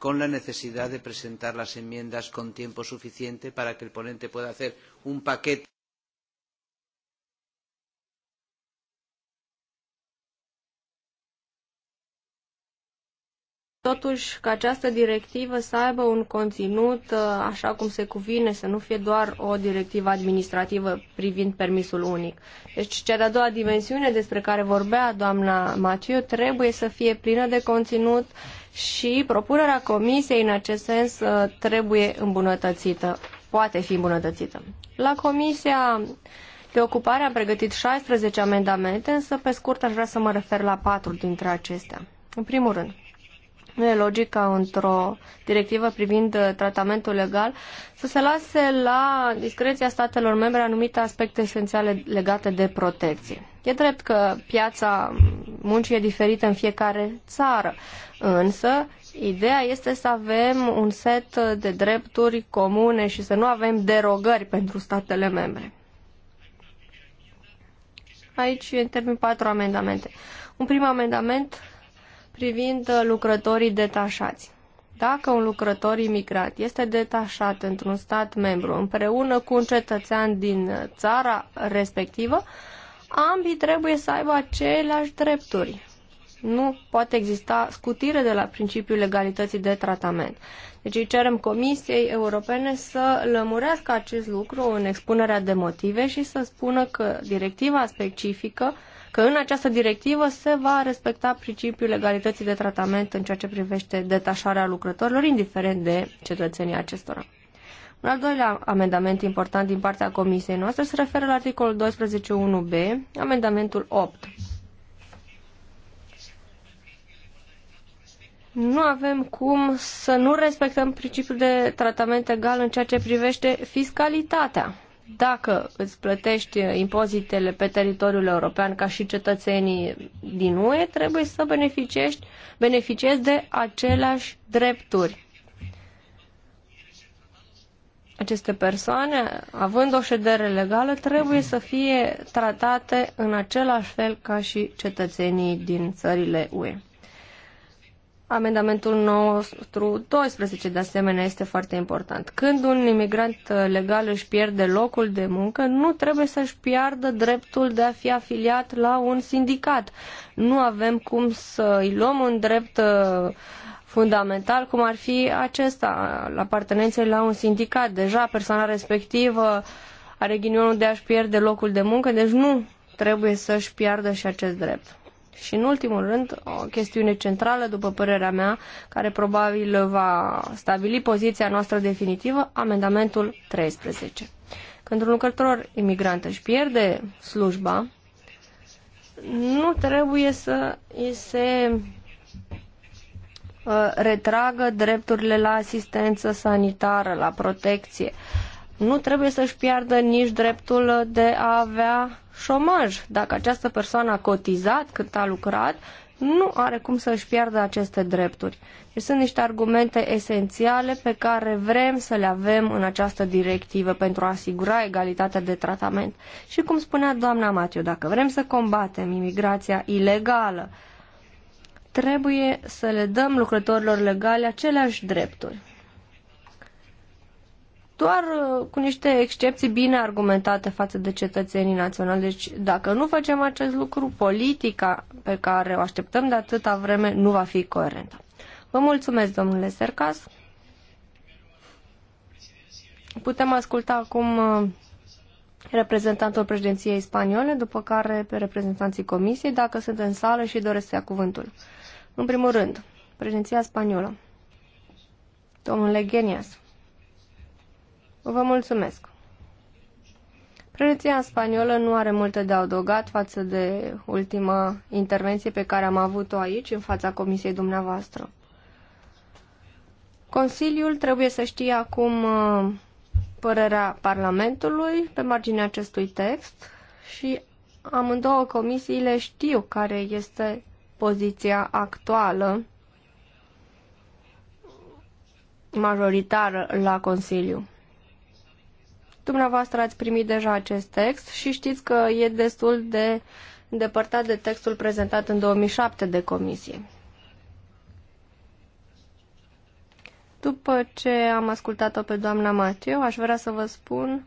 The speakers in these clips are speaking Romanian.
con la necesidad de presentar las enmiendas con tiempo suficiente para que el ponente pueda hacer un paquete. Totuși, ca această directivă să aibă un conținut uh, așa cum se cuvine, să nu fie doar o directivă administrativă privind permisul unic. Deci, cea de-a doua dimensiune despre care vorbea doamna Matiu trebuie să fie plină de conținut și propunerea comisiei în acest sens uh, trebuie îmbunătățită, poate fi îmbunătățită. La comisia de ocupare am pregătit 16 amendamente, însă pe scurt aș vrea să mă refer la patru dintre acestea. În primul rând, nu e logic ca într-o directivă privind uh, tratamentul legal să se lase la discreția statelor membre anumite aspecte esențiale legate de protecție. E drept că piața muncii e diferită în fiecare țară, însă ideea este să avem un set de drepturi comune și să nu avem derogări pentru statele membre. Aici intervin patru amendamente. Un prim amendament privind lucrătorii detașați. Dacă un lucrător imigrat este detașat într-un stat membru împreună cu un cetățean din țara respectivă, ambii trebuie să aibă aceleași drepturi. Nu poate exista scutire de la principiul legalității de tratament. Deci îi cerem Comisiei Europene să lămurească acest lucru în expunerea de motive și să spună că directiva specifică, că în această directivă se va respecta principiul legalității de tratament în ceea ce privește detașarea lucrătorilor, indiferent de cetățenia acestora. Un al doilea amendament important din partea comisiei noastre se referă la articolul 12.1b, amendamentul 8. Nu avem cum să nu respectăm principiul de tratament egal în ceea ce privește fiscalitatea. Dacă îți plătești impozitele pe teritoriul european ca și cetățenii din UE, trebuie să beneficiezi, beneficiezi de aceleași drepturi aceste persoane, având o ședere legală, trebuie să fie tratate în același fel ca și cetățenii din țările UE. Amendamentul nostru 12, de asemenea, este foarte important. Când un imigrant legal își pierde locul de muncă, nu trebuie să-și piardă dreptul de a fi afiliat la un sindicat. Nu avem cum să i luăm un drept uh, fundamental, cum ar fi acesta, la apartenenței la un sindicat. Deja persoana respectivă are ghinionul de a-și pierde locul de muncă, deci nu trebuie să-și piardă și acest drept. Și în ultimul rând, o chestiune centrală, după părerea mea, care probabil va stabili poziția noastră definitivă, amendamentul 13. Când un lucrător imigrant își pierde slujba, nu trebuie să îi se Uh, retragă drepturile la asistență sanitară, la protecție. Nu trebuie să-și piardă nici dreptul de a avea șomaj. Dacă această persoană a cotizat cât a lucrat, nu are cum să-și piardă aceste drepturi. Deci sunt niște argumente esențiale pe care vrem să le avem în această directivă pentru a asigura egalitatea de tratament. Și cum spunea doamna Matiu, dacă vrem să combatem imigrația ilegală, Trebuie să le dăm lucrătorilor legale aceleași drepturi. Doar uh, cu niște excepții bine argumentate față de cetățenii naționali. Deci dacă nu facem acest lucru, politica pe care o așteptăm de atâta vreme nu va fi coerentă. Vă mulțumesc, domnule Sercas. Putem asculta acum uh, reprezentantul președinției spaniole, după care pe reprezentanții comisiei, dacă sunt în sală și doresc să ia cuvântul. În primul rând, președinția spaniolă. Domnule Genias, vă mulțumesc. Președinția spaniolă nu are multe de adăugat față de ultima intervenție pe care am avut-o aici, în fața comisiei dumneavoastră. Consiliul trebuie să știe acum uh, părerea Parlamentului pe marginea acestui text și amândouă comisiile știu care este poziția actuală majoritară la Consiliu. Dumneavoastră ați primit deja acest text și știți că e destul de îndepărtat de textul prezentat în 2007 de comisie. După ce am ascultat-o pe doamna Mateu, aș vrea să vă spun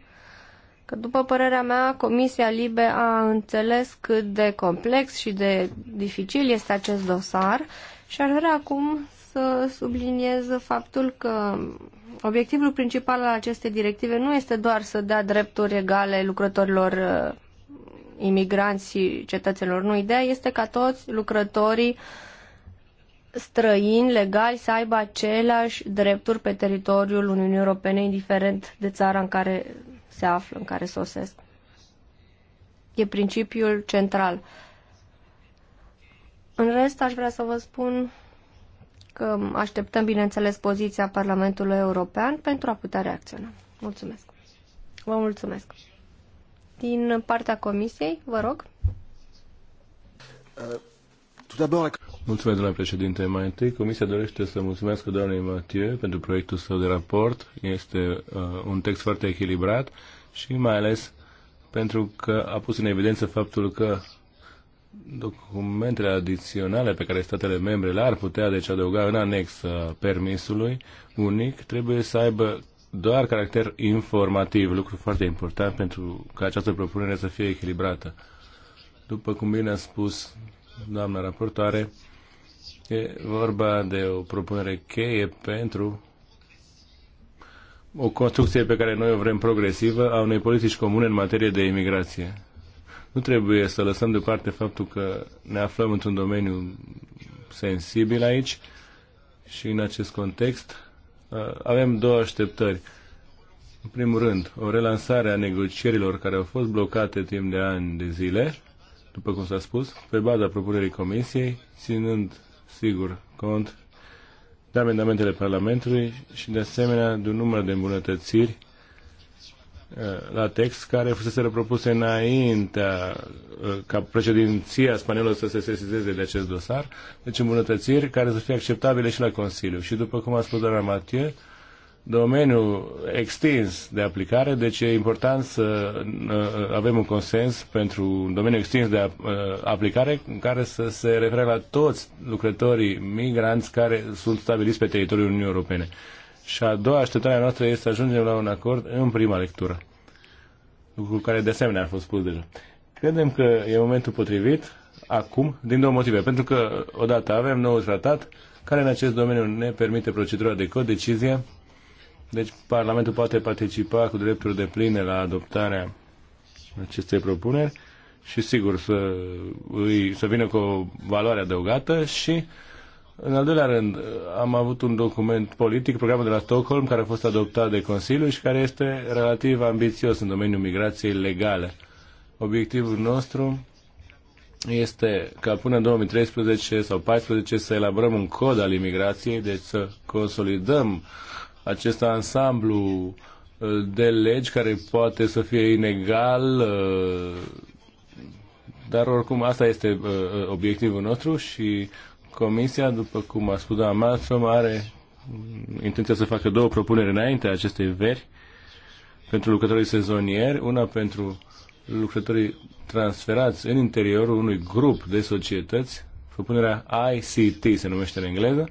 că, după părerea mea, Comisia Libe a înțeles cât de complex și de dificil este acest dosar și ar vrea acum să subliniez faptul că obiectivul principal al acestei directive nu este doar să dea drepturi egale lucrătorilor uh, imigranți și cetățenilor. Nu, ideea este ca toți lucrătorii străini legali să aibă aceleași drepturi pe teritoriul Uniunii Europene, indiferent de țara în care se află, în care sosesc. E principiul central. În rest, aș vrea să vă spun că așteptăm, bineînțeles, poziția Parlamentului European pentru a putea reacționa. Mulțumesc. Vă mulțumesc. Din partea Comisiei, vă rog. Uh. Mulțumesc, domnule președinte. Mai întâi, Comisia dorește să mulțumesc doamnei Mathieu pentru proiectul său de raport. Este uh, un text foarte echilibrat și mai ales pentru că a pus în evidență faptul că documentele adiționale pe care statele membre le-ar putea deci adăuga în anex permisului unic trebuie să aibă doar caracter informativ, lucru foarte important pentru ca această propunere să fie echilibrată. După cum bine a spus doamna raportoare. E vorba de o propunere cheie pentru o construcție pe care noi o vrem progresivă a unei politici comune în materie de imigrație. Nu trebuie să lăsăm deoparte faptul că ne aflăm într-un domeniu sensibil aici și în acest context avem două așteptări. În primul rând, o relansare a negocierilor care au fost blocate timp de ani de zile după cum s-a spus, pe baza propunerii Comisiei, ținând, sigur, cont de amendamentele Parlamentului și, de asemenea, de un număr de îmbunătățiri uh, la text care fusese propuse înaintea uh, ca președinția spaniolă să se sesizeze de acest dosar, deci îmbunătățiri care să fie acceptabile și la Consiliu. Și după cum a spus doamna Mathieu, domeniu extins de aplicare, deci e important să uh, uh, avem un consens pentru un domeniu extins de uh, aplicare în care să se refere la toți lucrătorii migranți care sunt stabiliți pe teritoriul Uniunii Europene. Și a doua așteptare noastră este să ajungem la un acord în prima lectură, lucru care de asemenea a fost spus deja. Credem că e momentul potrivit acum, din două motive. Pentru că, odată, avem nou tratat care în acest domeniu ne permite procedura de codecizie, deci Parlamentul poate participa cu drepturi de pline la adoptarea acestei propuneri și sigur să, îi, să vină cu o valoare adăugată și în al doilea rând am avut un document politic, programul de la Stockholm, care a fost adoptat de Consiliu și care este relativ ambițios în domeniul migrației legale. Obiectivul nostru este ca până în 2013 sau 2014 să elaborăm un cod al imigrației, deci să consolidăm uh, acest ansamblu uh, de legi care poate să fie inegal, uh, dar oricum asta este uh, obiectivul nostru și Comisia, după cum a spus doamna Malsom, are intenția să facă două propuneri înainte acestei veri pentru lucrătorii sezonieri, una pentru lucrătorii transferați în interiorul unui grup de societăți, propunerea ICT se numește în engleză,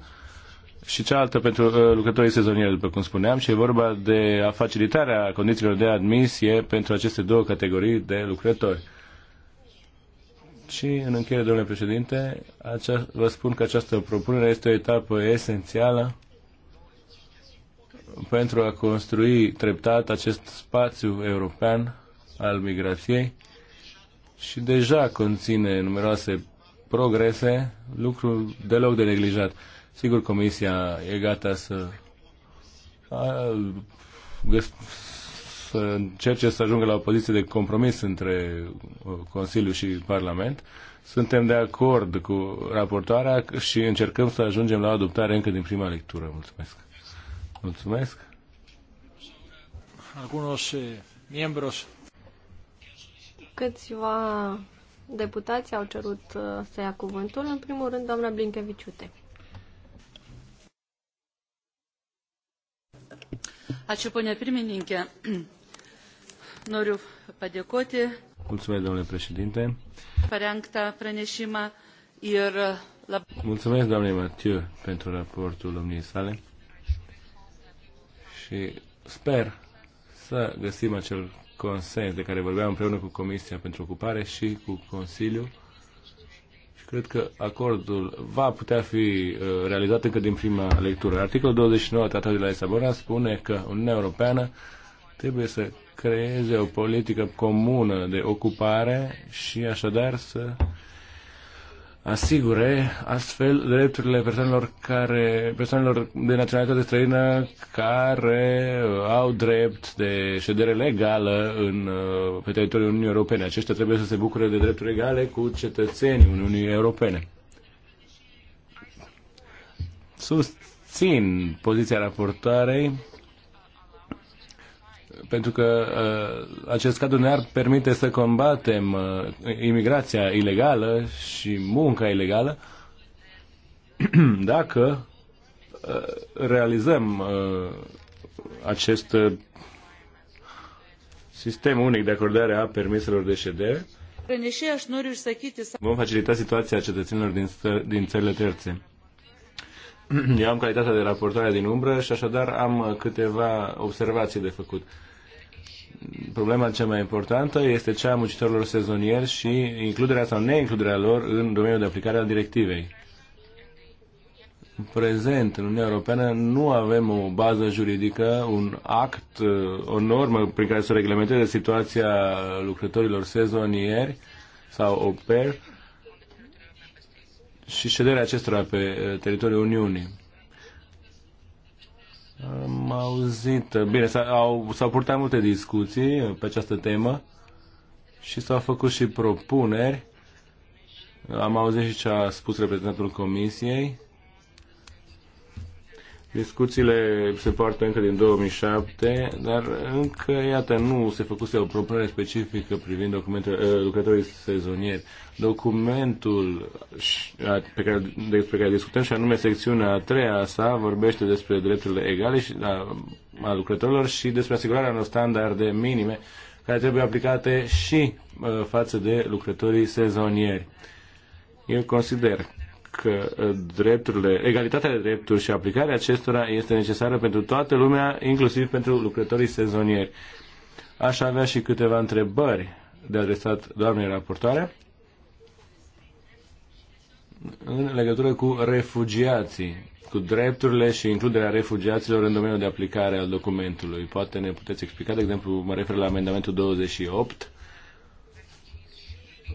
și cealaltă pentru uh, lucrătorii sezonieri, după cum spuneam, și e vorba de facilitarea condițiilor de admisie pentru aceste două categorii de lucrători. Și, în încheiere, domnule președinte, acea, vă spun că această propunere este o etapă esențială pentru a construi treptat acest spațiu european al migrației și deja conține numeroase progrese, lucru deloc de neglijat. Sigur, Comisia e gata să, a, să încerce să ajungă la o poziție de compromis între uh, Consiliu și Parlament. Suntem de acord cu raportoarea și încercăm să ajungem la adoptare încă din prima lectură. Mulțumesc. Mulțumesc. Algunos eh, miembros. Câțiva deputați au cerut uh, să ia cuvântul. În primul rând, doamna Blinkeviciute. Noriu padėkoti. Mulțumesc, domnule președinte. pranešimą ir labai... Mulțumesc, doamne Matiu, pentru raportul sale. Și sper să găsim acel consens de care vorbeam împreună cu Comisia pentru Ocupare și cu Consiliul Cred că acordul va putea fi uh, realizat încă din prima lectură. Articolul 29 Tratatului de la Lisabona spune că Uniunea Europeană trebuie să creeze o politică comună de ocupare și așadar să asigure astfel drepturile persoanelor, care, persoanelor de naționalitate străină care uh, au drept de ședere legală în, uh, pe teritoriul Uniunii Europene. Aceștia trebuie să se bucure de drepturi egale cu cetățenii Uniunii Europene. Susțin poziția raportoarei pentru că uh, acest cadru ne-ar permite să combatem uh, imigrația ilegală și munca ilegală dacă uh, realizăm uh, acest uh, sistem unic de acordare a permiselor de ședere. Vom facilita situația cetățenilor din, din țările terțe. Eu am calitatea de raportare din umbră și așadar am câteva observații de făcut. Problema cea mai importantă este cea a muncitorilor sezonieri și includerea sau neincluderea lor în domeniul de aplicare al directivei. În prezent, în Uniunea Europeană, nu avem o bază juridică, un act, o normă prin care să reglementeze situația lucrătorilor sezonieri sau au pair și șederea acestora pe eh, teritoriul Uniunii. Am auzit, eh, bine, s-au, s-au purtat multe discuții eh, pe această temă și s-au făcut și propuneri. Am auzit și ce a spus reprezentantul Comisiei Discuțiile se poartă încă din 2007, dar încă, iată, nu se făcuse o propunere specifică privind documentul uh, lucrătorii sezonieri. Documentul pe care, despre care discutăm, și anume secțiunea a treia sa, vorbește despre drepturile egale și, a, a lucrătorilor și despre asigurarea unor standarde minime care trebuie aplicate și a, uh, față de lucrătorii sezonieri. Eu consider că uh, drepturile, egalitatea de drepturi și aplicarea acestora este necesară pentru toată lumea, inclusiv pentru lucrătorii sezonieri. Aș avea și câteva întrebări de adresat doamnei raportoare în legătură cu refugiații, cu drepturile și includerea refugiaților în domeniul de aplicare al documentului. Poate ne puteți explica, de exemplu, mă refer la amendamentul 28,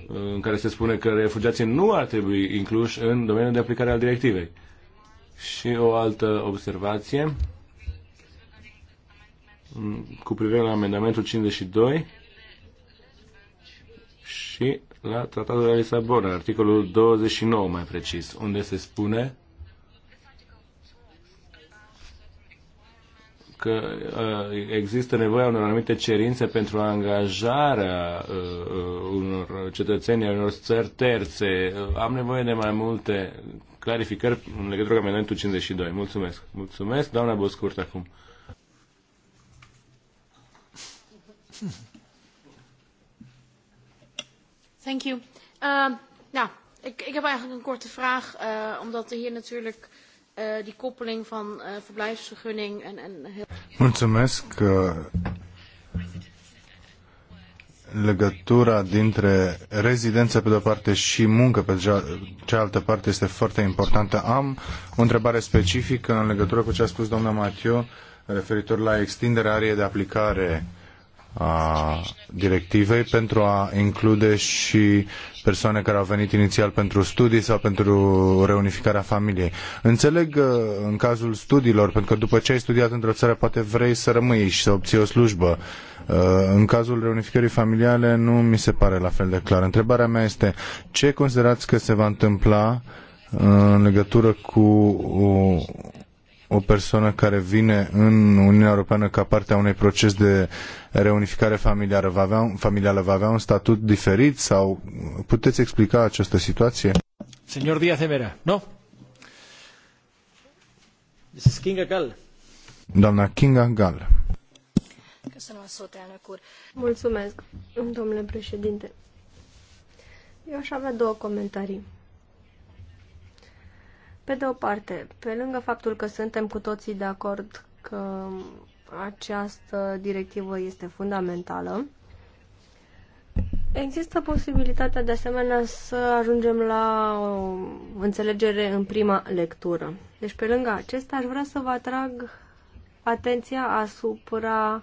în care se spune că refugiații nu ar trebui incluși în domeniul de aplicare al directivei. Și o altă observație cu privire la amendamentul 52 și la Tratatul de la Lisabona, articolul 29 mai precis, unde se spune că uh, există nevoia unor anumite cerințe pentru angajarea uh, uh, unor cetățeni ai unor țări terțe. Am nevoie de mai multe clarificări în legătură cu amendamentul 52. Mulțumesc. Mulțumesc, doamna Boscurt, acum. Thank you. Uh, nou, ik, ik heb eigenlijk een korte vraag, uh, omdat er hier natuurlijk uh, Eh, die koppeling van eh, verblijfsvergunning en, en heel... Mulțumesc. Eh, legătura dintre rezidență pe de-o parte și muncă pe cealaltă parte este foarte importantă. Am o întrebare specifică în legătură cu ce a spus doamna Matiu referitor la extinderea ariei de aplicare a directivei pentru a include și persoane care au venit inițial pentru studii sau pentru reunificarea familiei. Înțeleg uh, în cazul studiilor, pentru că după ce ai studiat într-o țară poate vrei să rămâi și să obții o slujbă. Uh, în cazul reunificării familiale nu mi se pare la fel de clar. Întrebarea mea este ce considerați că se va întâmpla în legătură cu uh, o persoană care vine în Uniunea Europeană ca parte a unui proces de reunificare familiară va avea, familială va avea un statut diferit sau puteți explica această situație? Señor Díaz de Mera, no? Mrs. Kinga Gall. Doamna Kinga Gall. Mulțumesc, domnule președinte. Eu aș avea două comentarii. Pe de o parte, pe lângă faptul că suntem cu toții de acord că această directivă este fundamentală, Există posibilitatea de asemenea să ajungem la o înțelegere în prima lectură. Deci pe lângă acesta aș vrea să vă atrag atenția asupra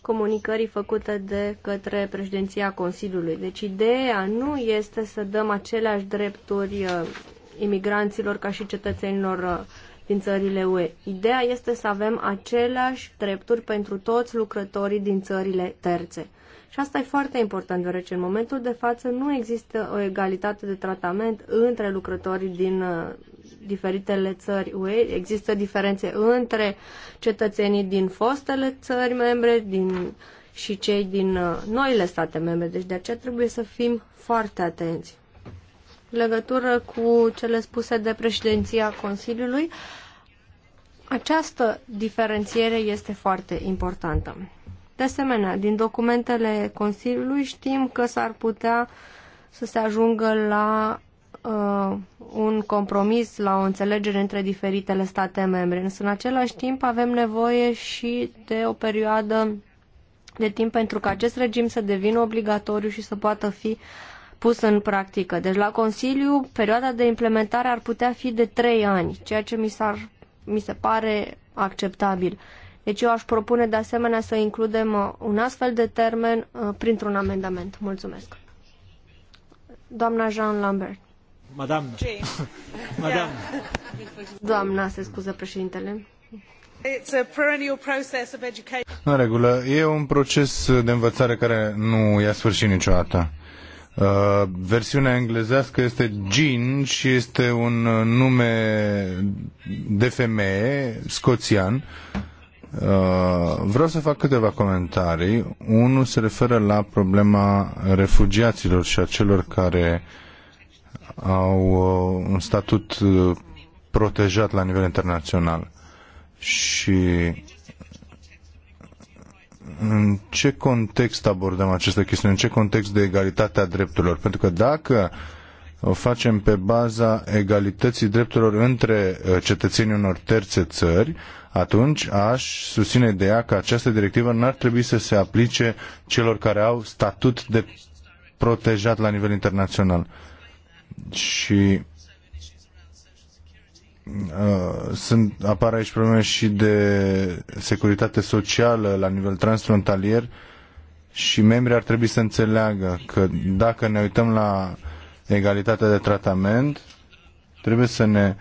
comunicării făcute de către președinția Consiliului. Deci ideea nu este să dăm aceleași drepturi uh, imigranților ca și cetățenilor uh, din țările UE. Ideea este să avem aceleași drepturi pentru toți lucrătorii din țările terțe. Și asta e foarte important, deoarece în momentul de față nu există o egalitate de tratament între lucrătorii din uh, diferitele țări UE. Există diferențe între cetățenii din fostele țări membre din, și cei din uh, noile state membre. Deci de aceea trebuie să fim foarte atenți legătură cu cele spuse de președinția Consiliului. Această diferențiere este foarte importantă. De asemenea, din documentele Consiliului știm că s-ar putea să se ajungă la uh, un compromis, la o înțelegere între diferitele state membre. Însă, în același timp, avem nevoie și de o perioadă de timp pentru ca acest regim să devină obligatoriu și să poată fi pus în practică. Deci la Consiliu perioada de implementare ar putea fi de 3 ani, ceea ce mi, s-ar, mi se pare acceptabil. Deci eu aș propune de asemenea să includem uh, un astfel de termen uh, printr-un amendament. Mulțumesc. Doamna Jean Lambert. Madame. Madame. Doamna, se scuză președintele. It's a perennial process of education. În regulă, e un proces de învățare care nu ia sfârșit niciodată. Uh, versiunea englezească este Jean și este un uh, nume de femeie scoțian. Uh, vreau să fac câteva comentarii. Unul se referă la problema refugiaților și a celor care au uh, un statut uh, protejat la nivel internațional. Și în ce context abordăm această chestiune, în ce context de egalitatea drepturilor. Pentru că dacă o facem pe baza egalității drepturilor între uh, cetățenii unor terțe țări, atunci aș susține ea că această directivă n-ar trebui să se aplice celor care au statut de protejat la nivel internațional. Și Uh, sunt, apar aici probleme și de securitate socială la nivel transfrontalier și membrii ar trebui să înțeleagă că dacă ne uităm la egalitatea de tratament, trebuie să ne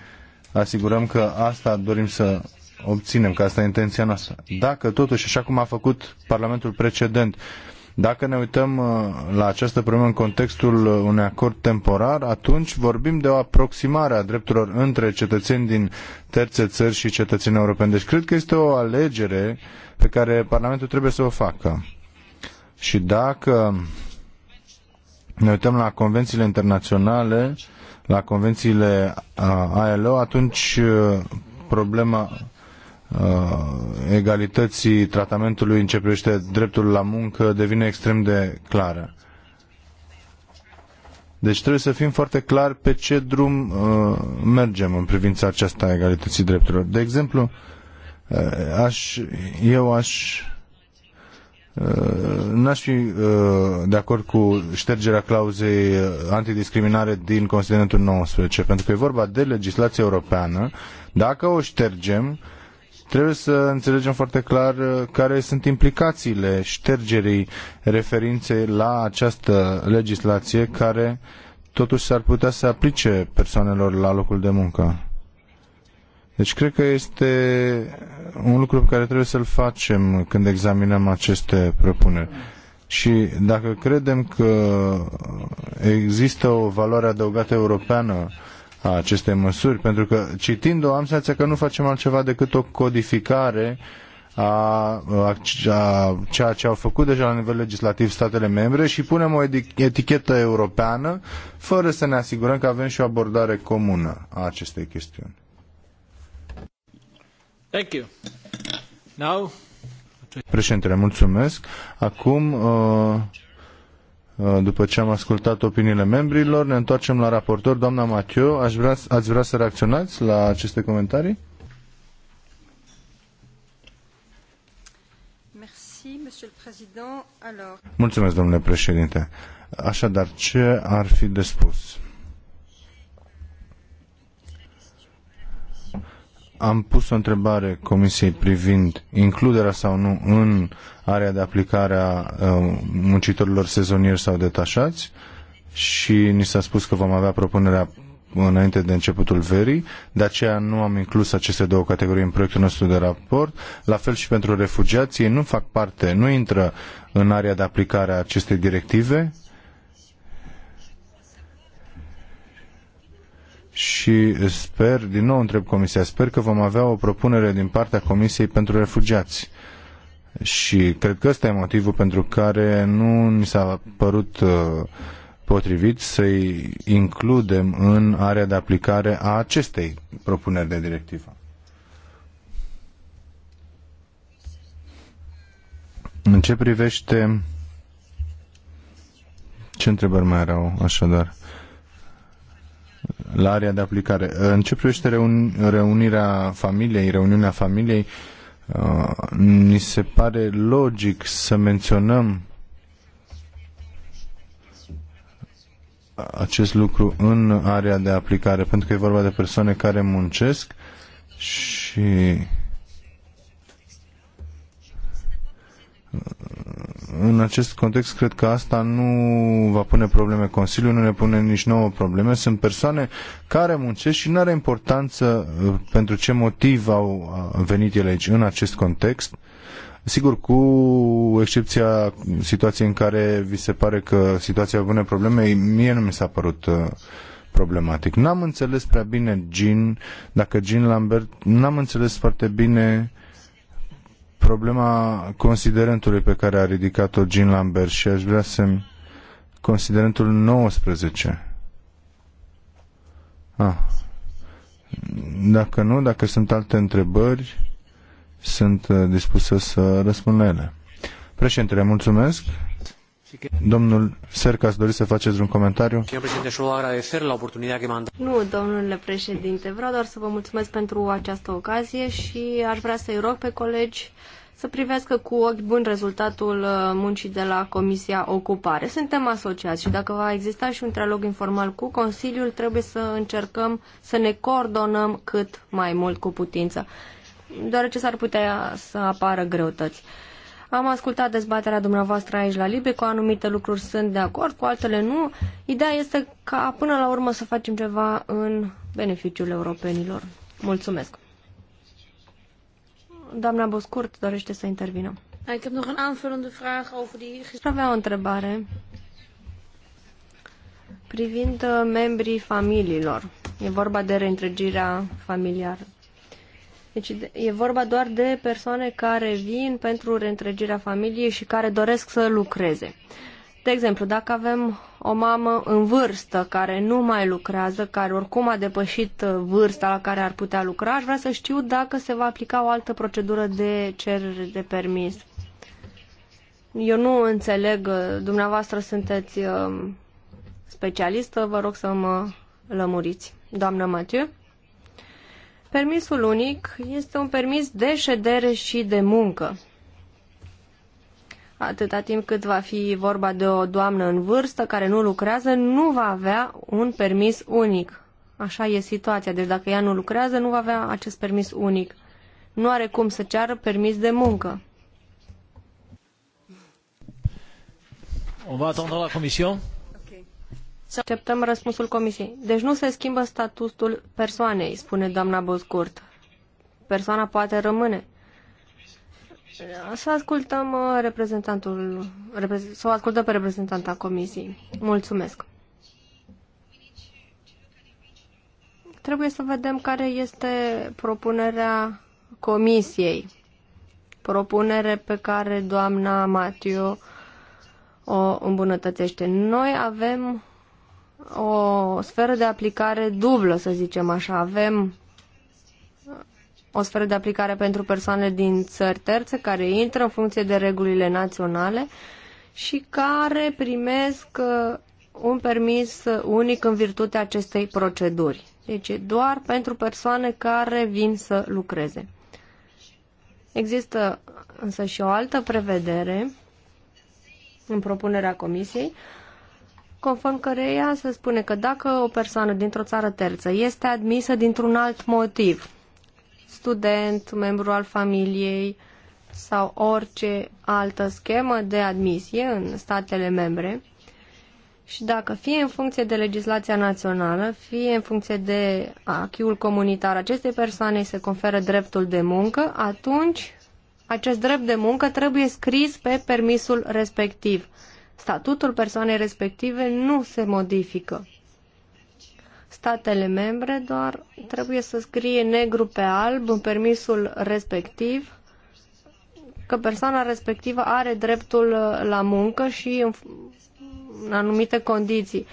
asigurăm că asta dorim să obținem, că asta e intenția noastră. Dacă totuși, așa cum a făcut Parlamentul precedent, uh, dacă ne uităm uh, la această problemă în contextul uh, unui acord temporar, atunci vorbim de o aproximare a drepturilor între cetățeni din terțe țări și cetățeni europeni. Deci cred că este o alegere pe care Parlamentul trebuie să o facă. Și dacă ne uităm la convențiile internaționale, la convențiile ILO, uh, atunci problema Uh, egalității tratamentului în ce privește dreptul la muncă devine extrem de clară. Deci trebuie să fim foarte clari pe ce drum uh, mergem în privința aceasta a egalității drepturilor. De exemplu, uh, aș, eu aș uh, n-aș fi uh, de acord cu ștergerea clauzei uh, antidiscriminare din Constituentul 19, pentru că e vorba de legislație europeană. Dacă o ștergem, uh, Trebuie să înțelegem foarte clar uh, care sunt implicațiile ștergerii referinței la această legislație care totuși s-ar putea să aplice persoanelor la locul de muncă. Deci cred că este un lucru pe care trebuie să-l facem când examinăm aceste propuneri. Și dacă credem că există o valoare adăugată europeană a acestei măsuri, pentru că citind-o am senzația că nu facem altceva decât o codificare a, a, a ceea ce au făcut deja la nivel legislativ statele membre și punem o etichetă europeană fără să ne asigurăm că avem și o abordare comună a acestei chestiuni. Thank you. Now... Președintele, mulțumesc. Acum uh... Uh, după ce am ascultat opiniile membrilor. Ne întoarcem la raportor. Doamna Mathieu, aș vrea, ați vrea să reacționați la aceste comentarii? Mulțumesc, domnule președinte. Așadar, ce ar fi de spus? Am pus o întrebare Comisiei privind includerea sau nu în area de aplicare a uh, muncitorilor sezonieri sau detașați și ni s-a spus că vom avea propunerea înainte de începutul verii, de aceea nu am inclus aceste două categorii în proiectul nostru de raport. La fel și pentru refugiații, nu fac parte, nu intră în area de aplicare a acestei directive și sper, din nou întreb Comisia, sper că vom avea o propunere din partea Comisiei pentru refugiați. Și cred că ăsta e motivul pentru care nu ni s-a părut uh, potrivit să-i includem în area de aplicare a acestei propuneri de directivă. În ce privește... Ce întrebări mai erau, așadar? la area de aplicare. În ce privește reunirea familiei, reuniunea familiei, uh, ni se pare logic să menționăm acest lucru în area de aplicare, pentru că e vorba de persoane care muncesc și în acest context, cred că asta nu va pune probleme Consiliului, nu ne pune nici nouă probleme. Sunt persoane care muncesc și nu are importanță uh, pentru ce motiv au uh, venit ele aici în acest context. Sigur, cu excepția situației în care vi se pare că situația pune probleme, mie nu mi s-a părut uh, problematic. N-am înțeles prea bine Jean, dacă Jean Lambert, n-am înțeles foarte bine uh, problema considerentului pe care a ridicat-o Jean Lambert și aș vrea să Considerentul 19. Ah. Dacă nu, dacă sunt alte întrebări, sunt uh, dispusă să răspund la ele. Președintele, mulțumesc. Domnul Sercas, doriți să faceți un comentariu? Nu, domnule președinte, vreau doar să vă mulțumesc pentru această ocazie și aș vrea să-i rog pe colegi să privească cu ochi bun rezultatul uh, muncii de la Comisia Ocupare. Suntem asociați și dacă va exista și un trilog informal cu Consiliul, trebuie să încercăm să ne coordonăm cât mai mult cu putință, deoarece s-ar putea să apară greutăți. Am ascultat dezbaterea dumneavoastră aici la Libe, cu anumite lucruri sunt de acord, cu altele nu. Ideea este ca până la urmă să facem ceva în beneficiul europenilor. Mulțumesc. Doamna Boscurt dorește să intervină. Ik heb nog een aanvullende vraag over die... Avea o întrebare privind uh, membrii familiilor. E vorba de reîntregirea familiară. Deci e vorba doar de persoane care vin pentru reîntregirea familiei și care doresc să lucreze. De exemplu, dacă avem o mamă în vârstă care nu mai lucrează, care oricum a depășit uh, vârsta la care ar putea lucra, aș vrea să știu dacă se va aplica o altă procedură de cerere de permis. Eu nu înțeleg, uh, dumneavoastră sunteți uh, specialistă, vă rog să mă lămuriți. Doamna Mathieu? Permisul unic este un permis de ședere și de muncă. Atâta timp cât va fi vorba de o doamnă în vârstă care nu lucrează, nu va avea un permis unic. Așa e situația. Deci dacă ea nu lucrează, nu va avea acest permis unic. Nu are cum să ceară permis de muncă. On va attendre la commission. Să acceptăm răspunsul comisiei. Deci nu se schimbă statutul persoanei, spune doamna Boscurt. Persoana poate rămâne. Să ascultăm uh, reprezentantul, să o ascultăm pe reprezentanta comisiei. Mulțumesc. Trebuie să vedem care este propunerea comisiei. Propunere pe care doamna Matiu o îmbunătățește. Noi avem o sferă de aplicare dublă, să zicem așa. Avem o sferă de aplicare pentru persoane din țări terțe care intră în funcție de regulile naționale și care primesc uh, un permis unic în virtutea acestei proceduri. Deci doar pentru persoane care vin să lucreze. Există însă și o altă prevedere în propunerea comisiei conform căreia se spune că dacă o persoană dintr-o țară terță este admisă dintr-un alt motiv, student, membru al familiei sau orice altă schemă de admisie în statele membre, și dacă fie în funcție de legislația națională, fie în funcție de achiul comunitar acestei persoane se conferă dreptul de muncă, atunci acest drept de muncă trebuie scris pe permisul respectiv. Statutul persoanei respective nu se modifică. Statele membre doar trebuie să scrie negru pe alb în permisul respectiv că persoana respectivă are dreptul la muncă și în, anumite condiții.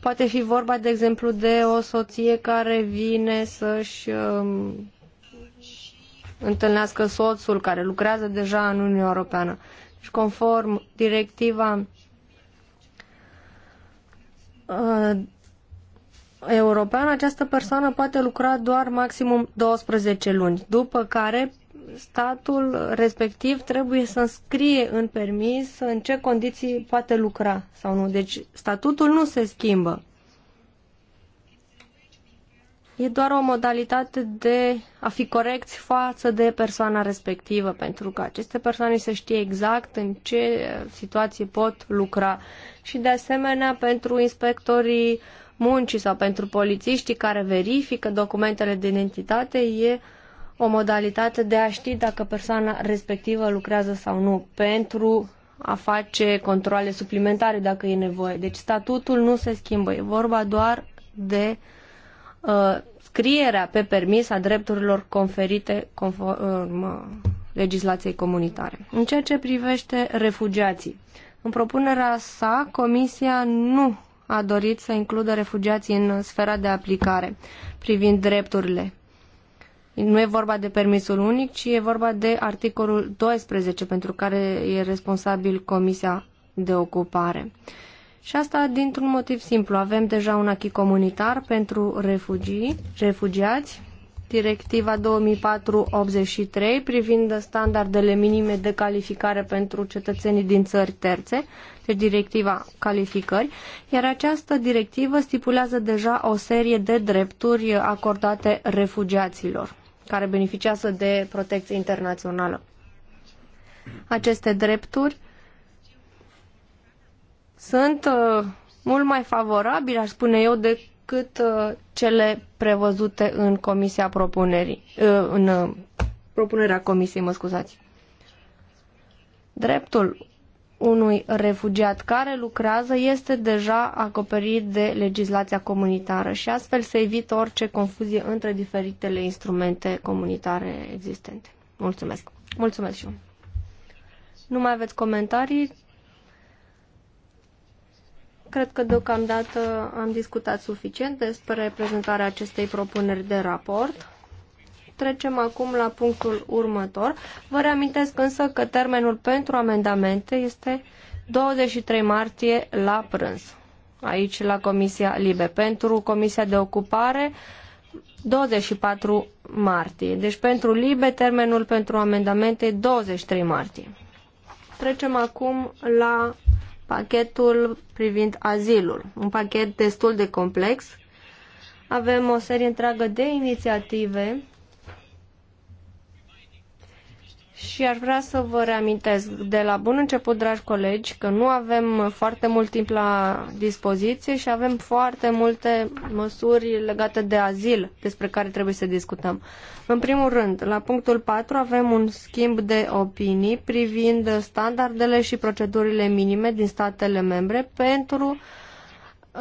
Poate fi vorba, de exemplu, de o soție care vine să-și um, întâlnească soțul care lucrează deja în Uniunea Europeană. Și deci, conform directiva uh, european, această persoană poate lucra doar maximum 12 luni, după care statul respectiv trebuie să înscrie în permis în ce condiții poate lucra sau nu. Deci statutul nu se schimbă e doar o modalitate de a fi corecți față de persoana respectivă, pentru că aceste persoane să știe exact în ce eh, situații pot lucra. Și de asemenea pentru inspectorii muncii sau pentru polițiștii care verifică documentele de identitate e o modalitate de a ști dacă persoana respectivă lucrează sau nu pentru a face controle suplimentare dacă e nevoie. Deci statutul nu se schimbă, e vorba doar de uh, scrierea pe permis a drepturilor conferite conform uh, legislației comunitare. În ceea ce privește refugiații, în propunerea sa, Comisia nu a dorit să includă refugiații în sfera de aplicare privind drepturile. Nu e vorba de permisul unic, ci e vorba de articolul 12 pentru care e responsabil Comisia de Ocupare. Uh, și asta dintr-un motiv simplu. Avem deja un achi comunitar pentru refugii, refugiați, directiva 2004/83 privind standardele minime de calificare pentru cetățenii din țări terțe, deci directiva calificări, iar această directivă stipulează deja o serie de drepturi acordate refugiaților care beneficiază de protecție internațională. Aceste drepturi sunt uh, mult mai favorabile, aș spune eu, decât uh, cele prevăzute în comisia propunerii, uh, în uh, propunerea comisiei, mă scuzați. Dreptul unui refugiat care lucrează este deja acoperit de legislația comunitară și astfel se evită orice confuzie între diferitele instrumente comunitare existente. Mulțumesc. Mulțumesc și eu. Nu mai aveți comentarii? Cred că deocamdată am discutat suficient despre prezentarea acestei propuneri de raport. Trecem acum la punctul următor. Vă reamintesc însă că termenul pentru amendamente este 23 martie la prânz, aici la Comisia Libe. Pentru Comisia de Ocupare, 24 martie. Deci pentru Libe, termenul pentru amendamente 23 martie. Trecem acum la pachetul privind azilul, un pachet destul de complex. Avem o serie întreagă de inițiative și aș vrea să vă reamintesc de la bun început, dragi colegi, că nu avem foarte mult timp la dispoziție și avem foarte multe măsuri legate de azil despre care trebuie să discutăm. În primul rând, la punctul 4 avem un schimb de opinii privind standardele și procedurile minime din statele membre pentru uh,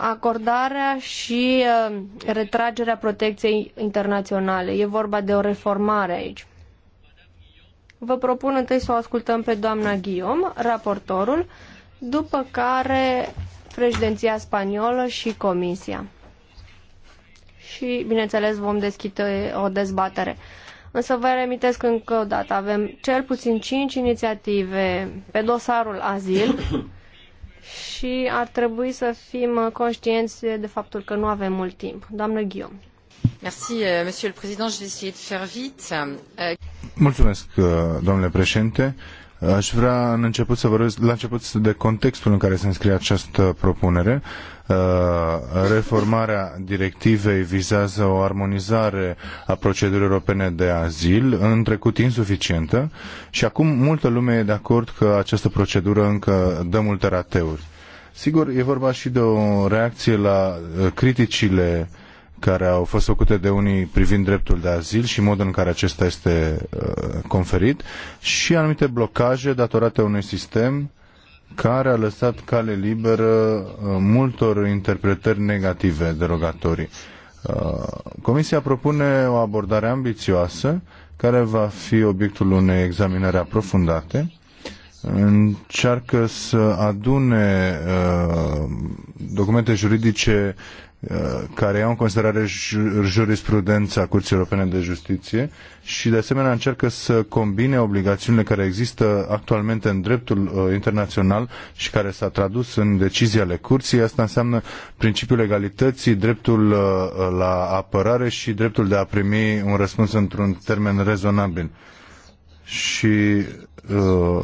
acordarea și uh, retragerea protecției internaționale. E vorba de o reformare aici. Vă propun întâi să o ascultăm pe doamna Guillaume, raportorul, după care președinția spaniolă și comisia. Și, bineînțeles, vom deschide o dezbatere. Însă vă remitesc încă o dată, avem cel puțin 5 inițiative pe dosarul azil și ar trebui să fim conștienți de faptul că nu avem mult timp. Doamnă Ghiom. Mulțumesc, domnule președinte. Aș vrea în început să vorbesc la început de contextul în care se înscrie această propunere. Uh, reformarea directivei vizează o armonizare a procedurii europene de azil, în trecut insuficientă, și acum multă lume e de acord că această procedură încă dă multe rateuri. Sigur, e vorba și de o reacție la uh, criticile uh, care au fost făcute de unii privind dreptul de azil și modul în care acesta este uh, conferit și anumite blocaje datorate unui sistem care a lăsat cale liberă uh, multor interpretări negative derogatorii. Uh, Comisia propune o abordare ambițioasă care va fi obiectul unei examinări aprofundate încearcă să adune uh, documente juridice Uh, care iau în considerare jurisprudența Curții Europene de Justiție și de asemenea încearcă să combine obligațiunile care există actualmente în dreptul uh, internațional și care s-a tradus în decizii ale Curții. Asta înseamnă principiul egalității, dreptul uh, la apărare și dreptul de a primi un răspuns într-un termen rezonabil. Și uh,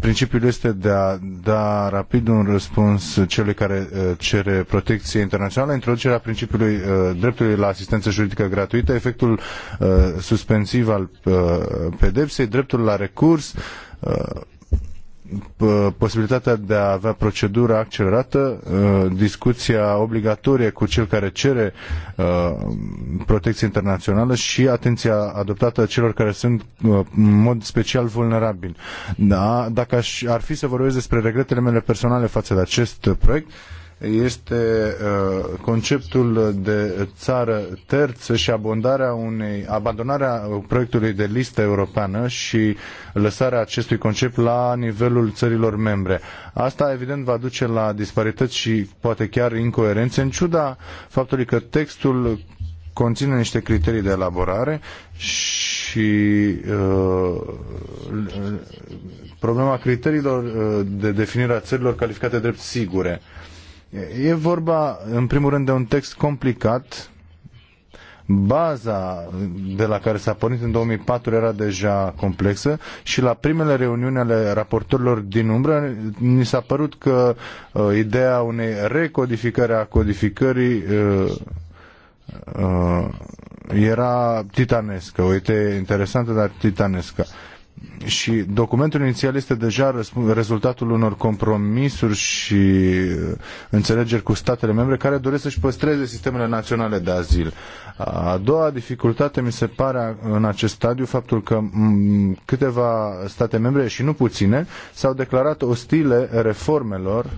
Principiul este de a da rapid un răspuns celui care uh, cere protecție internațională, introducerea principiului uh, dreptului la asistență juridică gratuită, efectul uh, suspensiv al pedepsei, dreptul la recurs, posibilitatea de a avea procedura accelerată, uh, discuția obligatorie cu cel care cere uh, protecție internațională și atenția adoptată celor care sunt uh, în mod special vulnerabili. Da, dacă aș, ar fi să vorbesc despre regretele mele personale față de acest proiect, este uh, conceptul de țară terță și abandonarea, unei, abandonarea proiectului de listă europeană și lăsarea acestui concept la nivelul țărilor membre. Asta evident va duce la disparități și poate chiar incoerențe în ciuda faptului că textul conține niște criterii de elaborare și uh, problema criteriilor uh, de definire a țărilor calificate drept sigure. Uh, E vorba, în primul rând, de un text complicat. Baza de la care s-a pornit în 2004 era deja complexă și la primele reuniuni ale raportorilor din umbră ni s-a părut că uh, ideea unei recodificări a codificării uh, uh, era titanescă, o idee interesantă, dar titanescă. Uh, și documentul inițial este deja rezultatul unor compromisuri și uh, înțelegeri cu statele membre care doresc să-și păstreze sistemele naționale de azil. A doua dificultate mi se pare în acest stadiu faptul că câteva state membre și nu puține s-au declarat ostile reformelor uh,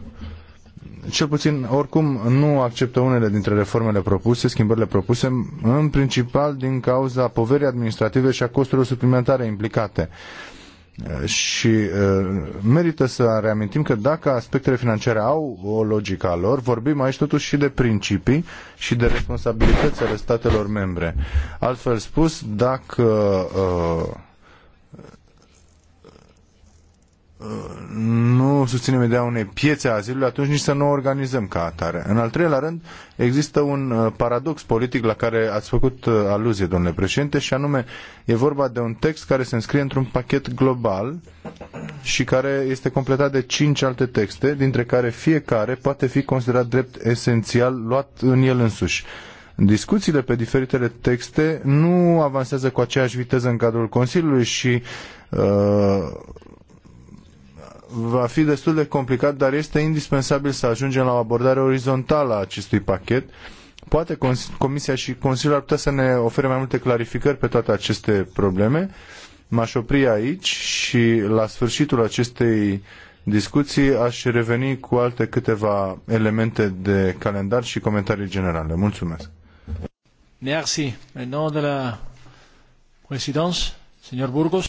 cel puțin, oricum, nu acceptă unele dintre reformele propuse, schimbările propuse, în principal din cauza poverii administrative și a costurilor suplimentare implicate. Și uh, merită să reamintim că dacă aspectele financiare au o logică a lor, vorbim aici totuși și de principii și de responsabilități ale statelor membre. Altfel spus, dacă uh, nu susținem ideea unei piețe a azilului, atunci nici să nu o organizăm ca atare. În al treilea rând, există un uh, paradox politic la care ați făcut uh, aluzie, domnule președinte, și anume, e vorba de un text care se înscrie într-un pachet global și care este completat de cinci alte texte, dintre care fiecare poate fi considerat drept esențial, luat în el însuși. Discuțiile pe diferitele texte nu avansează cu aceeași viteză în cadrul Consiliului și uh, va fi destul de complicat, dar este indispensabil să ajungem la o abordare orizontală a acestui pachet. Poate Comisia și Consiliul ar putea să ne ofere mai multe clarificări pe toate aceste probleme. M-aș opri aici și la sfârșitul acestei discuții aș reveni cu alte câteva elemente de calendar și comentarii generale. Mulțumesc. Merci. În de la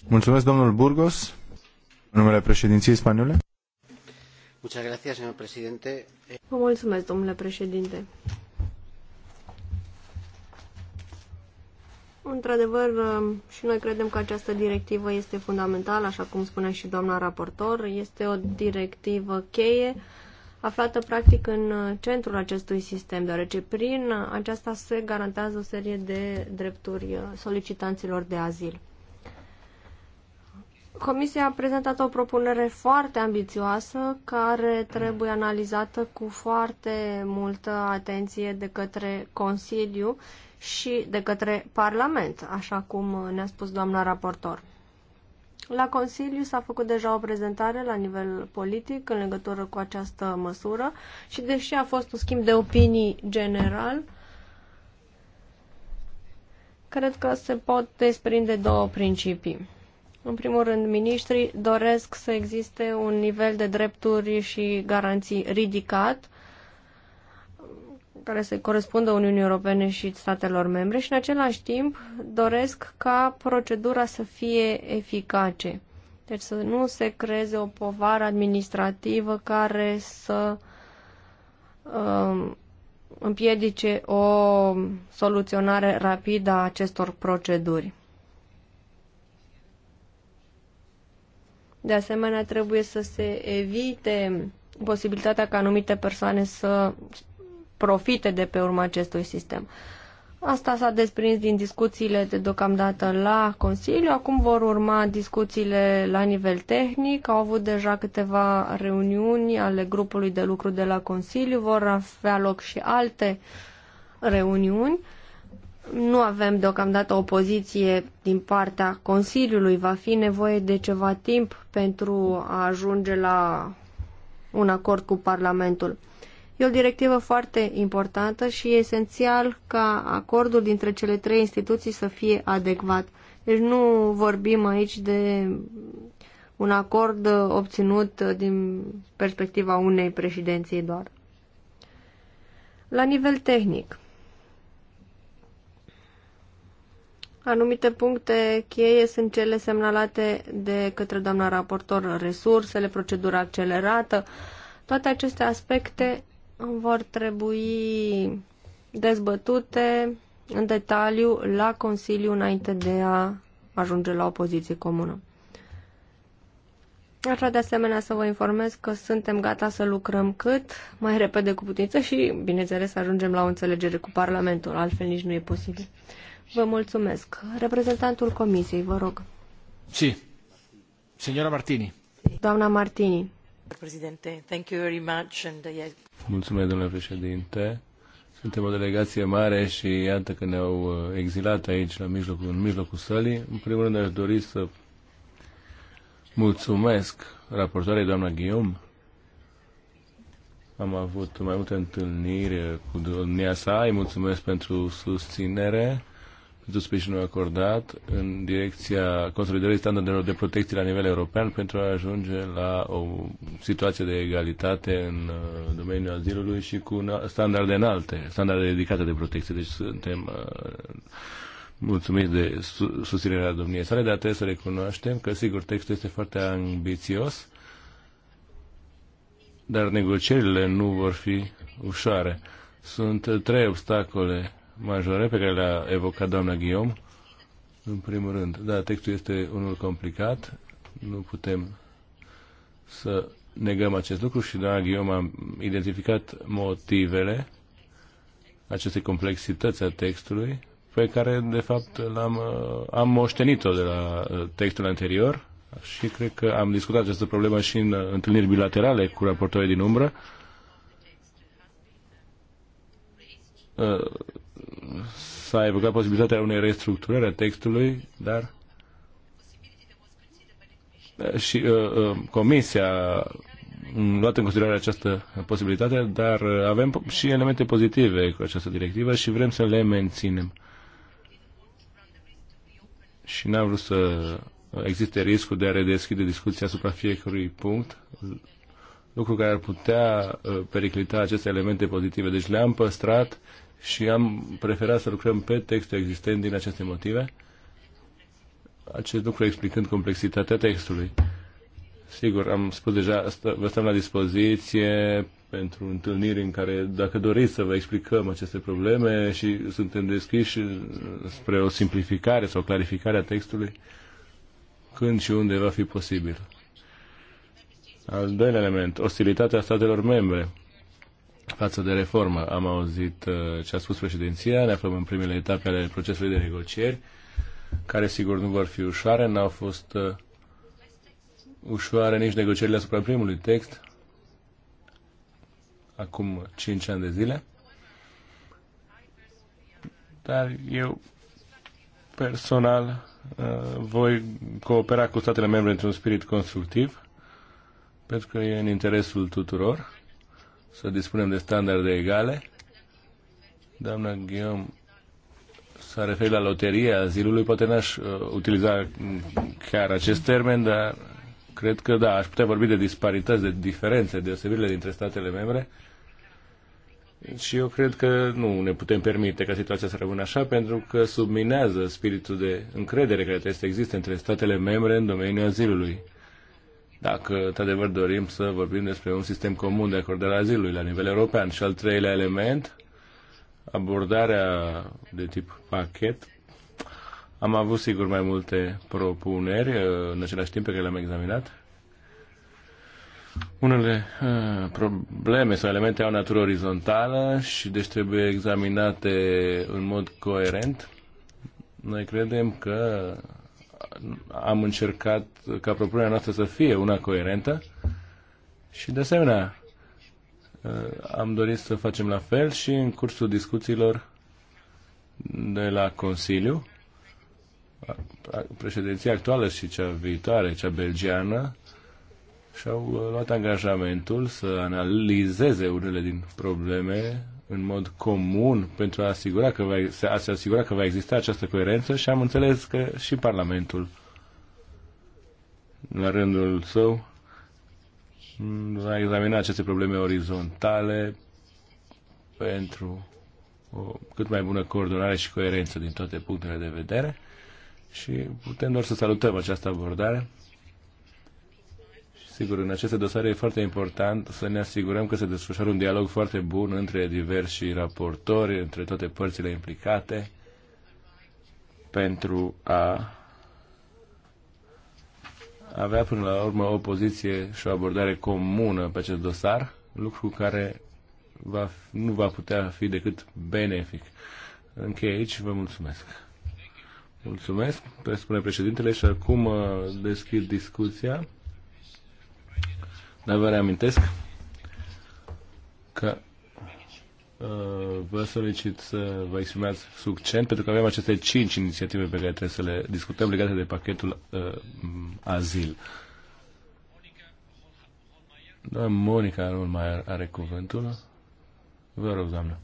Mulțumesc, domnul Burgos. Numele domnule președinte. Într-adevăr, și noi credem că această directivă este fundamentală, așa cum spunea și doamna raportor. Este o directivă cheie aflată practic în centrul acestui sistem, deoarece prin aceasta se garantează o serie de drepturi solicitanților de azil. Comisia a prezentat o propunere foarte ambițioasă care trebuie analizată cu foarte multă atenție de către Consiliu și de către Parlament, așa cum ne-a spus doamna raportor. La Consiliu s-a făcut deja o prezentare la nivel politic în legătură cu această măsură și deși a fost un schimb de opinii general, cred că se pot desprinde două principii. În primul rând, miniștrii doresc să existe un nivel de drepturi și garanții ridicat care să corespundă Uniunii Europene și statelor membre și în același timp doresc ca procedura să fie eficace. Deci să nu se creeze o povară administrativă care să uh, împiedice o soluționare rapidă a acestor proceduri. De asemenea, trebuie să se evite posibilitatea ca anumite persoane să profite de pe urma acestui sistem. Asta s-a desprins din discuțiile de deocamdată la Consiliu. Acum vor urma discuțiile la nivel tehnic. Au avut deja câteva reuniuni ale grupului de lucru de la Consiliu. Vor avea loc și alte reuniuni. Nu avem deocamdată o poziție din partea Consiliului. Va fi nevoie de ceva timp pentru a ajunge la un acord cu Parlamentul. E o directivă foarte importantă și e esențial ca acordul dintre cele trei instituții să fie adecvat. Deci nu vorbim aici de un acord obținut din perspectiva unei președinții doar. La nivel tehnic, Anumite puncte cheie sunt cele semnalate de către doamna raportor, resursele, procedura accelerată. Toate aceste aspecte vor trebui dezbătute în detaliu la Consiliu înainte de a ajunge la o poziție comună. Aș vrea de asemenea să vă informez că suntem gata să lucrăm cât mai repede cu putință și, bineînțeles, să ajungem la o înțelegere cu Parlamentul, altfel nici nu e posibil. Vă mulțumesc. Reprezentantul Comisiei, vă rog. Si. Signora Martini. Doamna Martini. Presidente, uh, Mulțumesc, domnule președinte. Suntem o delegație mare și iată că ne-au uh, exilat aici, la mijlocul, în mijlocul sălii. În primul rând aș dori să mulțumesc raportoarei doamna Guillaume. Am avut mai multe întâlniri cu domnia sa, îi mulțumesc pentru susținere pentru sprijinul acordat în direcția consolidării standardelor de protecție la nivel european pentru a ajunge la o situație de egalitate în uh, domeniul azilului și cu standarde înalte, standarde dedicate de protecție. Deci suntem uh, mulțumiți de susținerea domniei sale, dar trebuie să recunoaștem că, sigur, textul este foarte ambițios, dar negocierile nu vor fi ușoare. Sunt trei obstacole majore pe care le-a evocat doamna Ghiom. În primul rând, da, textul este unul complicat, nu putem să negăm acest lucru și doamna Ghiom a identificat motivele acestei complexități a textului, pe care, de fapt, l-am, uh, am moștenit-o de la uh, textul anterior și cred că am discutat această problemă și în uh, întâlniri bilaterale cu raportorii din umbră. Uh, Uh, s-a evocat posibilitatea unei restructurări a textului, dar uh, și uh, uh, comisia luat în considerare această posibilitate, dar uh, avem și elemente pozitive cu această directivă și vrem să le menținem. Și n-am vrut să existe riscul de a redeschide discuția asupra fiecărui punct, lucru care ar putea periclita aceste elemente pozitive. Deci le-am păstrat și am preferat să lucrăm pe textul existent din aceste motive, acest lucru explicând complexitatea textului. Sigur, am spus deja, vă stăm la dispoziție pentru întâlniri în care, dacă doriți să vă explicăm aceste probleme și suntem deschiși spre o simplificare sau clarificare a textului, când și unde va fi posibil. Al doilea element, ostilitatea statelor membre față de reformă. Am auzit uh, ce a spus președinția, ne aflăm în primele etape ale procesului de negocieri, care sigur nu vor fi ușoare, n-au fost uh, ușoare nici negocierile asupra primului text, acum 5 ani de zile. Dar eu personal uh, voi coopera cu statele membre într-un spirit constructiv, pentru că e în interesul tuturor să dispunem de standarde egale. Doamna Guillaume s-a referit la loteria zilului, poate n-aș uh, utiliza chiar acest termen, dar cred că da, aș putea vorbi de disparități, de diferențe, deosebirile dintre statele membre. Și eu cred că nu ne putem permite ca situația să rămână așa, pentru că subminează spiritul de încredere care trebuie să existe între statele membre în domeniul azilului dacă într-adevăr dorim să vorbim despre un sistem comun de acordare a azilului la nivel european. Și al treilea element, abordarea de tip pachet. Am avut sigur mai multe propuneri uh, în același timp pe care le-am examinat. Unele uh, probleme sau elemente au natură orizontală și deci trebuie examinate în mod coerent. Noi credem că am încercat ca propunerea noastră să fie una coerentă și de asemenea uh, am dorit să facem la fel și în cursul discuțiilor de la Consiliu, președinția actuală și cea viitoare, cea belgiană, și-au uh, luat angajamentul să analizeze unele din probleme în mod comun pentru a, asigura că va, a se asigura că va exista această coerență și am înțeles că și Parlamentul, la rândul său, va examina aceste probleme orizontale pentru o cât mai bună coordonare și coerență din toate punctele de vedere și putem doar să salutăm această abordare Sigur, în aceste dosare e foarte important să ne asigurăm că se desfășoară un dialog foarte bun între diversi raportori, între toate părțile implicate, pentru a avea până la urmă o poziție și o abordare comună pe acest dosar, lucru care va, nu va putea fi decât benefic. Închei aici vă mulțumesc. Mulțumesc, spune președintele, și acum uh, deschid discuția. Dar vă reamintesc că uh, vă solicit să vă exprimați succent, pentru că avem aceste cinci inițiative pe care trebuie să le discutăm legate de pachetul uh, azil. Doamna Monica mai are cuvântul. Vă rog, doamnă.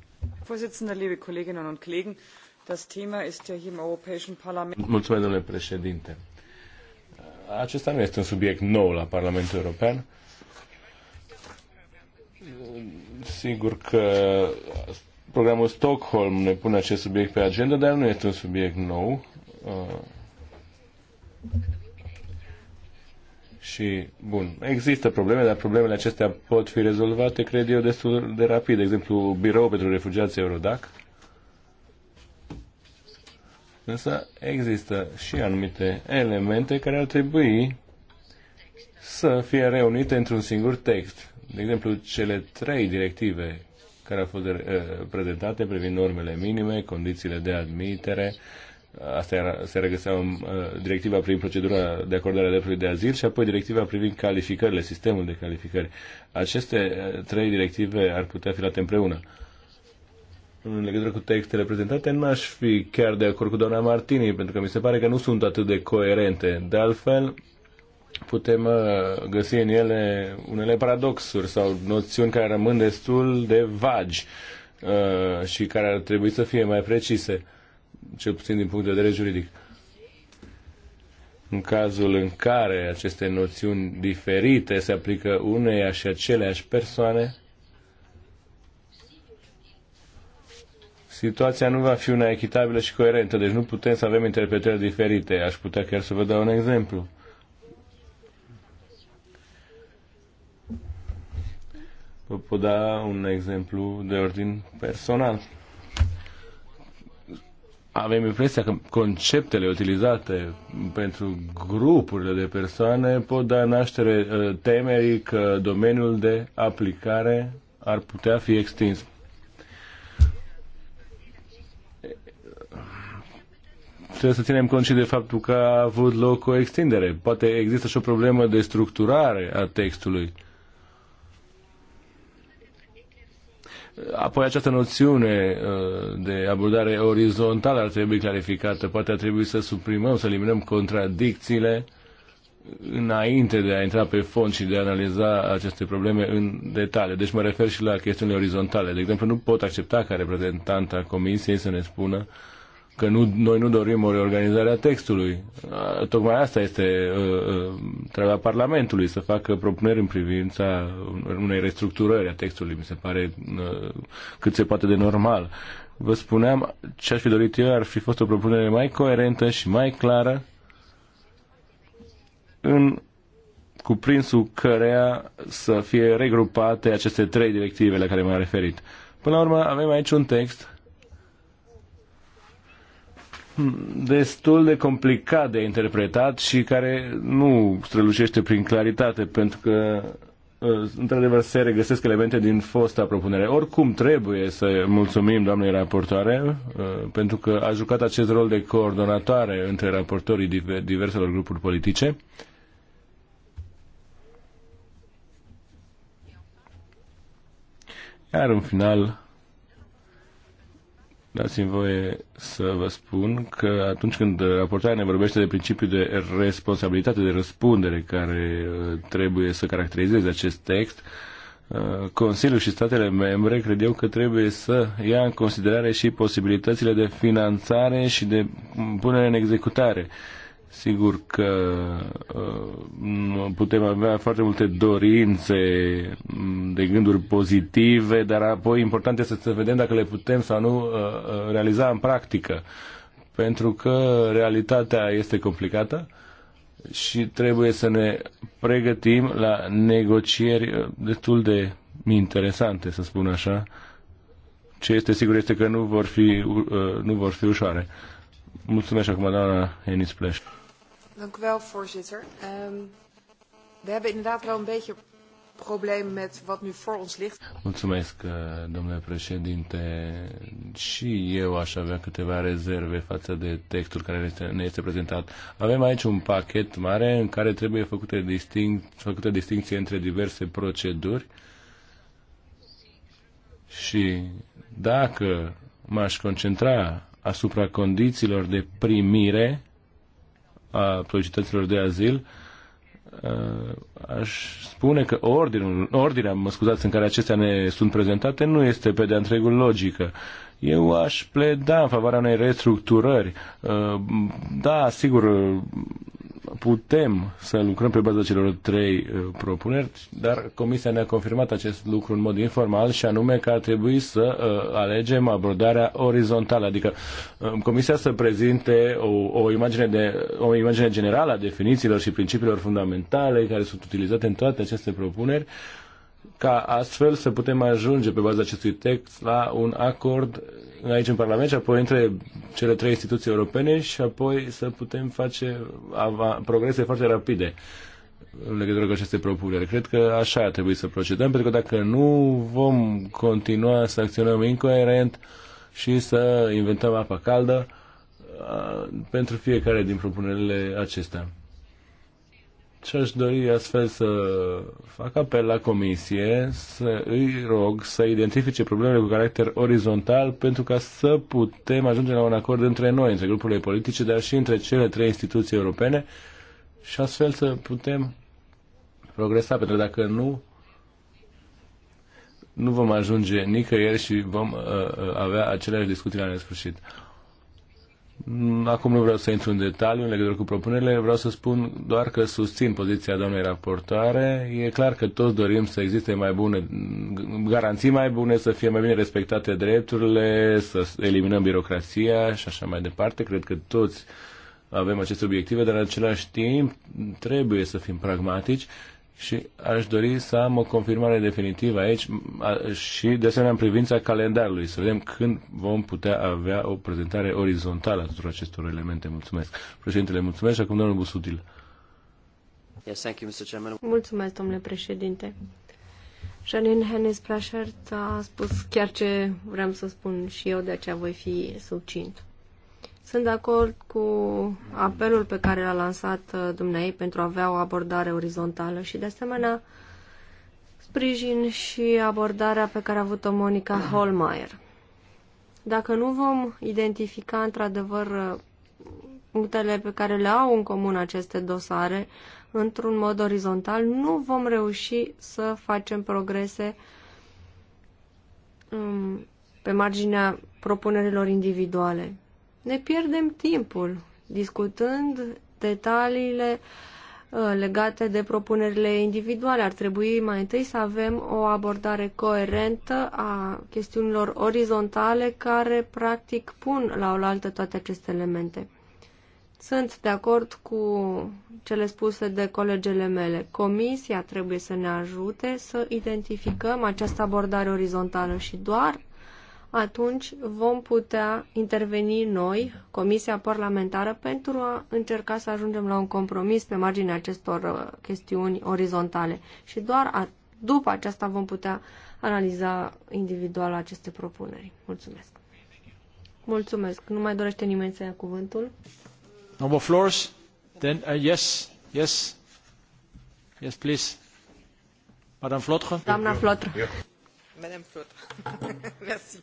Mulțumesc, domnule președinte. Acesta nu este un subiect nou la Parlamentul European. Uh, Sigur că programul Stockholm ne pune acest subiect pe agenda, dar nu este un subiect nou. Uh, și, bun, există probleme, dar problemele acestea pot fi rezolvate, cred eu, destul de rapid. De exemplu, birou pentru refugiații Eurodac. Însă există și anumite elemente care ar trebui să fie reunite într-un singur text. De exemplu, cele trei directive care au fost eh, prezentate privind normele minime, condițiile de admitere, asta era, se regăsea în eh, directiva privind procedura de acordare a dreptului de azil și apoi directiva privind calificările, sistemul de calificări. Aceste eh, trei directive ar putea fi luate împreună. În legătură cu textele prezentate, n-aș fi chiar de acord cu doamna Martini, pentru că mi se pare că nu sunt atât de coerente. De altfel, putem uh, găsi în ele unele paradoxuri sau noțiuni care rămân destul de vagi uh, și care ar trebui să fie mai precise, cel puțin din punct de vedere juridic. În cazul în care aceste noțiuni diferite se aplică uneia și aceleași persoane, situația nu va fi una echitabilă și coerentă, deci nu putem să avem interpretări diferite. Aș putea chiar să vă dau un exemplu. Vă pot da un exemplu de ordin personal. Avem impresia că conceptele utilizate pentru grupurile de persoane pot da naștere uh, temerii că domeniul de aplicare ar putea fi extins. trebuie să ținem cont și de faptul că a avut loc o extindere. Poate există și o problemă de structurare a textului. Apoi această noțiune uh, de abordare orizontală ar trebui clarificată. Poate ar trebui să suprimăm, să eliminăm contradicțiile înainte de a intra pe fond și de a analiza aceste probleme în detaliu. Deci mă refer și la chestiunile orizontale. De exemplu, nu pot accepta ca reprezentanta Comisiei să ne spună uh, că nu, noi nu dorim o reorganizare a textului. Tocmai asta este uh, uh, treaba Parlamentului, să facă propuneri în privința unei restructurări a textului, mi se pare uh, cât se poate de normal. Vă spuneam, ce aș fi dorit eu ar fi fost o propunere mai coerentă și mai clară în cuprinsul căreia să fie regrupate aceste trei directive la care m-am referit. Până la urmă, avem aici un text destul de complicat de interpretat și care nu strălucește prin claritate, pentru că ă, într-adevăr se regăsesc elemente din fosta propunere. Oricum trebuie să mulțumim doamnei raportoare ă, pentru că a jucat acest rol de coordonatoare între raportorii diverselor grupuri politice. Iar în final Dați-mi voie să vă spun că atunci când raportarea ne vorbește de principiul de responsabilitate, de răspundere care uh, trebuie să caracterizeze acest text, uh, Consiliul și statele membre cred eu că trebuie să ia în considerare și posibilitățile de finanțare și de punere în executare. Sigur că uh, putem avea foarte multe dorințe de gânduri pozitive, dar apoi important este să vedem dacă le putem sau nu uh, uh, realiza în practică. Pentru că realitatea este complicată și trebuie să ne pregătim la negocieri uh, destul de interesante, să spun așa. Ce este sigur este că nu vor fi, nu vor fi ușoare. Mulțumesc acum, doamna Enis Pleș. Dank u wel, voorzitter. Um, we hebben inderdaad wel een beetje probleem met wat nu voor ons ligt. Mulțumesc, uh, domnule președinte. Și eu aș avea câteva rezerve față de textul care ne este prezentat. Avem aici un pachet mare în care trebuie făcute distinc, făcută distinție între diverse proceduri și dacă m-aș concentra asupra condițiilor de primire a solicităților de azil, aș spune că ordinul, ordinea, mă scuzați, în care acestea ne sunt prezentate nu este pe de-a întregul logică. Eu aș pleda în favoarea unei restructurări. Uh, da, sigur, putem să lucrăm pe baza celor trei uh, propuneri, dar Comisia ne-a confirmat acest lucru în mod informal și anume că ar trebui să uh, alegem abordarea orizontală, adică um, Comisia să prezinte o, o, imagine de, o imagine generală a definițiilor și principiilor fundamentale care sunt utilizate în toate aceste propuneri, ca astfel să putem ajunge pe baza acestui text la un acord aici în Parlament și apoi între cele trei instituții europene și apoi să putem face progrese foarte rapide în legătură cu aceste propuneri. Cred că așa ar trebui să procedăm, pentru că dacă nu vom continua să acționăm incoerent și să inventăm apa caldă pentru fiecare din propunerile acestea. Și aș dori astfel să fac apel la comisie să îi rog să identifice problemele cu caracter orizontal pentru ca să putem ajunge la un acord între noi, între grupurile politice, dar și între cele trei instituții europene și astfel să putem progresa, pentru că dacă nu, nu vom ajunge nicăieri și vom uh, uh avea aceleași discuții la nesfârșit. Acum nu vreau să intru în detaliu în legătură cu propunerile, vreau să spun doar că susțin poziția doamnei raportoare. E clar că toți dorim să existe mai bune garanții mai bune, să fie mai bine respectate drepturile, să eliminăm birocrația și așa mai departe. Cred că toți avem aceste obiective, dar în același timp trebuie să fim pragmatici și aș dori să am o confirmare definitivă aici și de asemenea în privința calendarului, să vedem când vom putea avea o prezentare orizontală a tuturor acestor elemente. Mulțumesc. Președintele, mulțumesc și acum domnul Busutil. Yes, thank you, Mr. Chairman. Mulțumesc, domnule președinte. Janine hennes Plaschert a spus chiar ce vreau să spun și eu, de aceea voi fi subcint. Sunt de acord cu apelul pe care l-a lansat uh, dumnei pentru a avea o abordare orizontală și, de asemenea, sprijin și abordarea pe care a avut-o Monica Holmeier. Dacă nu vom identifica, într-adevăr, uh, punctele pe care le au în comun aceste dosare într-un mod orizontal, nu vom reuși să facem progrese um, pe marginea propunerilor individuale ne pierdem timpul discutând detaliile uh, legate de propunerile individuale. Ar trebui mai întâi să avem o abordare coerentă a chestiunilor orizontale care practic pun la oaltă toate aceste elemente. Sunt de acord cu cele spuse de colegele mele. Comisia trebuie să ne ajute să identificăm această abordare orizontală și doar atunci vom putea interveni noi, Comisia Parlamentară, pentru a încerca să ajungem la un compromis pe marginea acestor uh, chestiuni orizontale. Și doar a, după aceasta vom putea analiza individual aceste propuneri. Mulțumesc. Mulțumesc. Nu mai dorește nimeni să ia cuvântul? No more floors? Then, uh, yes, yes. Yes, please. Madame Flotre? Doamna Flotre. Yeah. Madame Merci.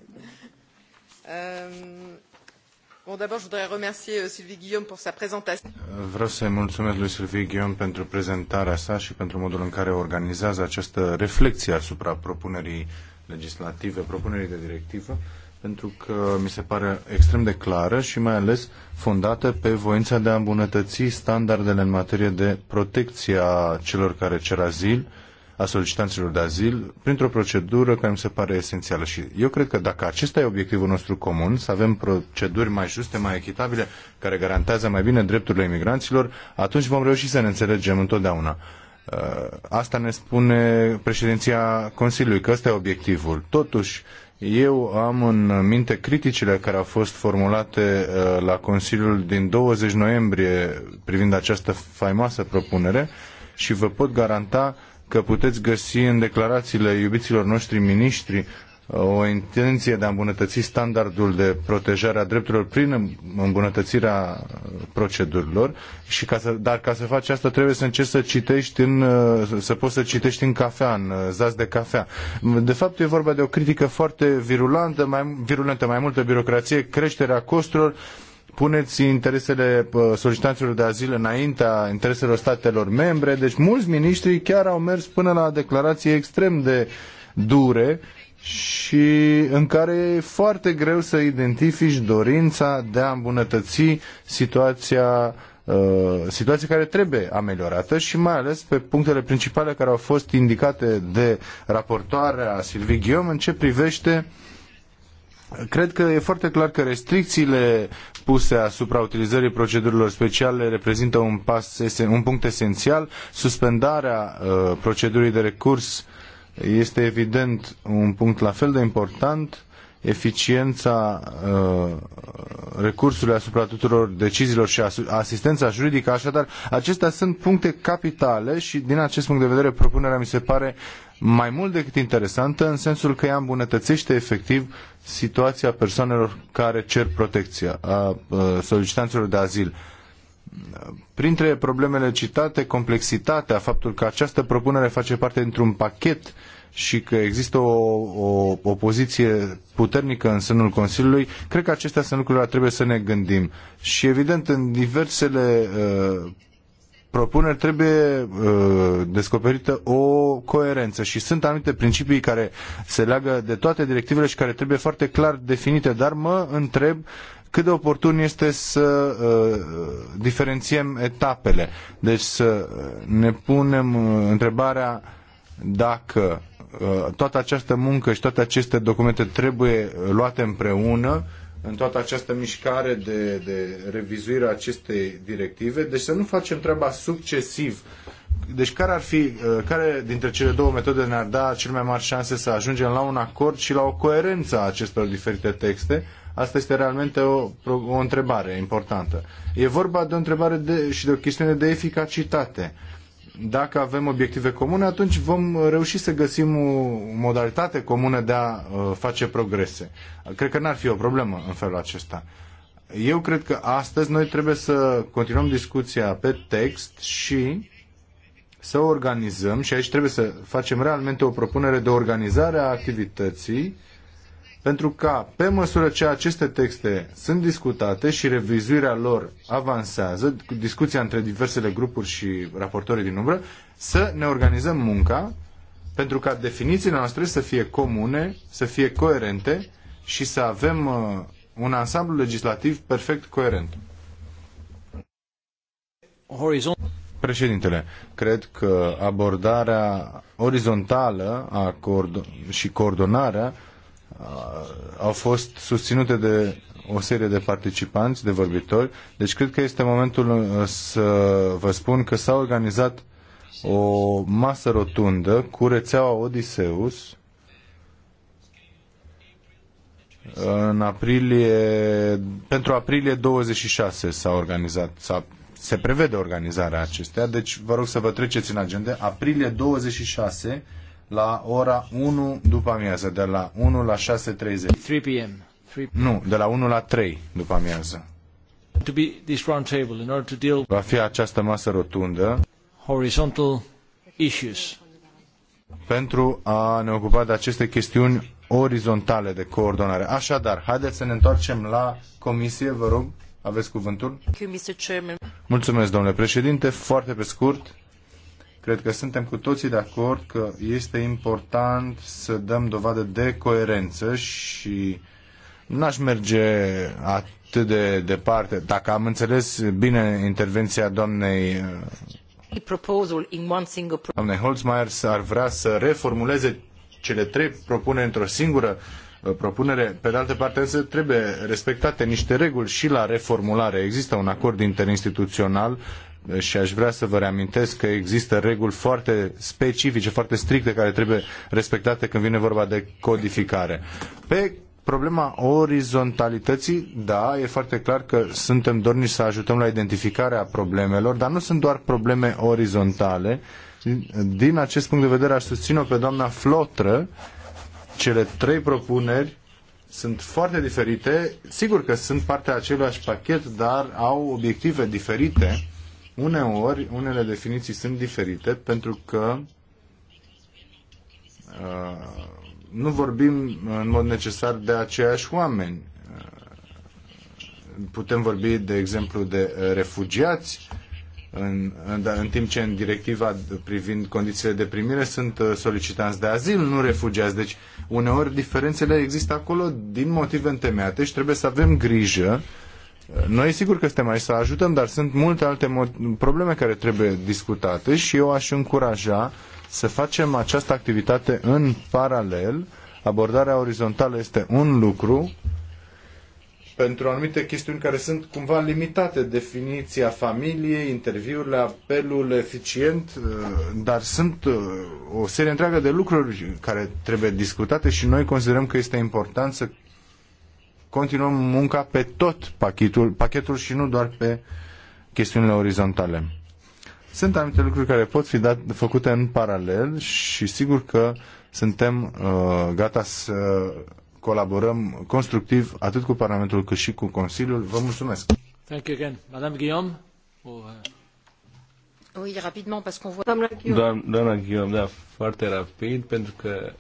Euh... Bon, d'abord, je voudrais remercier euh, Sylvie Guillaume pour sa présentation. Euh, vreau să-i mulțumesc lui Sylvie Guillaume pentru prezentarea sa și pentru modul în care organizează această reflexie asupra propunerii legislative, propunerii de directivă, pentru că mi se pare extrem de clară și mai ales fondată pe voința de a îmbunătăți standardele în materie de protecție a celor care cer azil, a solicitanților de azil printr-o procedură care mi se pare esențială. Și eu cred că dacă acesta e obiectivul nostru comun, să avem proceduri mai juste, mai echitabile, care garantează mai bine drepturile imigranților, atunci vom reuși să ne înțelegem întotdeauna. Uh, asta ne spune președinția Consiliului, că ăsta e obiectivul. Totuși, eu am în minte criticile care au fost formulate uh, la Consiliul din 20 noiembrie privind această faimoasă propunere și vă pot garanta că puteți găsi în declarațiile iubiților noștri miniștri uh, o intenție de a îmbunătăți standardul de protejare a drepturilor prin îmbunătățirea uh, procedurilor, și ca să, dar ca să faci asta trebuie să încerci să citești în, uh, să poți să citești în cafea, în zaz de cafea. De fapt e vorba de o critică foarte virulentă, mai, virulentă, mai multă birocrație, creșterea costurilor puneți interesele solicitanților de azil înaintea intereselor statelor membre. Deci mulți miniștri chiar au mers până la declarații extrem de dure și în care e foarte greu să identifici dorința de a îmbunătăți situația ă, situație care trebuie ameliorată și mai ales pe punctele principale care au fost indicate de raportoarea Silvii Ghiom în ce privește Cred că e foarte clar că restricțiile puse asupra utilizării procedurilor speciale reprezintă un, pas, un punct esențial. Suspendarea uh, procedurii de recurs este evident un punct la fel de important eficiența uh, recursului asupra tuturor deciziilor și asistența juridică. Așadar, acestea sunt puncte capitale și din acest punct de vedere propunerea mi se pare mai mult decât interesantă în sensul că ea îmbunătățește efectiv situația persoanelor care cer protecția a solicitanților de azil. Printre problemele citate, complexitatea, faptul că această propunere face parte dintr-un pachet uh, și că există o, o opoziție puternică în sânul Consiliului, cred că acestea sunt lucruri la trebuie să ne gândim. Și evident, în diversele uh, propuneri trebuie uh, descoperită o coerență și sunt anumite principii care se leagă de toate directivele și care trebuie foarte clar definite, dar mă întreb cât de oportun este să uh, diferențiem etapele. Deci să ne punem uh, întrebarea dacă Uh, toată această muncă și toate aceste documente trebuie luate împreună în toată această mișcare de, de revizuire a acestei directive. Deci să nu facem treaba succesiv. Deci care ar fi, uh, care dintre cele două metode ne-ar da cel mai mari șanse să ajungem la un acord și la o coerență a acestor diferite texte? Asta este realmente o, o întrebare importantă. E vorba de o întrebare de, și de o chestiune de eficacitate dacă avem obiective comune, atunci vom reuși să găsim o modalitate comună de a uh, face progrese. Cred că n-ar fi o problemă în felul acesta. Eu cred că astăzi noi trebuie să continuăm discuția pe text și să organizăm, și aici trebuie să facem realmente o propunere de organizare a activității pentru ca, pe măsură ce aceste texte sunt discutate și revizuirea lor avansează, discuția între diversele grupuri și raportorii din umbră, să ne organizăm munca pentru ca definițiile noastre să fie comune, să fie coerente și să avem uh, un ansamblu legislativ perfect coerent. Horizon. Președintele, cred că abordarea orizontală a coord- și coordonarea au fost susținute de o serie de participanți, de vorbitori. Deci cred că este momentul uh, să vă spun că s-a organizat o masă rotundă cu rețeaua Odiseus în aprilie, pentru aprilie 26 s-a organizat, s-a, se prevede organizarea acestea, deci vă rog să vă treceți în agenda, aprilie 26 la ora 1 după amiază, de la 1 la 6.30. 3 p.m. Nu, de la 1 la 3 după amiază. To be this round table in order to deal Va fi această masă rotundă horizontal issues. pentru a ne ocupa de aceste chestiuni orizontale de coordonare. Așadar, haideți să ne întoarcem la comisie, vă rog, aveți cuvântul. Mulțumesc, domnule președinte, foarte pe scurt Cred că suntem cu toții de acord că este important să dăm dovadă de coerență și n-aș merge atât de departe. Dacă am înțeles bine intervenția doamnei uh, Doamne Holzmeier ar vrea să reformuleze cele trei propuneri într-o singură uh, propunere. Pe de altă parte, însă, trebuie respectate niște reguli și la reformulare. Există un acord interinstituțional și aș vrea să vă reamintesc că există reguli foarte specifice, foarte stricte care trebuie respectate când vine vorba de codificare. Pe problema orizontalității, da, e foarte clar că suntem dorniți să ajutăm la identificarea problemelor, dar nu sunt doar probleme orizontale. Din acest punct de vedere aș susține-o pe doamna Flotră. Cele trei propuneri sunt foarte diferite. Sigur că sunt partea aceluiași pachet, dar au obiective diferite Uneori, unele definiții sunt diferite pentru că uh, nu vorbim uh, în mod necesar de aceiași oameni. Uh, putem vorbi, de exemplu, de uh, refugiați, în, în, în timp ce în directiva privind condițiile de primire sunt solicitanți de azil, nu refugiați. Deci, uneori, diferențele există acolo din motive întemeiate și trebuie să avem grijă uh, noi sigur că suntem aici să ajutăm, dar sunt multe alte probleme care trebuie discutate și eu aș încuraja să facem această activitate în paralel. Abordarea orizontală este un lucru, pentru anumite chestiuni care sunt cumva limitate, definiția familiei, interviurile, apelul eficient, uh, dar sunt uh, o serie întreagă de lucruri care trebuie discutate și noi considerăm că este important să continuăm munca pe tot pachetul, pachetul și nu doar pe chestiunile orizontale. Sunt anumite lucruri care pot fi dat, făcute în paralel și sigur că suntem uh, gata să colaborăm constructiv atât cu Parlamentul cât și cu Consiliul. Vă mulțumesc! Thank you again. Madame Guillaume? Or... Uh, oui, rapidement, parce qu'on voit... Doamna doamna Guillaume, da, foarte rapid, pentru că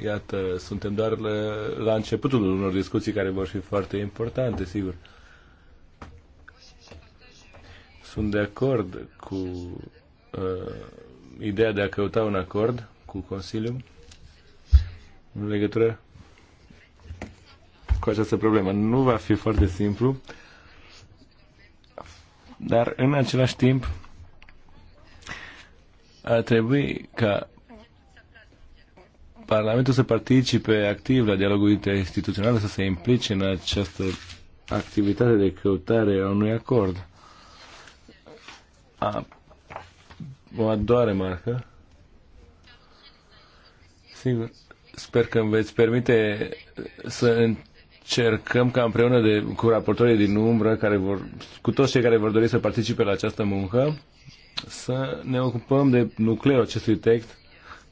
Iată, suntem doar la, la începutul unor discuții care vor fi foarte importante, sigur. Sunt de acord cu uh, ideea de a căuta un acord cu Consiliul în legătură cu această problemă. Nu va fi foarte simplu, dar în același timp ar trebui ca Parlamentul să participe activ la dialogul interinstituțional, să se implice în această activitate de căutare a unui acord. A, o a doua remarcă. Sigur, sper că îmi veți permite să încercăm ca împreună de, cu raportorii din umbră, care vor, cu toți cei care vor dori să participe la această muncă, să ne ocupăm de nucleul acestui text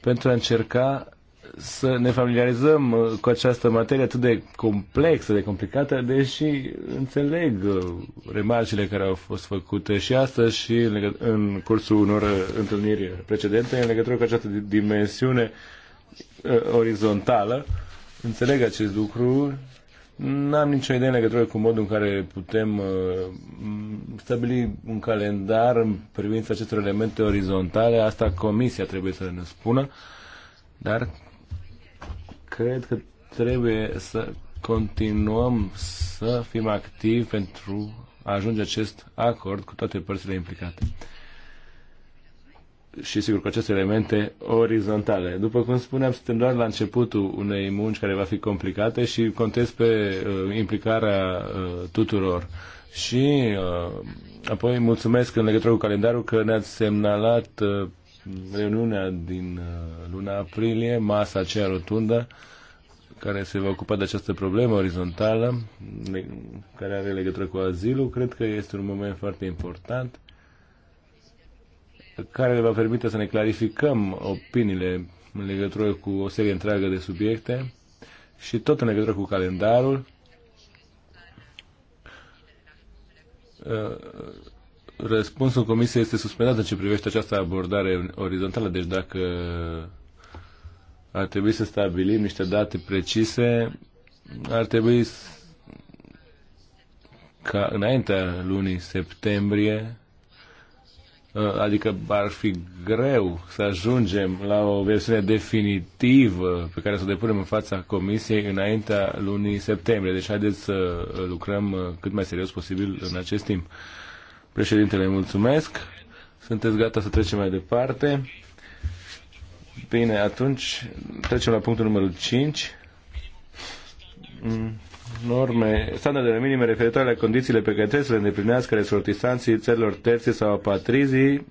pentru a încerca să ne familiarizăm uh, cu această materie atât de complexă, de complicată, deși înțeleg uh, remarcile care au fost făcute și astăzi și în, în cursul unor uh, întâlniri precedente în legătură cu această dimensiune orizontală. Înțeleg acest lucru N-am nicio idee în legătură cu modul în care putem uh, stabili un calendar în privința acestor elemente orizontale. Asta comisia trebuie să ne spună. Dar cred că trebuie să continuăm să fim activi pentru a ajunge acest acord cu toate părțile implicate. Și sigur cu aceste elemente orizontale. După cum spuneam, suntem doar la începutul unei munci care va fi complicate și contez pe uh, implicarea uh, tuturor. Și uh, apoi mulțumesc în legătură cu calendarul că ne-ați semnalat uh, reuniunea din uh, luna aprilie, masa aceea rotundă care se va ocupa de această problemă orizontală, care are legătură cu azilul, cred că este un moment foarte important care ne va permite să ne clarificăm opiniile în legătură cu o serie întreagă de subiecte și tot în legătură cu calendarul. Răspunsul Comisiei este suspendat în ce privește această abordare orizontală, deci dacă ar trebui să stabilim niște date precise, ar trebui ca înaintea lunii septembrie, uh, adică ar fi greu să ajungem la o versiune definitivă pe care să o depunem în fața Comisiei înaintea lunii septembrie. Deci haideți să lucrăm uh, cât mai serios posibil în acest timp. Președintele, mulțumesc. Sunteți gata să trecem mai departe? Bine, atunci trecem la punctul numărul 5. Mm, norme, standardele minime referitoare la condițiile pe care trebuie să le îndeplinească resortisanții țărilor terțe sau apatrizii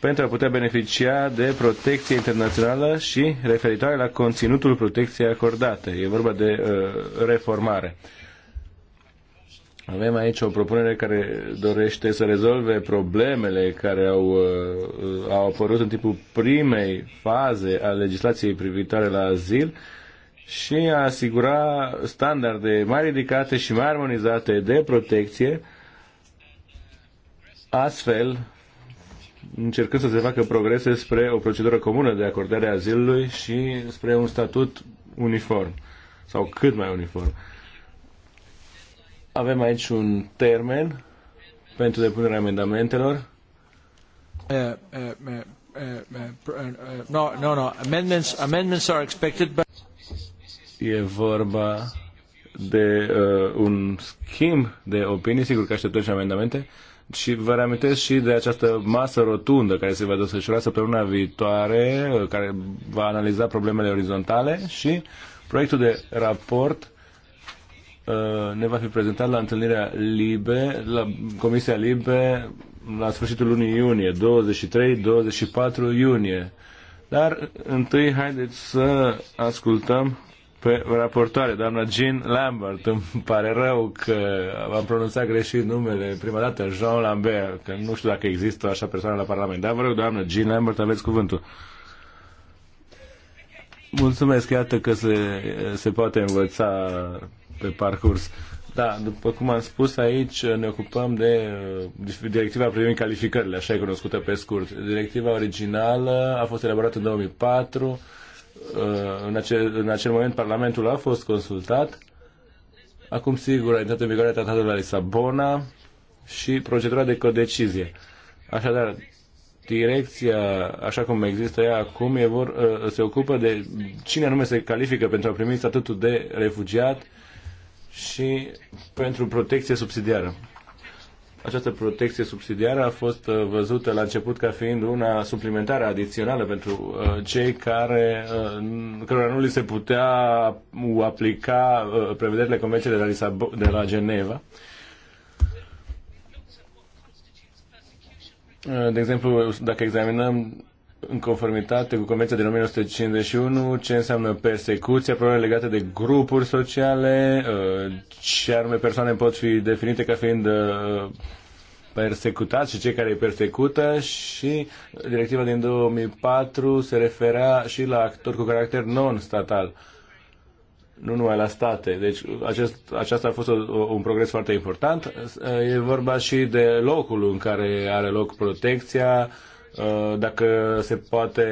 pentru a putea beneficia de protecție internațională și referitoare la conținutul protecției acordate. E vorba de uh, reformare. Uh, avem aici o propunere care dorește să rezolve problemele care au, uh, au apărut în timpul primei faze a legislației privitoare la azil și a asigura standarde mai ridicate și mai armonizate de protecție, astfel încercând să se facă progrese spre o procedură comună de acordare a azilului și spre un statut uniform sau cât mai uniform. Avem aici un termen pentru depunerea amendamentelor. Uh, uh, uh, no, no, no. Amendments, amendments are expected, but... E vorba de uh, un schimb de opinii, sigur că așteptăm și amendamente, și vă reamintesc și de această masă rotundă care se va desfășura săptămâna viitoare, care va analiza problemele orizontale și proiectul de raport Uh, ne va fi prezentat la întâlnirea LIBE, la Comisia LIBE, la sfârșitul lunii iunie, 23-24 iunie. Dar întâi haideți să ascultăm pe raportoare, doamna Jean Lambert. Îmi pare rău că am pronunțat greșit numele prima dată, Jean Lambert, că nu știu dacă există o așa persoană la Parlament. Dar vă rog, doamna Jean Lambert, aveți cuvântul. Mulțumesc, iată că se, se poate învăța pe parcurs. Da, după cum am spus aici, ne ocupăm de uh, directiva privind calificările, așa e cunoscută pe scurt. Directiva originală a fost elaborată în 2004. Uh, în acel, în acel moment Parlamentul a fost consultat. Acum, sigur, a intrat în vigoare tratatul de la Lisabona și procedura de codecizie. Așadar, direcția, așa cum există ea acum, e vor, uh, se ocupă de cine anume se califică pentru a primi statutul de refugiat și pentru protecție subsidiară. Această protecție subsidiară a fost uh, văzută la început ca fiind una suplimentară, adițională pentru uh, cei care, uh, care nu li se putea aplica prevederile Convenției de la, Lisab- de la Geneva. De exemplu, dacă examinăm în conformitate cu Convenția din 1951, ce înseamnă persecuția, probleme legate de grupuri sociale, uh, ce anume persoane pot fi definite ca fiind uh, persecutați și cei care îi persecută și directiva din 2004 se referea și la actori cu caracter non-statal, nu numai la state. Deci acest, aceasta a fost o, un progres foarte important. Uh, e vorba și de locul în care are loc protecția, Uh, dacă se poate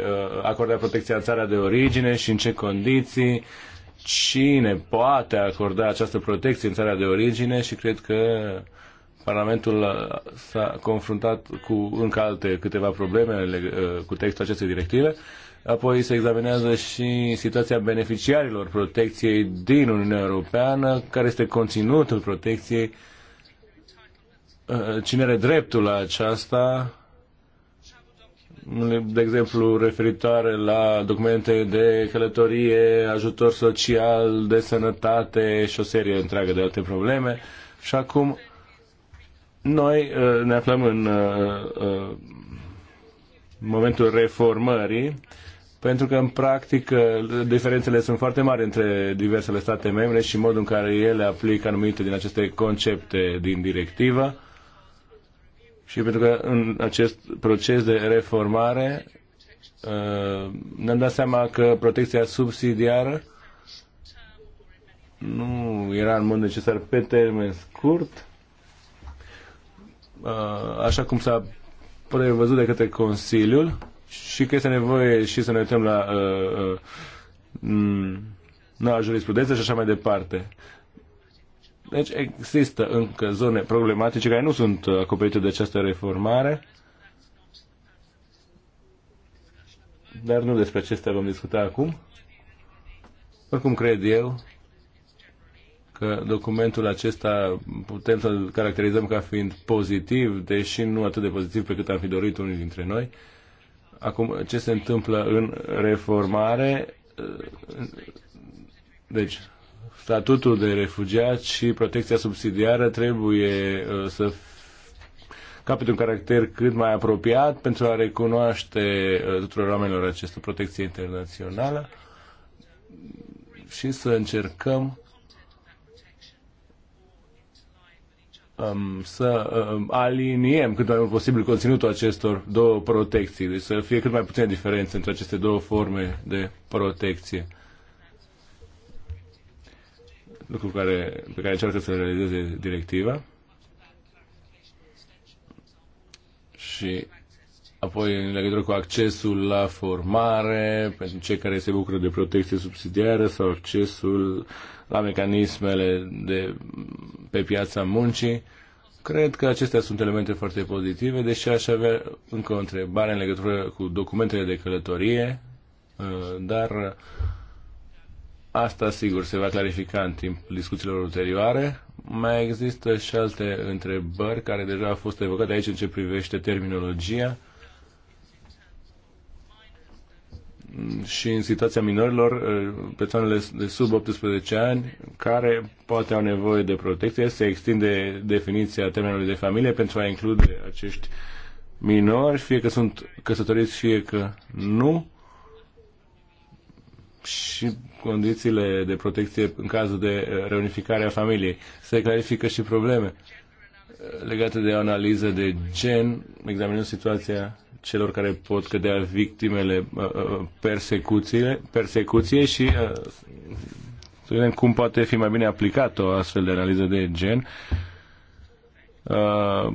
uh, acorda protecția în țara de origine și în ce condiții, cine poate acorda această protecție în țara de origine și cred că Parlamentul s-a confruntat cu încă alte câteva probleme uh, cu textul acestei directive. Apoi se examinează și situația beneficiarilor protecției din Uniunea Europeană, care este conținutul protecției, cine are dreptul la aceasta, de exemplu, referitoare la documente de călătorie, ajutor social, de sănătate și o serie întreagă de alte probleme. Și acum noi uh, ne aflăm în uh, uh, momentul reformării, pentru că, în practică, diferențele sunt foarte mari între diversele state membre și modul în care ele aplică anumite din aceste concepte din directivă și pentru că în acest proces de reformare uh, ne-am dat seama că protecția subsidiară nu era în mod necesar pe termen scurt, uh, așa cum s-a prevăzut de către Consiliul și că este nevoie și să ne uităm la, la uh, mm, jurisprudență și așa mai departe. Deci există încă zone problematice care nu sunt acoperite de această reformare. Dar nu despre acestea vom discuta acum. Oricum cred eu că documentul acesta putem să-l caracterizăm ca fiind pozitiv, deși nu atât de pozitiv pe cât am fi dorit unii dintre noi. Acum, ce se întâmplă în reformare? Deci, statutul de refugiat și protecția subsidiară trebuie uh, să capete un caracter cât mai apropiat pentru a recunoaște uh, tuturor oamenilor această protecție internațională și să încercăm um, să um, aliniem cât mai mult posibil conținutul acestor două protecții, deci să fie cât mai puține diferențe între aceste două forme de protecție lucru care, pe care încearcă să realizeze directiva. Și apoi în legătură cu accesul la formare pentru cei care se bucură de protecție subsidiară sau accesul la mecanismele de, pe piața muncii. Cred că acestea sunt elemente foarte pozitive, deși aș avea încă o întrebare în legătură cu documentele de călătorie, uh, dar Asta, sigur, se va clarifica în timp discuțiilor ulterioare. Mai există și alte întrebări care deja au fost evocate aici în ce privește terminologia și în situația minorilor, persoanele de sub 18 ani care poate au nevoie de protecție, se extinde definiția termenului de familie pentru a include acești minori, fie că sunt căsătoriți, fie că nu și condițiile de protecție în cazul de eh, reunificare a familiei. Se clarifică și probleme eh, legate de analiză de gen, examinând situația celor care pot cădea victimele eh, persecuției și să vedem cum poate fi mai bine aplicată o astfel de analiză de gen Uh,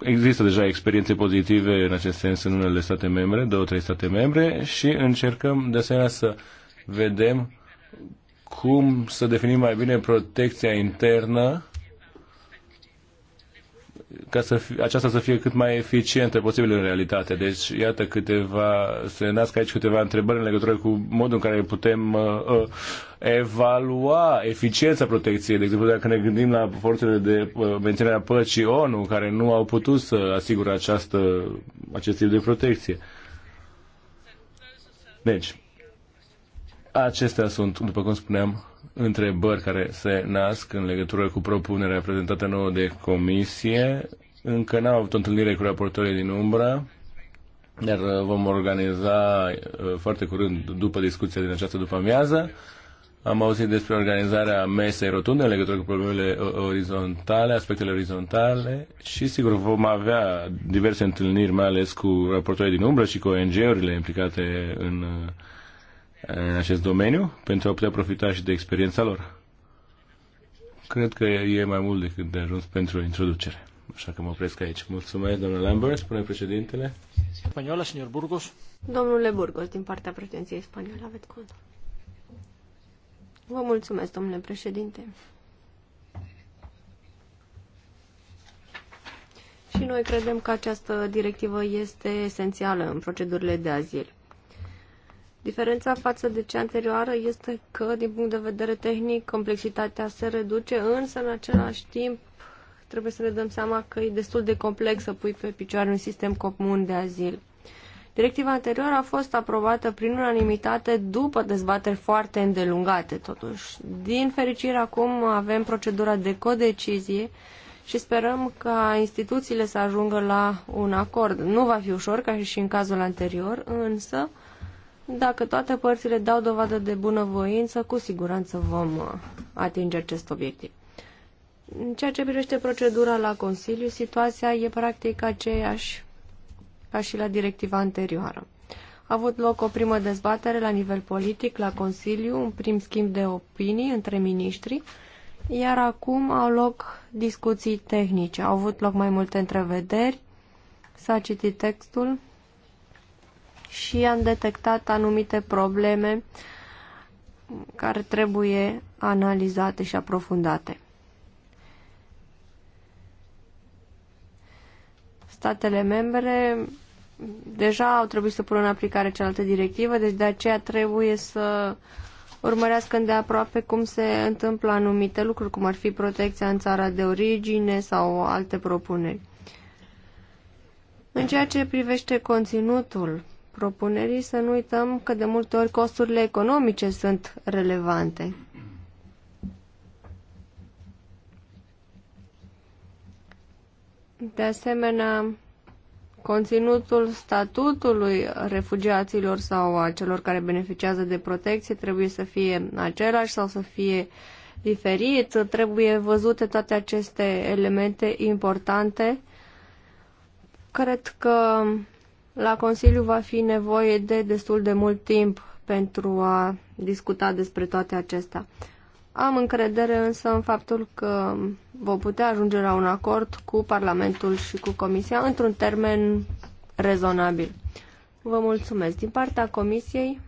există deja experiențe pozitive în acest sens în unele state membre, două, trei state membre și încercăm de asemenea să vedem cum să definim mai bine protecția internă ca să fie, aceasta să fie cât mai eficientă posibil în realitate. Deci, iată câteva, se nasc aici câteva întrebări în legătură cu modul în care putem uh, uh, evalua eficiența protecției. De exemplu, dacă ne gândim la forțele de uh, menținere a păcii ONU, care nu au putut să asigure această, acest tip de protecție. Deci, acestea sunt, după cum spuneam, întrebări care se nasc în legătură cu propunerea prezentată nouă de comisie. Încă n-am avut o întâlnire cu raportorii din umbra, dar uh, vom organiza uh, foarte curând după discuția din această după amiază. Am auzit despre organizarea mesei rotunde în legătură cu problemele uh, orizontale, aspectele orizontale și sigur vom avea diverse întâlniri, mai ales cu raportorii din umbră și cu ONG-urile implicate în în acest domeniu pentru a putea profita și de experiența lor. Cred că e mai mult decât de ajuns pentru o introducere. Așa că mă opresc aici. Mulțumesc, domnule Lambert, spune președintele. Spaniola, senior Burgos. Domnule Burgos, din partea președinției spaniole, aveți cont. Vă mulțumesc, domnule președinte. Și noi credem că această directivă este esențială în procedurile de azil. Diferența față de cea anterioară este că, din punct de vedere tehnic, complexitatea se reduce, însă, în același timp, trebuie să ne dăm seama că e destul de complex să pui pe picioare un sistem comun de azil. Directiva anterioară a fost aprobată prin unanimitate după dezbateri foarte îndelungate, totuși. Din fericire, acum avem procedura de codecizie și sperăm ca instituțiile să ajungă la un acord. Nu va fi ușor, ca și în cazul anterior, însă dacă toate părțile dau dovadă de bunăvoință, cu siguranță vom uh, atinge acest obiectiv. În ceea ce privește procedura la Consiliu, situația e practic aceeași ca și la directiva anterioară. A avut loc o primă dezbatere la nivel politic, la Consiliu, un prim schimb de opinii între miniștri, iar acum au loc discuții tehnice. Au avut loc mai multe întrevederi, s-a citit textul, și am detectat anumite probleme care trebuie analizate și aprofundate. Statele membre deja au trebuit să pună în aplicare cealaltă directivă, deci de aceea trebuie să urmărească îndeaproape cum se întâmplă anumite lucruri, cum ar fi protecția în țara de origine sau alte propuneri. În ceea ce privește conținutul propunerii, să nu uităm că de multe ori costurile economice sunt relevante. De asemenea, conținutul statutului refugiaților sau a celor care beneficiază de protecție trebuie să fie același sau să fie diferit. Trebuie văzute toate aceste elemente importante. Cred că la Consiliu va fi nevoie de destul de mult timp pentru a discuta despre toate acestea. Am încredere însă în faptul că vom putea ajunge la un acord cu Parlamentul și cu Comisia într-un termen rezonabil. Vă mulțumesc. Din partea Comisiei,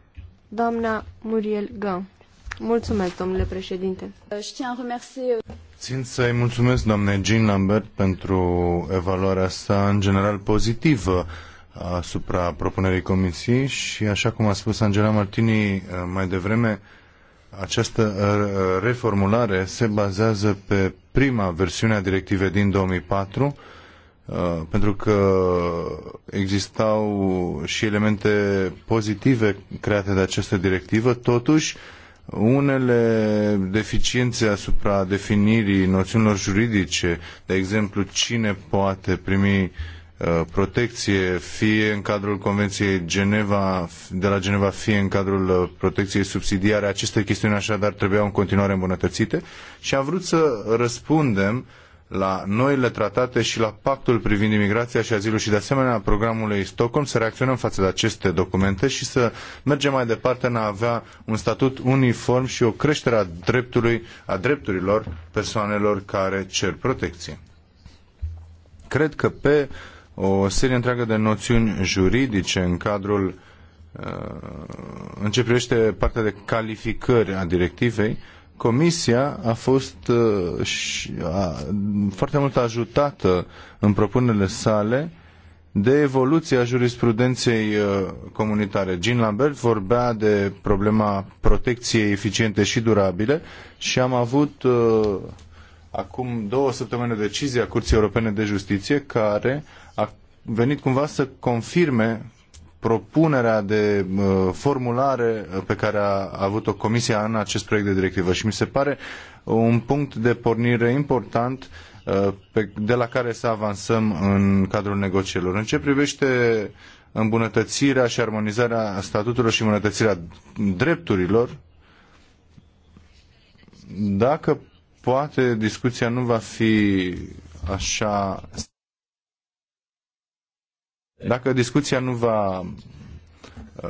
doamna Muriel Gă. Mulțumesc, domnule președinte. Țin să-i mulțumesc, doamne Jean Lambert, pentru evaluarea sa în general pozitivă asupra propunerii comisiei și, așa cum a spus Angela Martini eh, mai devreme, această eh, reformulare se bazează pe prima versiune a directivei din 2004, eh, pentru că existau și elemente pozitive create de această directivă, totuși unele deficiențe asupra definirii noțiunilor juridice, de exemplu cine poate primi Uh, protecție, fie în cadrul Convenției Geneva, de la Geneva, fie în cadrul uh, protecției subsidiare. Aceste chestiuni așadar trebuiau în continuare îmbunătățite și am vrut să răspundem la noile tratate și la pactul privind imigrația și azilul și de asemenea programului Stockholm să reacționăm față de aceste documente și să mergem mai departe în a avea un statut uniform și o creștere a, dreptului, a drepturilor persoanelor care cer protecție. Cred că pe uh, o serie întreagă de noțiuni juridice în cadrul uh, în ce privește partea de calificări a directivei, Comisia a fost uh, a, foarte mult ajutată în propunerile sale de evoluția jurisprudenței uh, comunitare. Jean Lambert vorbea de problema protecției eficiente și durabile și am avut acum două săptămâni decizia Curții Europene de Justiție care venit cumva să confirme propunerea de uh, formulare pe care a avut-o Comisia în acest proiect de directivă și mi se pare un punct de pornire important uh, de la care să avansăm în cadrul negocierilor. În ce privește îmbunătățirea și armonizarea statutelor și îmbunătățirea drepturilor, dacă poate discuția nu va fi așa dacă discuția nu va uh,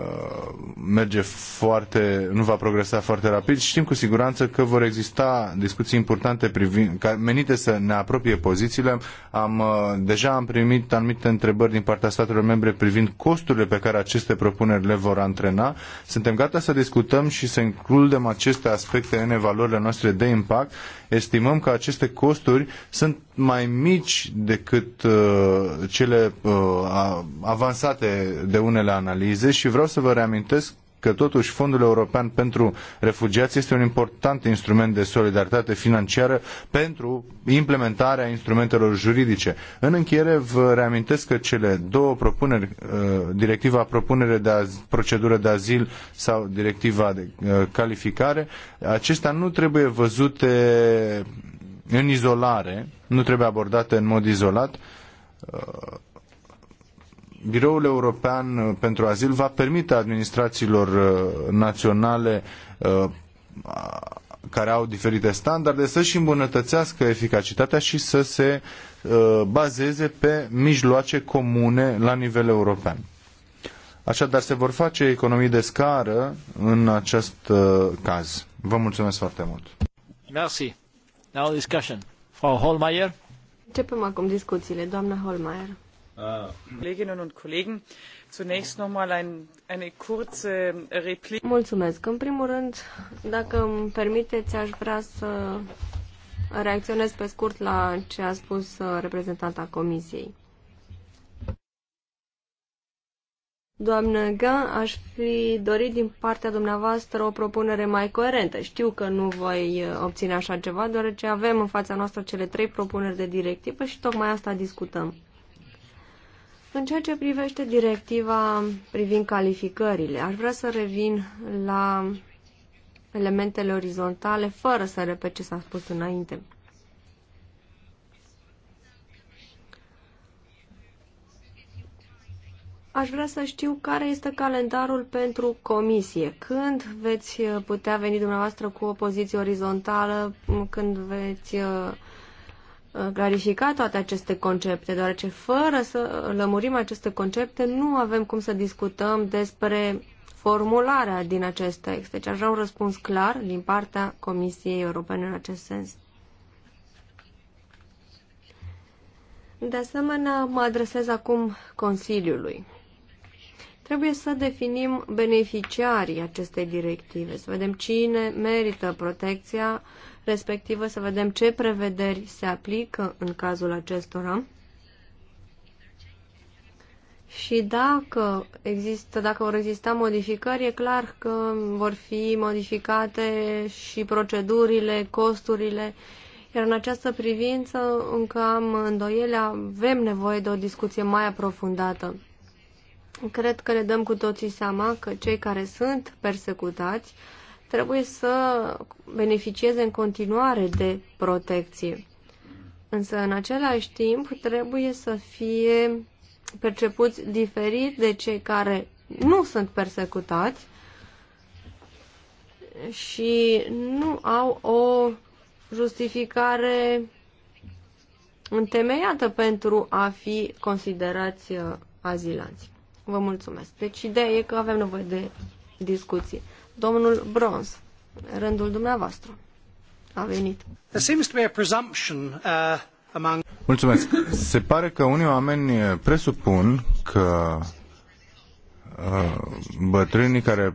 merge foarte, nu va progresa foarte rapid. Știm cu siguranță că vor exista discuții importante privind, ca, menite să ne apropie pozițiile. Am, uh, deja am primit anumite întrebări din partea statelor membre privind costurile pe care aceste propuneri le vor antrena. Suntem gata să discutăm și să includem aceste aspecte în evaluările noastre de impact estimăm că aceste costuri sunt mai mici decât uh, cele uh, avansate de unele analize și vreau să vă reamintesc că totuși Fondul European pentru Refugiați este un important instrument de solidaritate financiară pentru implementarea instrumentelor juridice. În încheiere vă reamintesc că cele două propuneri, uh, directiva propunere de az, procedură de azil sau directiva de uh, calificare, acestea nu trebuie văzute în izolare, nu trebuie abordate în mod izolat, uh, Biroul European uh, pentru Azil va permite administrațiilor uh, naționale uh, care au diferite standarde să-și îmbunătățească eficacitatea și să se bazeze pe mijloace comune la nivel european. Așadar, se vor face economii de scară în acest caz. Vă mulțumesc foarte mult. Merci. Now discussion. Frau Holmeier. Începem acum discuțiile. Doamna Holmeier. Kolleginnen und Kollegen, zunächst ein, eine kurze Replik. Mulțumesc. În primul rând, dacă îmi permiteți, aș vrea să reacționez pe scurt la ce a spus uh, reprezentanta Comisiei. Doamnă Gan, aș fi dorit din partea dumneavoastră o propunere mai coerentă. Știu că nu voi uh, obține așa ceva, deoarece avem în fața noastră cele trei propuneri de directivă și tocmai asta discutăm. În ceea ce privește directiva privind calificările, aș vrea să revin la elementele orizontale, fără să repet ce s-a spus înainte. Aș vrea să știu care este calendarul pentru comisie. Când veți putea veni dumneavoastră cu o poziție orizontală, când veți uh, Uh, clarifica toate aceste concepte, deoarece fără să lămurim aceste concepte nu avem cum să discutăm despre formularea din acest text. Deci aș vrea un răspuns clar din partea Comisiei Europene în acest sens. De asemenea, mă adresez acum Consiliului. Trebuie să definim beneficiarii acestei directive, să vedem cine merită protecția uh, respectivă, să vedem ce prevederi se aplică în cazul acestora și dacă există, dacă vor exista modificări, e clar că vor fi modificate și procedurile, costurile, iar în această privință încă am îndoiele, avem nevoie de o discuție mai aprofundată. Cred că ne dăm cu toții seama că cei care sunt persecutați trebuie să beneficieze în continuare de protecție. Însă, în același timp, trebuie să fie percepuți diferit de cei care nu sunt persecutați și nu au o justificare întemeiată pentru a fi considerați uh, azilanți. Vă mulțumesc. Deci ideea e că avem nevoie de discuții. Domnul Bronz, rândul dumneavoastră a venit. Uh, Mulțumesc. Se pare că unii oameni presupun că uh, bătrânii care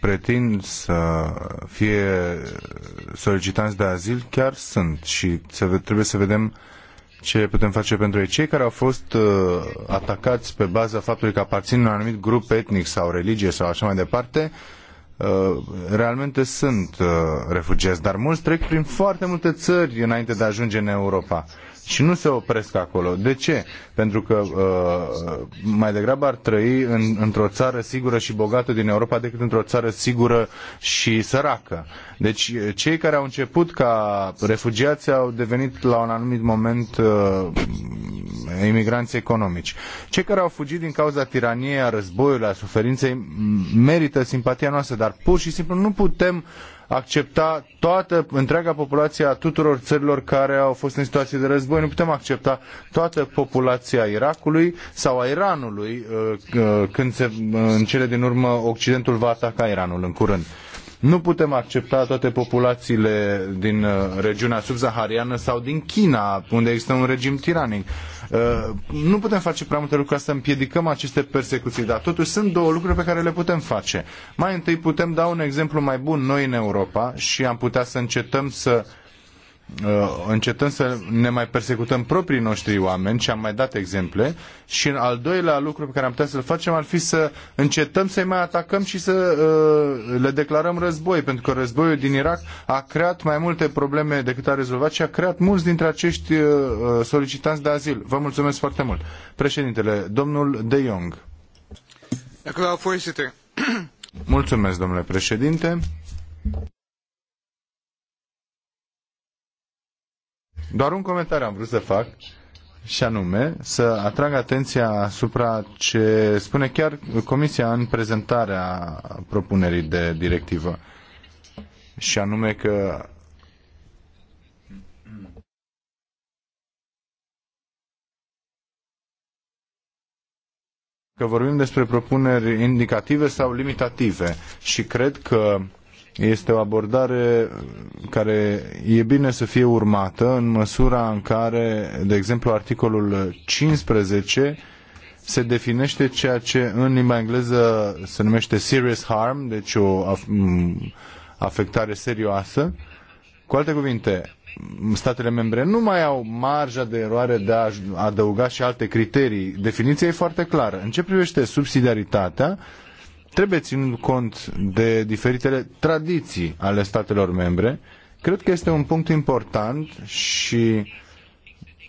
pretind să fie solicitanți de azil chiar sunt și trebuie să vedem ce putem face pentru ei. Cei care au fost uh, atacați pe baza faptului că aparțin un anumit grup etnic sau religie sau așa mai departe, uh, Uh, realmente sunt uh, refugiați, dar mulți trec prin foarte multe țări înainte de a ajunge în Europa și nu se opresc acolo. De ce? Pentru că uh, mai degrabă ar trăi în, într-o țară sigură și bogată din Europa decât într-o țară sigură și săracă. Deci uh, cei care au început ca refugiați au devenit la un anumit moment uh, mm, imigranți economici. Cei care au fugit din cauza tiraniei, a războiului, a suferinței merită simpatia noastră, dar pur și simplu nu putem accepta toată întreaga populație a tuturor țărilor care au fost în situații de război. Nu putem accepta toată populația Irakului sau a Iranului uh, uh, când se, în cele din urmă Occidentul va ataca Iranul în curând. Nu putem accepta toate populațiile din uh, regiunea subsahariană sau din China, unde există un regim tiranic. Uh, nu putem face prea multe lucruri ca să împiedicăm aceste persecuții, dar totuși sunt două lucruri pe care le putem face. Mai întâi putem da un exemplu mai bun noi în Europa și am putea să încetăm să Uh, încetăm să ne mai persecutăm proprii noștri oameni și am mai dat exemple și în al doilea lucru pe care am putea să-l facem ar fi să încetăm să-i mai atacăm și să uh, le declarăm război, pentru că războiul din Irak a creat mai multe probleme decât a rezolvat și a creat mulți dintre acești uh, uh solicitanți de azil. Vă mulțumesc foarte mult. Președintele, domnul De Jong. Mulțumesc, domnule președinte. Doar un comentariu am vrut să fac și anume să atrag atenția asupra ce spune chiar Comisia în prezentarea propunerii de directivă și anume că că vorbim despre propuneri indicative sau limitative și cred că este o abordare care e bine să fie urmată în măsura în care, de exemplu, articolul 15 se definește ceea ce în limba engleză se numește serious harm, deci o afectare serioasă. Cu alte cuvinte, statele membre nu mai au marja de eroare de a adăuga și alte criterii. Definiția e foarte clară. În ce privește subsidiaritatea, trebuie ținut cont de diferitele tradiții ale statelor membre. Cred că este un punct important și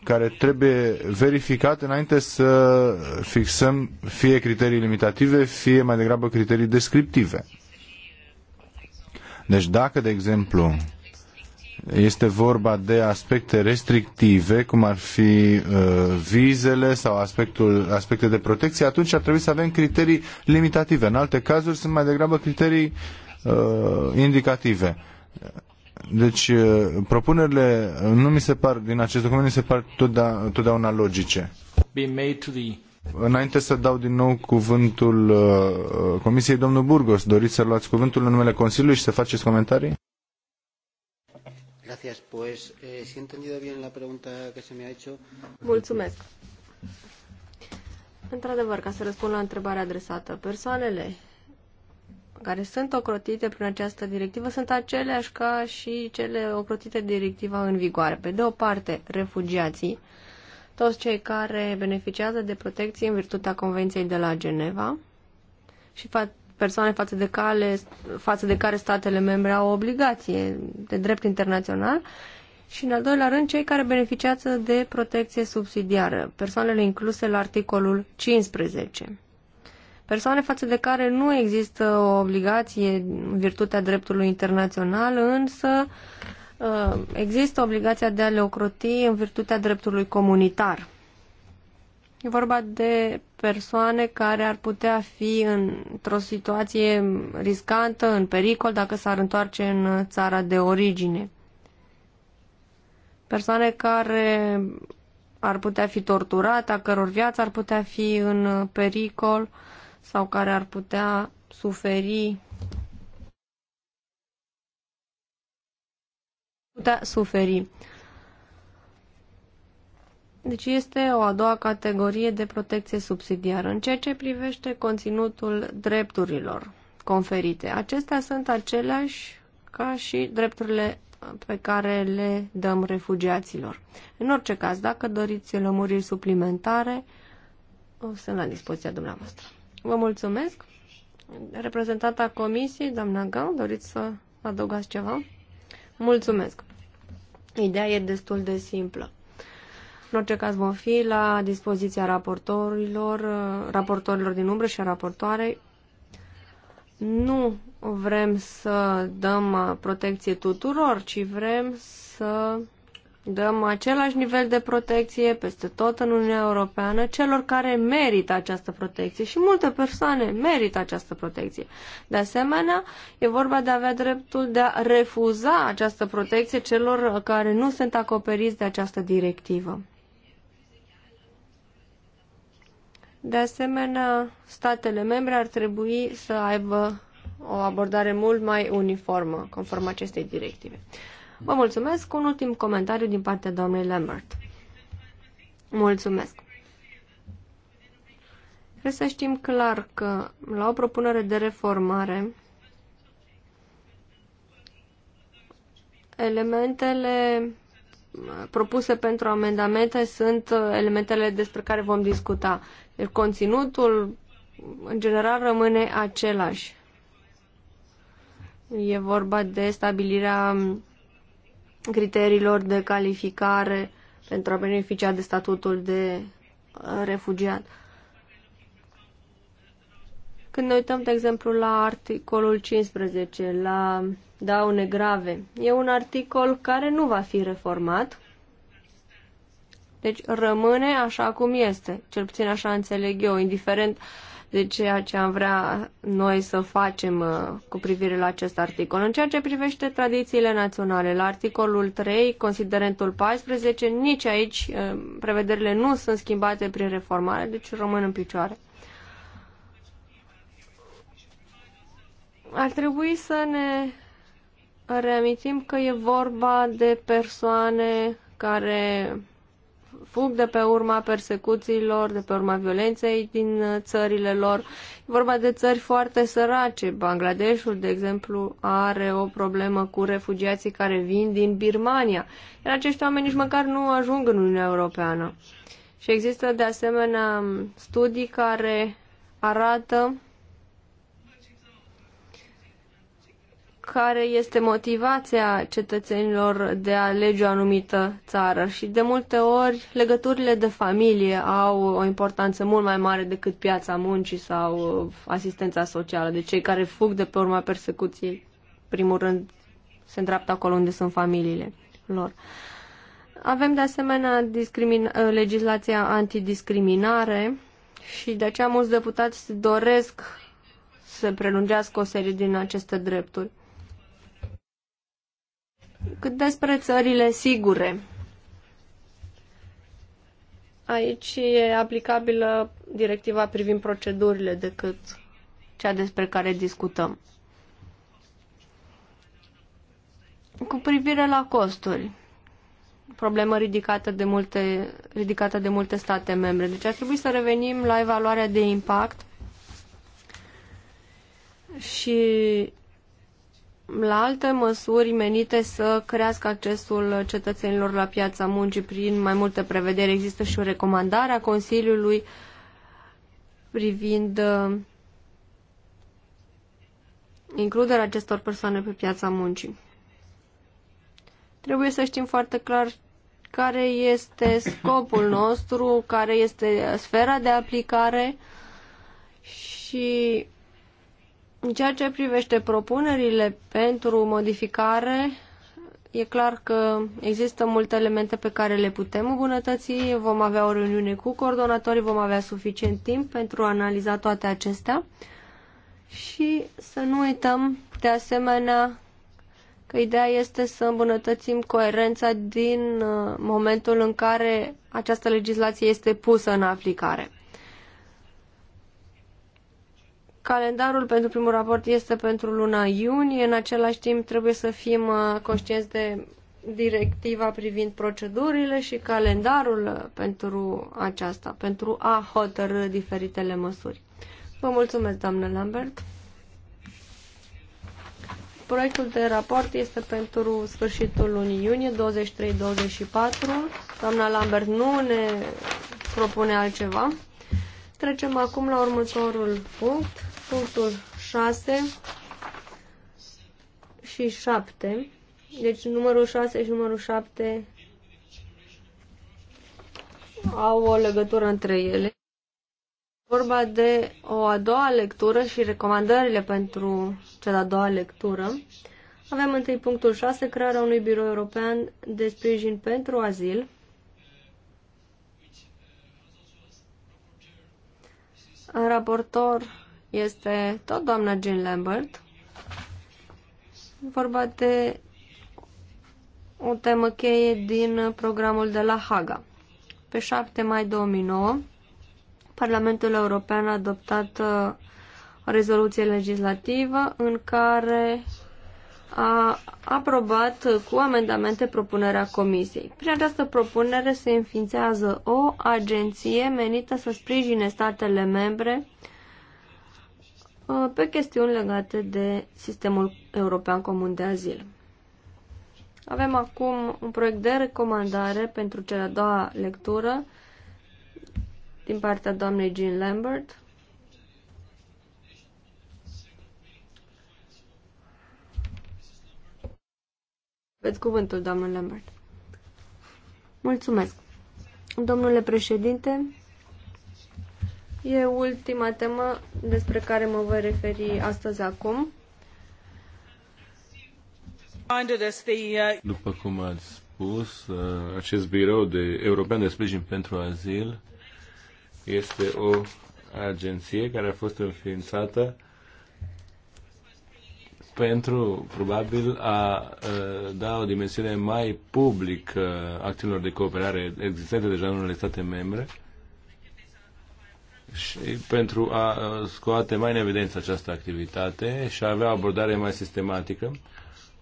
care trebuie verificat înainte să fixăm fie criterii limitative, fie mai degrabă criterii descriptive. Deci dacă, de exemplu, este vorba de aspecte restrictive, cum ar fi uh, vizele sau aspectul, aspecte de protecție, atunci ar trebui să avem criterii limitative. În alte cazuri sunt mai degrabă criterii uh, indicative. Deci, uh, propunerile nu mi se par, din acest document, mi se par totdea, totdeauna logice. Înainte să dau din nou cuvântul uh, Comisiei, domnul Burgos, doriți să luați cuvântul în numele Consiliului și să faceți comentarii? Gracias. Pues, eh, si he entendido bien la pregunta que se me ha hecho. Mulțumesc. Într-adevăr, ca să răspund la întrebarea adresată, persoanele care sunt ocrotite prin această directivă sunt aceleași ca și cele ocrotite de directiva în vigoare. Pe de o parte, refugiații, toți cei care beneficiază de protecție în virtutea Convenției de la Geneva și fa- persoane față de, cale, față de care statele membre au o obligație de drept internațional și, în al doilea rând, cei care beneficiază de protecție subsidiară, persoanele incluse la articolul 15. Persoane față de care nu există o obligație în virtutea dreptului internațional, însă uh, există obligația de a le ocroti în virtutea dreptului comunitar. E vorba de persoane care ar putea fi într-o situație riscantă, în pericol, dacă s-ar întoarce în țara de origine. Persoane care ar putea fi torturate, a căror viață ar putea fi în pericol sau care ar putea suferi putea suferi deci este o a doua categorie de protecție subsidiară în ceea ce privește conținutul drepturilor conferite. Acestea sunt aceleași ca și drepturile pe care le dăm refugiaților. În orice caz, dacă doriți lămuriri suplimentare, sunt la dispoziția dumneavoastră. Vă mulțumesc. Reprezentanta comisiei, doamna Gau, doriți să adăugați ceva? Mulțumesc. Ideea e destul de simplă. În orice caz vom fi la dispoziția raportorilor, raportorilor din umbră și a raportoarei. Nu vrem să dăm protecție tuturor, ci vrem să dăm același nivel de protecție peste tot în Uniunea Europeană celor care merită această protecție și multe persoane merită această protecție. De asemenea, e vorba de a avea dreptul de a refuza această protecție celor care nu sunt acoperiți de această directivă. De asemenea, statele membre ar trebui să aibă o abordare mult mai uniformă, conform acestei directive. Vă mulțumesc. Un ultim comentariu din partea doamnei Lambert. Mulțumesc. Trebuie să știm clar că la o propunere de reformare elementele propuse pentru amendamente sunt elementele despre care vom discuta. Deci conținutul, în general, rămâne același. E vorba de stabilirea criteriilor de calificare pentru a beneficia de statutul de uh, refugiat. Când ne uităm, de exemplu, la articolul 15, la daune grave, e un articol care nu va fi reformat, deci rămâne așa cum este, cel puțin așa înțeleg eu, indiferent de ceea ce am vrea noi să facem uh, cu privire la acest articol. În ceea ce privește tradițiile naționale, la articolul 3, considerentul 14, nici aici uh, prevederile nu sunt schimbate prin reformare, deci rămân în picioare. Ar trebui să ne reamintim că e vorba de persoane care fug de pe urma persecuțiilor, de pe urma violenței din țările lor. E vorba de țări foarte sărace. Bangladeshul, de exemplu, are o problemă cu refugiații care vin din Birmania. Iar acești oameni nici măcar nu ajung în Uniunea Europeană. Și există de asemenea studii care arată care este motivația cetățenilor de a alege o anumită țară și de multe ori legăturile de familie au o importanță mult mai mare decât piața muncii sau asistența socială, de deci cei care fug de pe urma persecuției, primul rând se îndreaptă acolo unde sunt familiile lor. Avem de asemenea legislația antidiscriminare și de aceea mulți deputați doresc să prelungească o serie din aceste drepturi. Cât despre țările sigure, aici e aplicabilă directiva privind procedurile decât cea despre care discutăm. Cu privire la costuri, problemă ridicată de multe, ridicată de multe state membre. Deci ar trebui să revenim la evaluarea de impact și la alte măsuri menite să crească accesul cetățenilor la piața muncii prin mai multe prevederi. Există și o recomandare a Consiliului privind uh, includerea acestor persoane pe piața muncii. Trebuie să știm foarte clar care este scopul nostru, care este sfera de aplicare și în ceea ce privește propunerile pentru modificare, e clar că există multe elemente pe care le putem îmbunătăți. Vom avea o reuniune cu coordonatorii, vom avea suficient timp pentru a analiza toate acestea. Și să nu uităm, de asemenea, că ideea este să îmbunătățim coerența din uh, momentul în care această legislație este pusă în aplicare. Calendarul pentru primul raport este pentru luna iunie. În același timp trebuie să fim uh, conștienți de directiva privind procedurile și calendarul uh, pentru aceasta, pentru a hotărâ diferitele măsuri. Vă mulțumesc, doamnă Lambert. Proiectul de raport este pentru sfârșitul lunii iunie, 23-24. Doamna Lambert nu ne propune altceva. Trecem acum la următorul punct punctul 6 și 7. Deci numărul 6 și numărul 7 au o legătură între ele. Vorba de o a doua lectură și recomandările pentru cea de-a doua lectură. Avem întâi punctul 6, crearea unui birou european de sprijin pentru azil. Raportor este tot doamna Jean Lambert. Vorba de o temă cheie din programul de la Haga. Pe 7 mai 2009, Parlamentul European a adoptat uh, o rezoluție legislativă în care a aprobat cu amendamente propunerea Comisiei. Prin această propunere se înființează o agenție menită să sprijine statele membre Uh, pe chestiuni legate de sistemul european comun de azil. Avem acum un proiect de recomandare pentru cea a doua lectură din partea doamnei Jean Lambert. Veți cuvântul, doamnă Lambert. Mulțumesc. Domnule președinte, E ultima temă despre care mă voi referi astăzi acum. După cum ați spus, uh, acest birou de european de sprijin pentru azil este o agenție care a fost înființată pentru, probabil, a uh, da o dimensiune mai publică acțiunilor de cooperare existente deja în unele state membre și pentru a scoate mai în evidență această activitate și a avea o abordare mai sistematică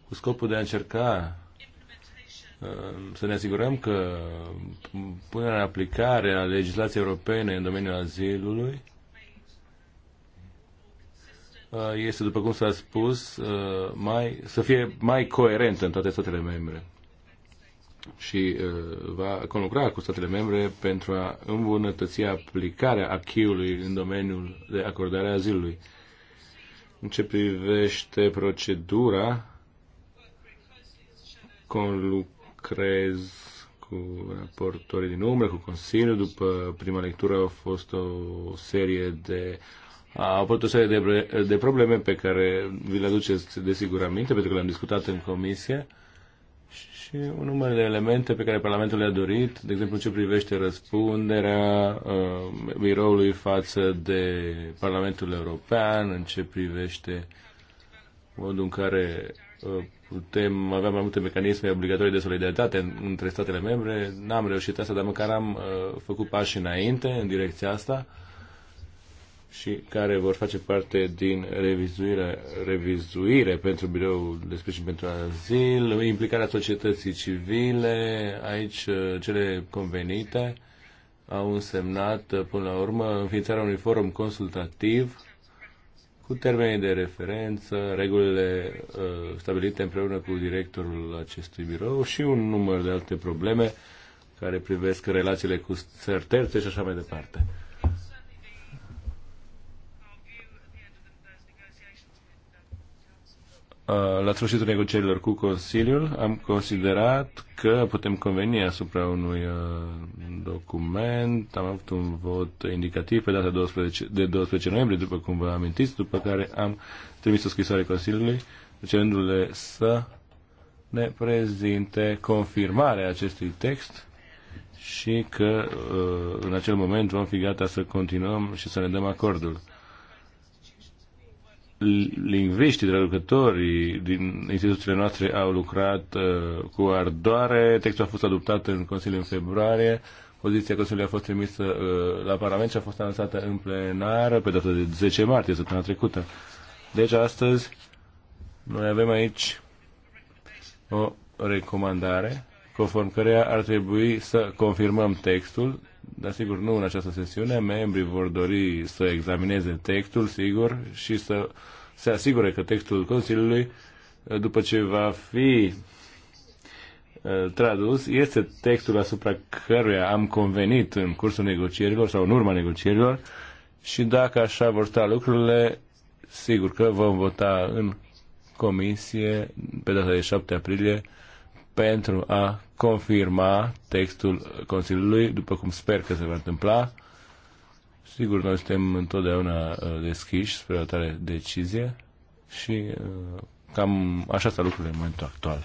cu scopul de a încerca să ne asigurăm că punerea în aplicare a legislației europene în domeniul azilului este, după cum s-a spus, mai, să fie mai coerent în toate statele membre și uh, va conlucra cu statele membre pentru a îmbunătăți aplicarea acquis în domeniul de acordare a azilului. În ce privește procedura, conlucrez cu raportorii din umbră, cu Consiliul. După prima lectură au fost o serie de au fost o serie de, de probleme pe care vi le aduceți desigur aminte, pentru că le-am discutat în comisie. Uh, și un număr de elemente pe care Parlamentul le-a dorit, de exemplu ce privește răspunderea uh, biroului față de Parlamentul European, în ce privește modul în care uh, putem avea mai multe mecanisme obligatorii de solidaritate între statele membre. N-am reușit asta, dar măcar am uh, făcut pași înainte în direcția asta și care vor face parte din revizuire, revizuire pentru biroul de sprijin pentru azil, implicarea societății civile, aici uh, cele convenite au însemnat uh, până la urmă înființarea unui forum consultativ cu termenii de referență, regulile uh, stabilite împreună cu directorul acestui birou și un număr de alte probleme care privesc relațiile cu țări terțe și așa mai departe. Uh, la sfârșitul negocierilor cu Consiliul, am considerat că putem conveni asupra unui uh, document. Am avut un vot indicativ pe data 12, de 12 noiembrie, după cum vă amintiți, după care am trimis o scrisoare Consiliului, cerându-le să ne prezinte confirmarea acestui text și că uh, în acel moment vom fi gata să continuăm și să ne dăm acordul lingviștii, traducătorii din instituțiile noastre au lucrat uh, cu ardoare. Textul a fost adoptat în Consiliu în februarie. Poziția Consiliului a fost trimisă uh, la Parlament și a fost anunțată în plenară pe data de 10 martie, săptămâna trecută. Deci astăzi noi avem aici o recomandare conform căreia ar trebui să confirmăm textul dar sigur nu în această sesiune, membrii vor dori să examineze textul, sigur, și să se asigure că textul Consiliului, după ce va fi ă, tradus, este textul asupra căruia am convenit în cursul negocierilor sau în urma negocierilor și dacă așa vor sta lucrurile, sigur că vom vota în comisie pe data de 7 aprilie pentru a confirma textul Consiliului, după cum sper că se va întâmpla. Sigur, noi suntem întotdeauna uh, deschiși spre o tare decizie și uh, cam așa stau lucrurile în momentul actual.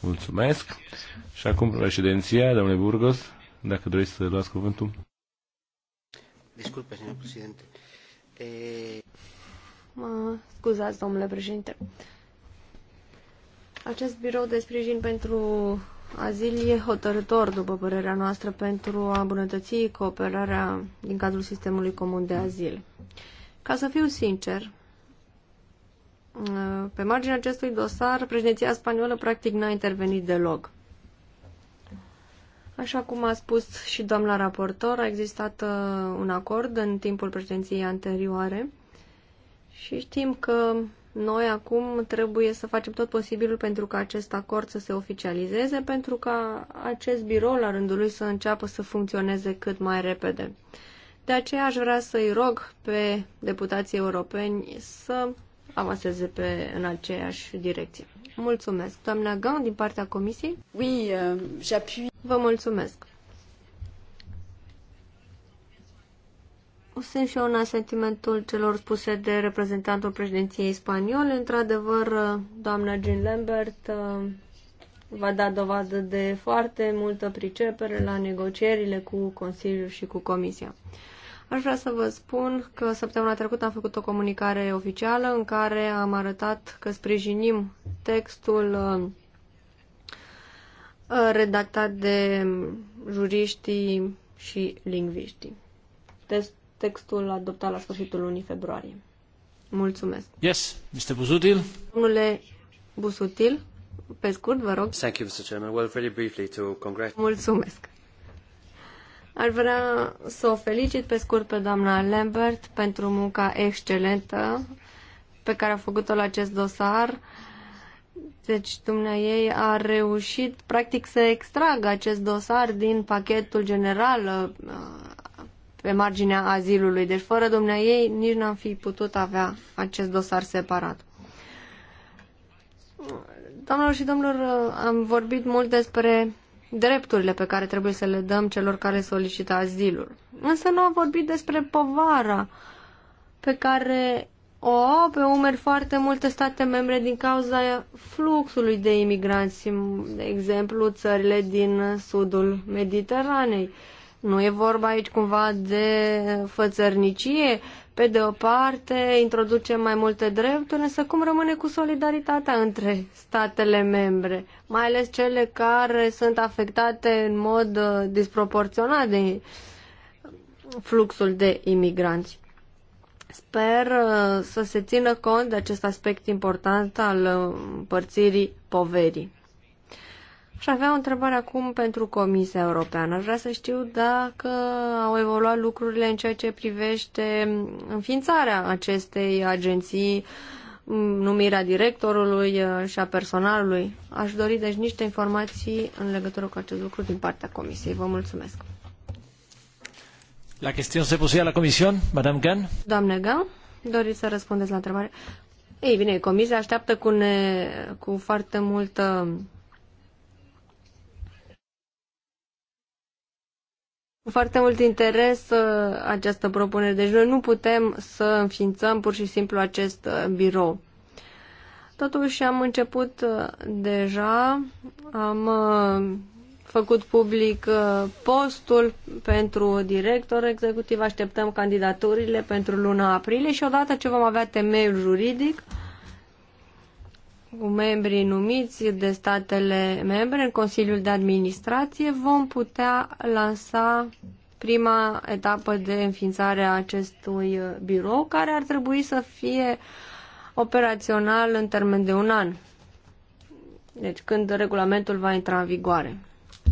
Mulțumesc. Și acum președinția, domnule Burgos, dacă doriți să luați cuvântul. Disculpe, domnule președinte. E... Eh, mă scuzați, domnule președinte. Acest birou de sprijin pentru azil e hotărător, după părerea noastră, pentru a îmbunătăți cooperarea din cadrul sistemului comun de azil. Ca să fiu sincer, pe marginea acestui dosar, președinția spaniolă practic n-a intervenit deloc. Așa cum a spus și doamna raportor, a existat uh, un acord în timpul președinției anterioare și știm că noi acum trebuie să facem tot posibilul pentru ca acest acord să se oficializeze, pentru ca acest birou la rândul lui să înceapă să funcționeze cât mai repede. De aceea aș vrea să-i rog pe deputații europeni să avanseze pe, în aceeași direcție. Mulțumesc. Doamna Gang, din partea Comisiei? Oui, uh, j'appuie. Vă mulțumesc. sunt și eu în asentimentul celor spuse de reprezentantul președinției spaniole. Într-adevăr, doamna Jean Lambert uh, va da dovadă de foarte multă pricepere la negocierile cu Consiliul și cu Comisia. Aș vrea să vă spun că săptămâna trecută am făcut o comunicare oficială în care am arătat că sprijinim textul uh, redactat de juriștii și lingviștii. Test, textul adoptat la sfârșitul lunii februarie. Mulțumesc. Yes, Mr. Buzutil. Domnule Busutil, pe scurt, vă rog. Thank you, Mr. Chairman. Well, very briefly to Mulțumesc. Ar vrea să o felicit pe scurt pe doamna Lambert pentru munca excelentă pe care a făcut-o la acest dosar. Deci, dumnea ei a reușit, practic, să extragă acest dosar din pachetul general uh, pe marginea azilului. Deci fără dumneai, ei nici n-am fi putut avea acest dosar separat. Doamnelor și domnilor, am vorbit mult despre drepturile pe care trebuie să le dăm celor care solicită azilul. Însă nu am vorbit despre povara pe care o au pe umeri foarte multe state membre din cauza fluxului de imigranți, de exemplu țările din sudul Mediteranei. Uh, nu e vorba aici cumva de fățărnicie? Pe de o parte, introducem mai multe drepturi, însă cum rămâne cu solidaritatea între statele membre, mai ales cele care sunt afectate în mod uh, disproporționat de fluxul de imigranți? Sper uh, să se țină cont de acest aspect important al uh, împărțirii poverii. Și avea o întrebare acum pentru Comisia Europeană. Aș vrea să știu dacă au evoluat lucrurile în ceea ce privește înființarea acestei agenții, numirea directorului și a personalului. Aș dori deci niște informații în legătură cu acest lucru din partea Comisiei. Vă mulțumesc. La chestiune se pusea la Comision, Madame Gan. Doamne Gan, doriți să răspundeți la întrebare? Ei bine, Comisia așteaptă cu, ne, cu foarte multă cu foarte mult interes uh, această propunere. Deci noi nu putem să înființăm pur și simplu acest uh, birou. Totuși am început uh, deja, am făcut public postul pentru director executiv, așteptăm candidaturile pentru luna aprilie și odată ce vom avea temeiul juridic, cu membrii numiți de statele membre în Consiliul de Administrație, vom putea lansa prima etapă de înființare a acestui birou, care ar trebui să fie operațional în termen de un an. Deci când regulamentul va intra în vigoare.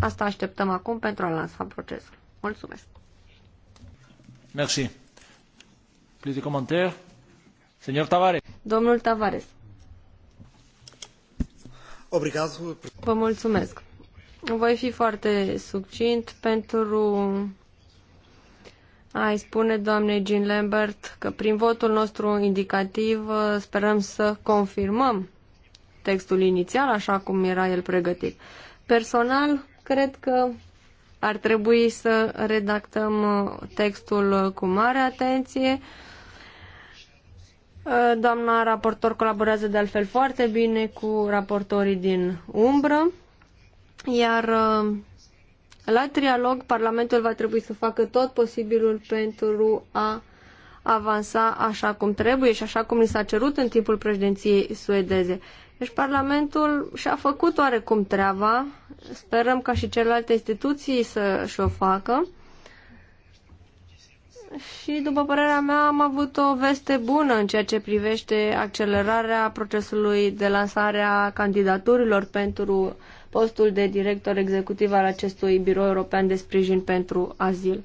Asta așteptăm acum pentru a lansa procesul. Mulțumesc. Merci. Plus de comentarii. Señor Tavares. Domnul Tavares. Vă mulțumesc. Voi fi foarte succint pentru a-i spune doamnei Jean Lambert că prin votul nostru indicativ uh, sperăm să confirmăm textul inițial așa cum era el pregătit. Personal, cred că ar trebui să redactăm uh, textul uh, cu mare atenție, Uh, doamna raportor colaborează de altfel foarte bine cu raportorii din umbră, iar uh, la trialog Parlamentul va trebui să facă tot posibilul pentru a avansa așa cum trebuie și așa cum li s-a cerut în timpul președinției suedeze. Deci Parlamentul și-a făcut oarecum treaba, sperăm ca și celelalte instituții să și-o facă și, după părerea mea, am avut o veste bună în ceea ce privește accelerarea procesului de lansare a candidaturilor pentru postul de director executiv al acestui Birou European de Sprijin pentru Azil.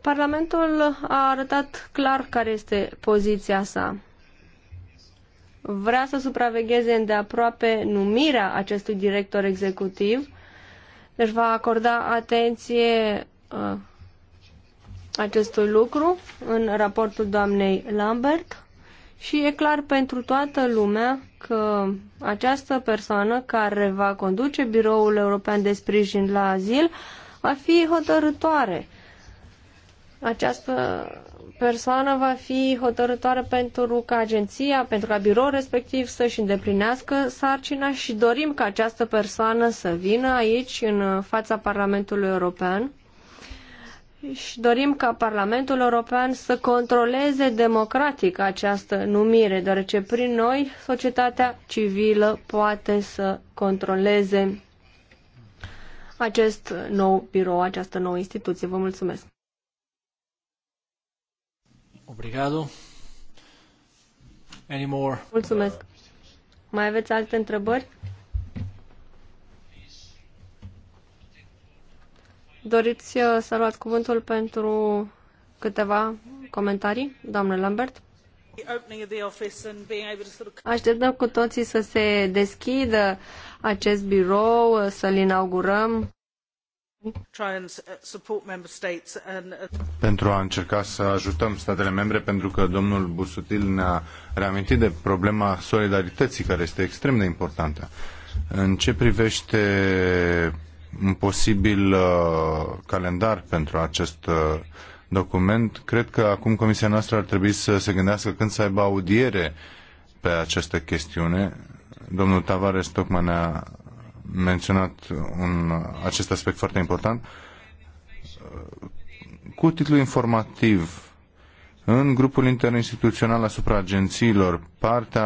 Parlamentul a arătat clar care este poziția sa vrea să supravegheze îndeaproape numirea acestui director executiv, deci va acorda atenție uh, acestui lucru în raportul doamnei Lambert și e clar pentru toată lumea că această persoană care va conduce Biroul European de Sprijin la Azil va fi hotărătoare. Această persoană va fi hotărătoare pentru ca agenția, pentru ca biroul respectiv să-și îndeplinească sarcina și dorim ca această persoană să vină aici, în fața Parlamentului European și dorim ca Parlamentul European să controleze democratic această numire, deoarece prin noi societatea civilă poate să controleze acest nou birou, această nouă instituție. Vă mulțumesc! Obrigado. Any more? Mulțumesc. Mai aveți alte întrebări? Doriți uh, să luați cuvântul pentru câteva comentarii, doamnă Lambert? Așteptăm cu toții să se deschidă acest birou, să-l inaugurăm. Uh, uh, pentru a încerca să ajutăm statele membre, pentru că domnul Busutil ne-a reamintit de problema solidarității, care este extrem de importantă. În ce privește un posibil uh, calendar pentru acest document, cred că acum Comisia noastră ar trebui să se gândească când să aibă audiere pe această chestiune. Domnul Tavares tocmai ne-a menționat un, acest aspect foarte important, cu titlu informativ în grupul interinstituțional asupra agențiilor, partea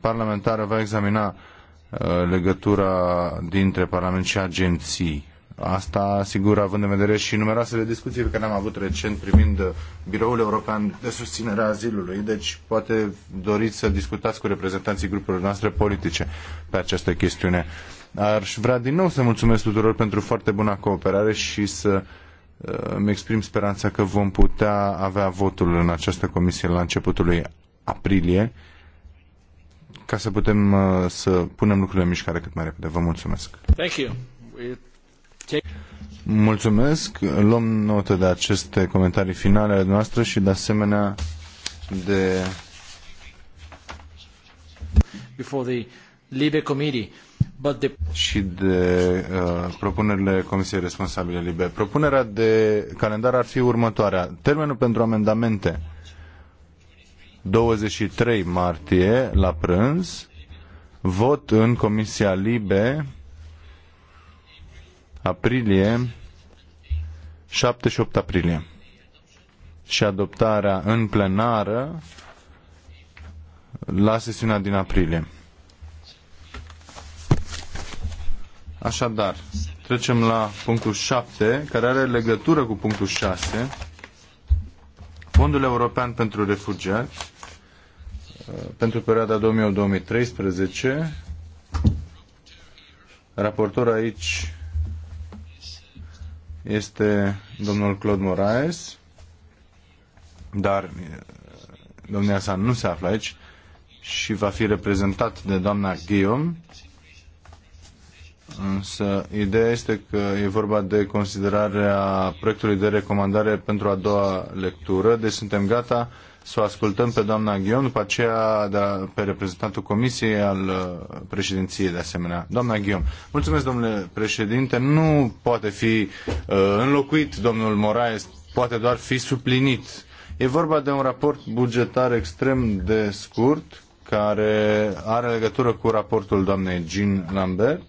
parlamentară va examina uh, legătura dintre Parlament și agenții. Asta, sigur, având în vedere și numeroasele discuții pe care am avut recent privind Biroul European de Susținere a Azilului, deci poate doriți să discutați cu reprezentanții grupurilor noastre politice pe această chestiune. Aș vrea din nou să mulțumesc tuturor pentru foarte bună cooperare și să uh, îmi exprim speranța că vom putea avea votul în această comisie la începutul lui aprilie ca să putem uh, să punem lucrurile în mișcare cât mai repede. Vă mulțumesc. Thank you. Mulțumesc. Luăm notă de aceste comentarii finale ale noastre și de asemenea de Before the Libe Committee și de uh, propunerile Comisiei Responsabile Libe. Propunerea de calendar ar fi următoarea. Termenul pentru amendamente 23 martie la prânz, vot în Comisia Libe aprilie 7 8 aprilie și adoptarea în plenară la sesiunea din aprilie. Așadar, trecem la punctul 7, care are legătură cu punctul 6. Fondul European pentru Refugiați uh, pentru perioada 2000-2013. Raportor aici este domnul Claude Moraes, dar uh, domnia sa nu se află aici și va fi reprezentat de doamna Guillaume Însă, ideea este că e vorba de considerarea proiectului de recomandare pentru a doua lectură, deci suntem gata să o ascultăm pe doamna Ghion, după aceea de, da, pe reprezentantul Comisiei al uh, președinției de asemenea. Doamna Ghion, mulțumesc domnule președinte, nu poate fi uh, înlocuit domnul Moraes, poate doar fi suplinit. E vorba de un raport bugetar extrem de scurt, care are legătură cu raportul doamnei Jean Lambert,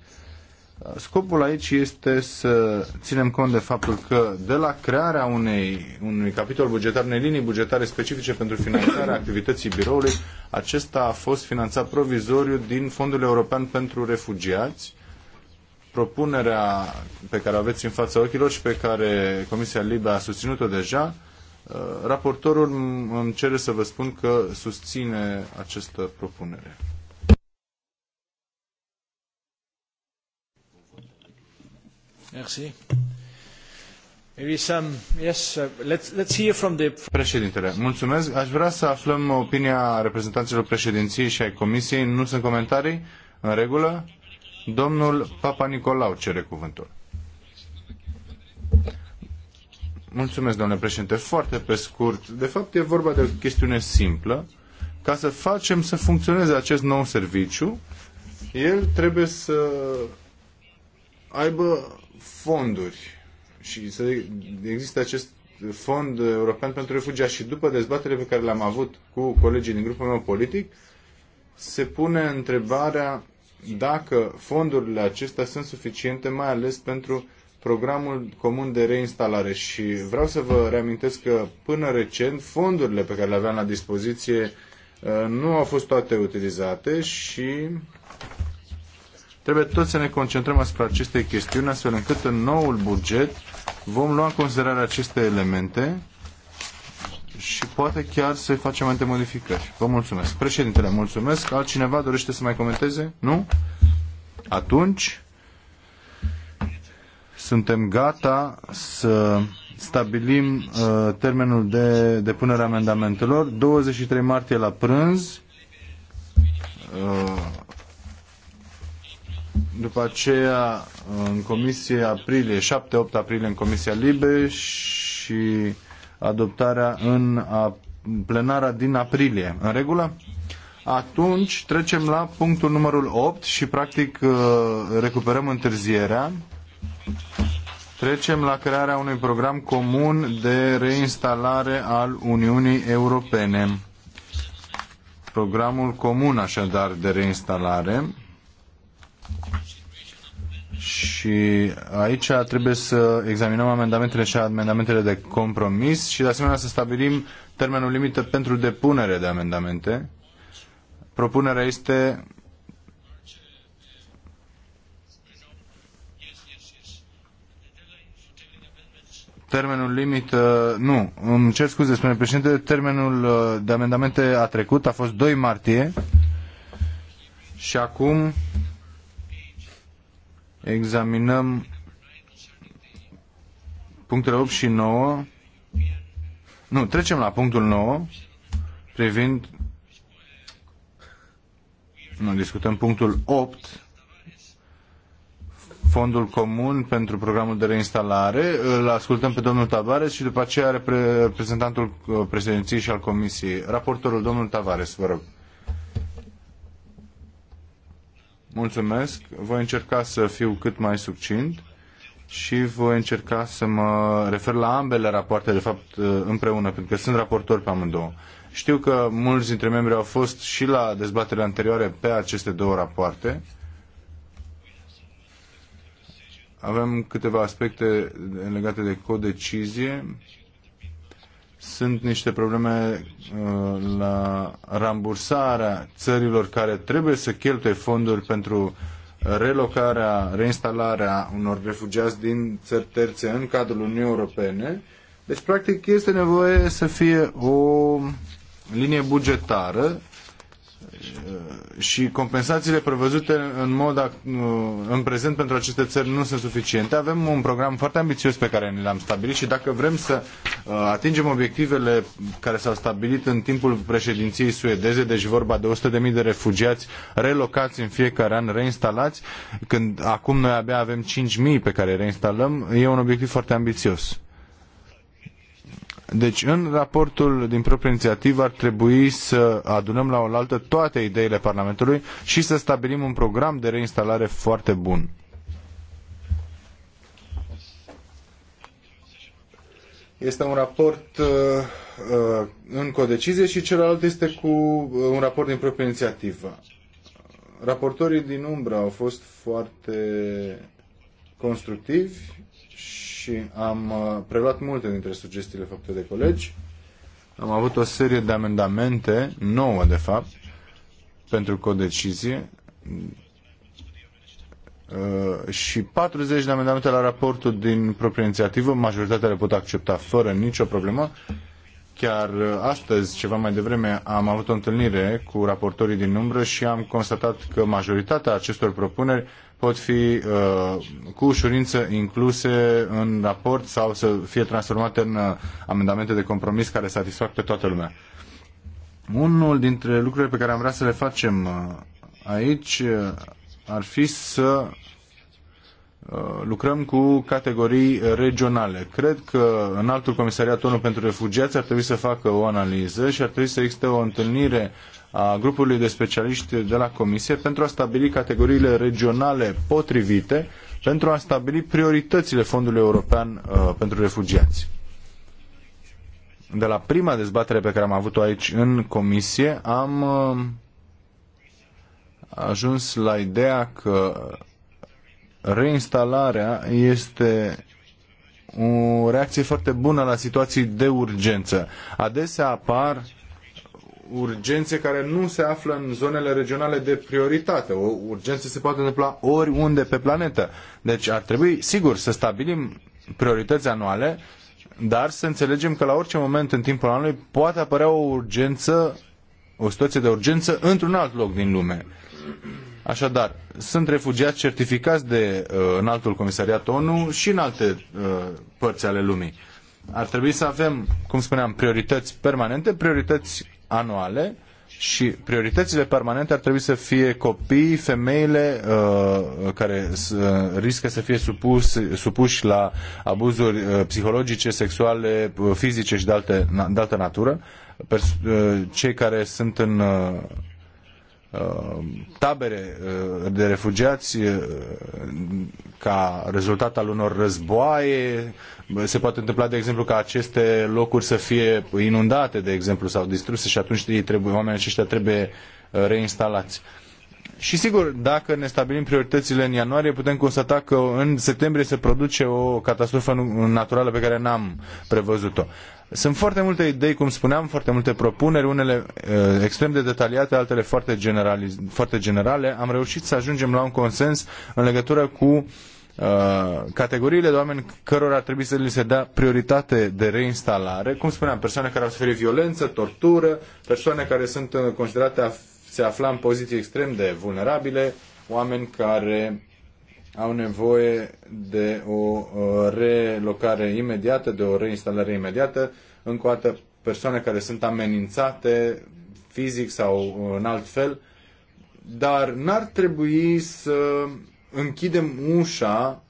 Scopul aici este să ținem cont de faptul că de la crearea unei, unui capitol bugetar, unei linii bugetare specifice pentru finanțarea activității biroului, acesta a fost finanțat provizoriu din Fondul European pentru Refugiați. Propunerea pe care o aveți în fața ochilor și pe care Comisia Libă a susținut-o deja, uh, raportorul îmi cere să vă spun că susține această propunere. Merci. Uh, Președintele, mulțumesc. Aș vrea să aflăm opinia reprezentanților președinției și ai comisiei. Nu sunt comentarii? În regulă? Domnul Papa Nicolau cere cuvântul. Mulțumesc, domnule președinte. Foarte pe scurt. De fapt, e vorba de o chestiune simplă. Ca să facem să funcționeze acest nou serviciu, el trebuie să aibă fonduri și să există acest fond european pentru refugiați și după dezbaterea pe care l am avut cu colegii din grupul meu politic, se pune întrebarea dacă fondurile acestea sunt suficiente, mai ales pentru programul comun de reinstalare și vreau să vă reamintesc că până recent fondurile pe care le aveam la dispoziție uh, nu au fost toate utilizate și Trebuie tot să ne concentrăm asupra acestei chestiuni, astfel încât în noul buget vom lua în considerare aceste elemente și poate chiar să facem alte modificări. Vă mulțumesc. Președintele, mulțumesc. Altcineva dorește să mai comenteze? Nu? Atunci suntem gata să stabilim uh, termenul de depunere a amendamentelor 23 martie la prânz uh, după aceea, în comisie aprilie, 7-8 aprilie în comisia Libe și adoptarea în a, plenara din aprilie. În regulă? Atunci trecem la punctul numărul 8 și practic uh, recuperăm întârzierea. Trecem la crearea unui program comun de reinstalare al Uniunii Europene. Programul comun, așadar, de reinstalare și aici trebuie să examinăm amendamentele și amendamentele de compromis și de asemenea să stabilim termenul limită pentru depunere de amendamente. Propunerea este termenul limită, nu, îmi cer scuze, spune președinte, termenul uh, de amendamente a trecut, a fost 2 martie și acum examinăm punctele 8 și 9. Nu, trecem la punctul 9 privind nu, discutăm punctul 8 fondul comun pentru programul de reinstalare. Îl ascultăm pe domnul Tavares și după aceea reprezentantul uh, președinției și al comisiei. Raportorul, domnul Tavares, vă rog. Mulțumesc. Voi încerca să fiu cât mai succint și voi încerca să mă refer la ambele rapoarte, de fapt, uh, împreună, pentru că sunt raportori pe amândouă. Știu că mulți dintre membri au fost și la dezbaterile anterioare pe aceste două rapoarte. Avem câteva aspecte legate de codecizie sunt niște probleme uh, la rambursarea țărilor care trebuie să cheltuie fonduri pentru relocarea, reinstalarea unor refugiați din țări terțe în cadrul Uniunii Europene. Deci, practic, este nevoie să fie o linie bugetară Uh, și compensațiile prevăzute în mod uh, în prezent pentru aceste țări nu sunt suficiente. Avem un program foarte ambițios pe care ni l-am stabilit și dacă vrem să uh, atingem obiectivele care s-au stabilit în timpul președinției suedeze, deci vorba de 100.000 de refugiați relocați în fiecare an, reinstalați, când acum noi abia avem 5.000 pe care reinstalăm, e un obiectiv foarte ambițios. Deci în raportul din proprie inițiativă ar trebui să adunăm la oaltă toate ideile Parlamentului și să stabilim un program de reinstalare foarte bun. Este un raport uh, uh în codecizie și celălalt este cu uh, un raport din proprie inițiativă. Raportorii din umbră au fost foarte constructivi și am uh, preluat multe dintre sugestiile făcute de colegi. Am avut o serie de amendamente, nouă de fapt, pentru codecizie uh, și 40 de amendamente la raportul din proprie inițiativă, majoritatea le pot accepta fără nicio problemă. Chiar uh, astăzi, ceva mai devreme, am avut o întâlnire cu raportorii din umbră și am constatat că majoritatea acestor propuneri pot fi uh, cu ușurință incluse în raport sau să fie transformate în uh, amendamente de compromis care satisfac pe toată lumea. Unul dintre lucrurile pe care am vrea să le facem uh, aici uh, ar fi să uh, lucrăm cu categorii regionale. Cred că în altul comisariat ONU pentru refugiați ar trebui să facă o analiză și ar trebui să existe o întâlnire a grupului de specialiști de la Comisie pentru a stabili categoriile regionale potrivite pentru a stabili prioritățile Fondului European uh, pentru Refugiați. De la prima dezbatere pe care am avut-o aici în comisie, am uh, ajuns la ideea că reinstalarea este o reacție foarte bună la situații de urgență. Adesea apar urgențe care nu se află în zonele regionale de prioritate. O urgență se poate întâmpla oriunde pe planetă. Deci ar trebui, sigur, să stabilim priorități anuale, dar să înțelegem că la orice moment în timpul anului poate apărea o urgență, o situație de urgență într-un alt loc din lume. Așadar, sunt refugiați certificați de uh, înaltul comisariat ONU și în alte uh, părți ale lumii. Ar trebui să avem, cum spuneam, priorități permanente, priorități anuale și prioritățile permanente ar trebui să fie copiii, femeile uh, care uh, riscă să fie supus, supuși la abuzuri uh, psihologice, sexuale, uh, fizice și de, alte, de altă natură, pers- uh, cei care sunt în uh, Uh, tabere uh, de refugiați uh, ca rezultat al unor războaie. Se poate întâmpla, de exemplu, ca aceste locuri să fie inundate, de exemplu, sau distruse și atunci trebuie, oamenii aceștia trebuie reinstalați. Uh, și sigur, dacă ne stabilim prioritățile în ianuarie, putem constata că în septembrie se produce o catastrofă naturală pe care n-am prevăzut-o. Sunt foarte multe idei, cum spuneam, foarte multe propuneri, unele uh, extrem de detaliate, altele foarte, foarte generale. Am reușit să ajungem la un consens în legătură cu uh, categoriile de oameni cărora ar trebui să li se dea prioritate de reinstalare, cum spuneam, persoane care au suferit violență, tortură, persoane care sunt eh, considerate a se afla în poziții extrem de vulnerabile, oameni care au nevoie de o uh, relocare imediată, de o reinstalare imediată, încă o dată persoane care sunt amenințate fizic sau în alt fel, dar n-ar trebui să închidem ușa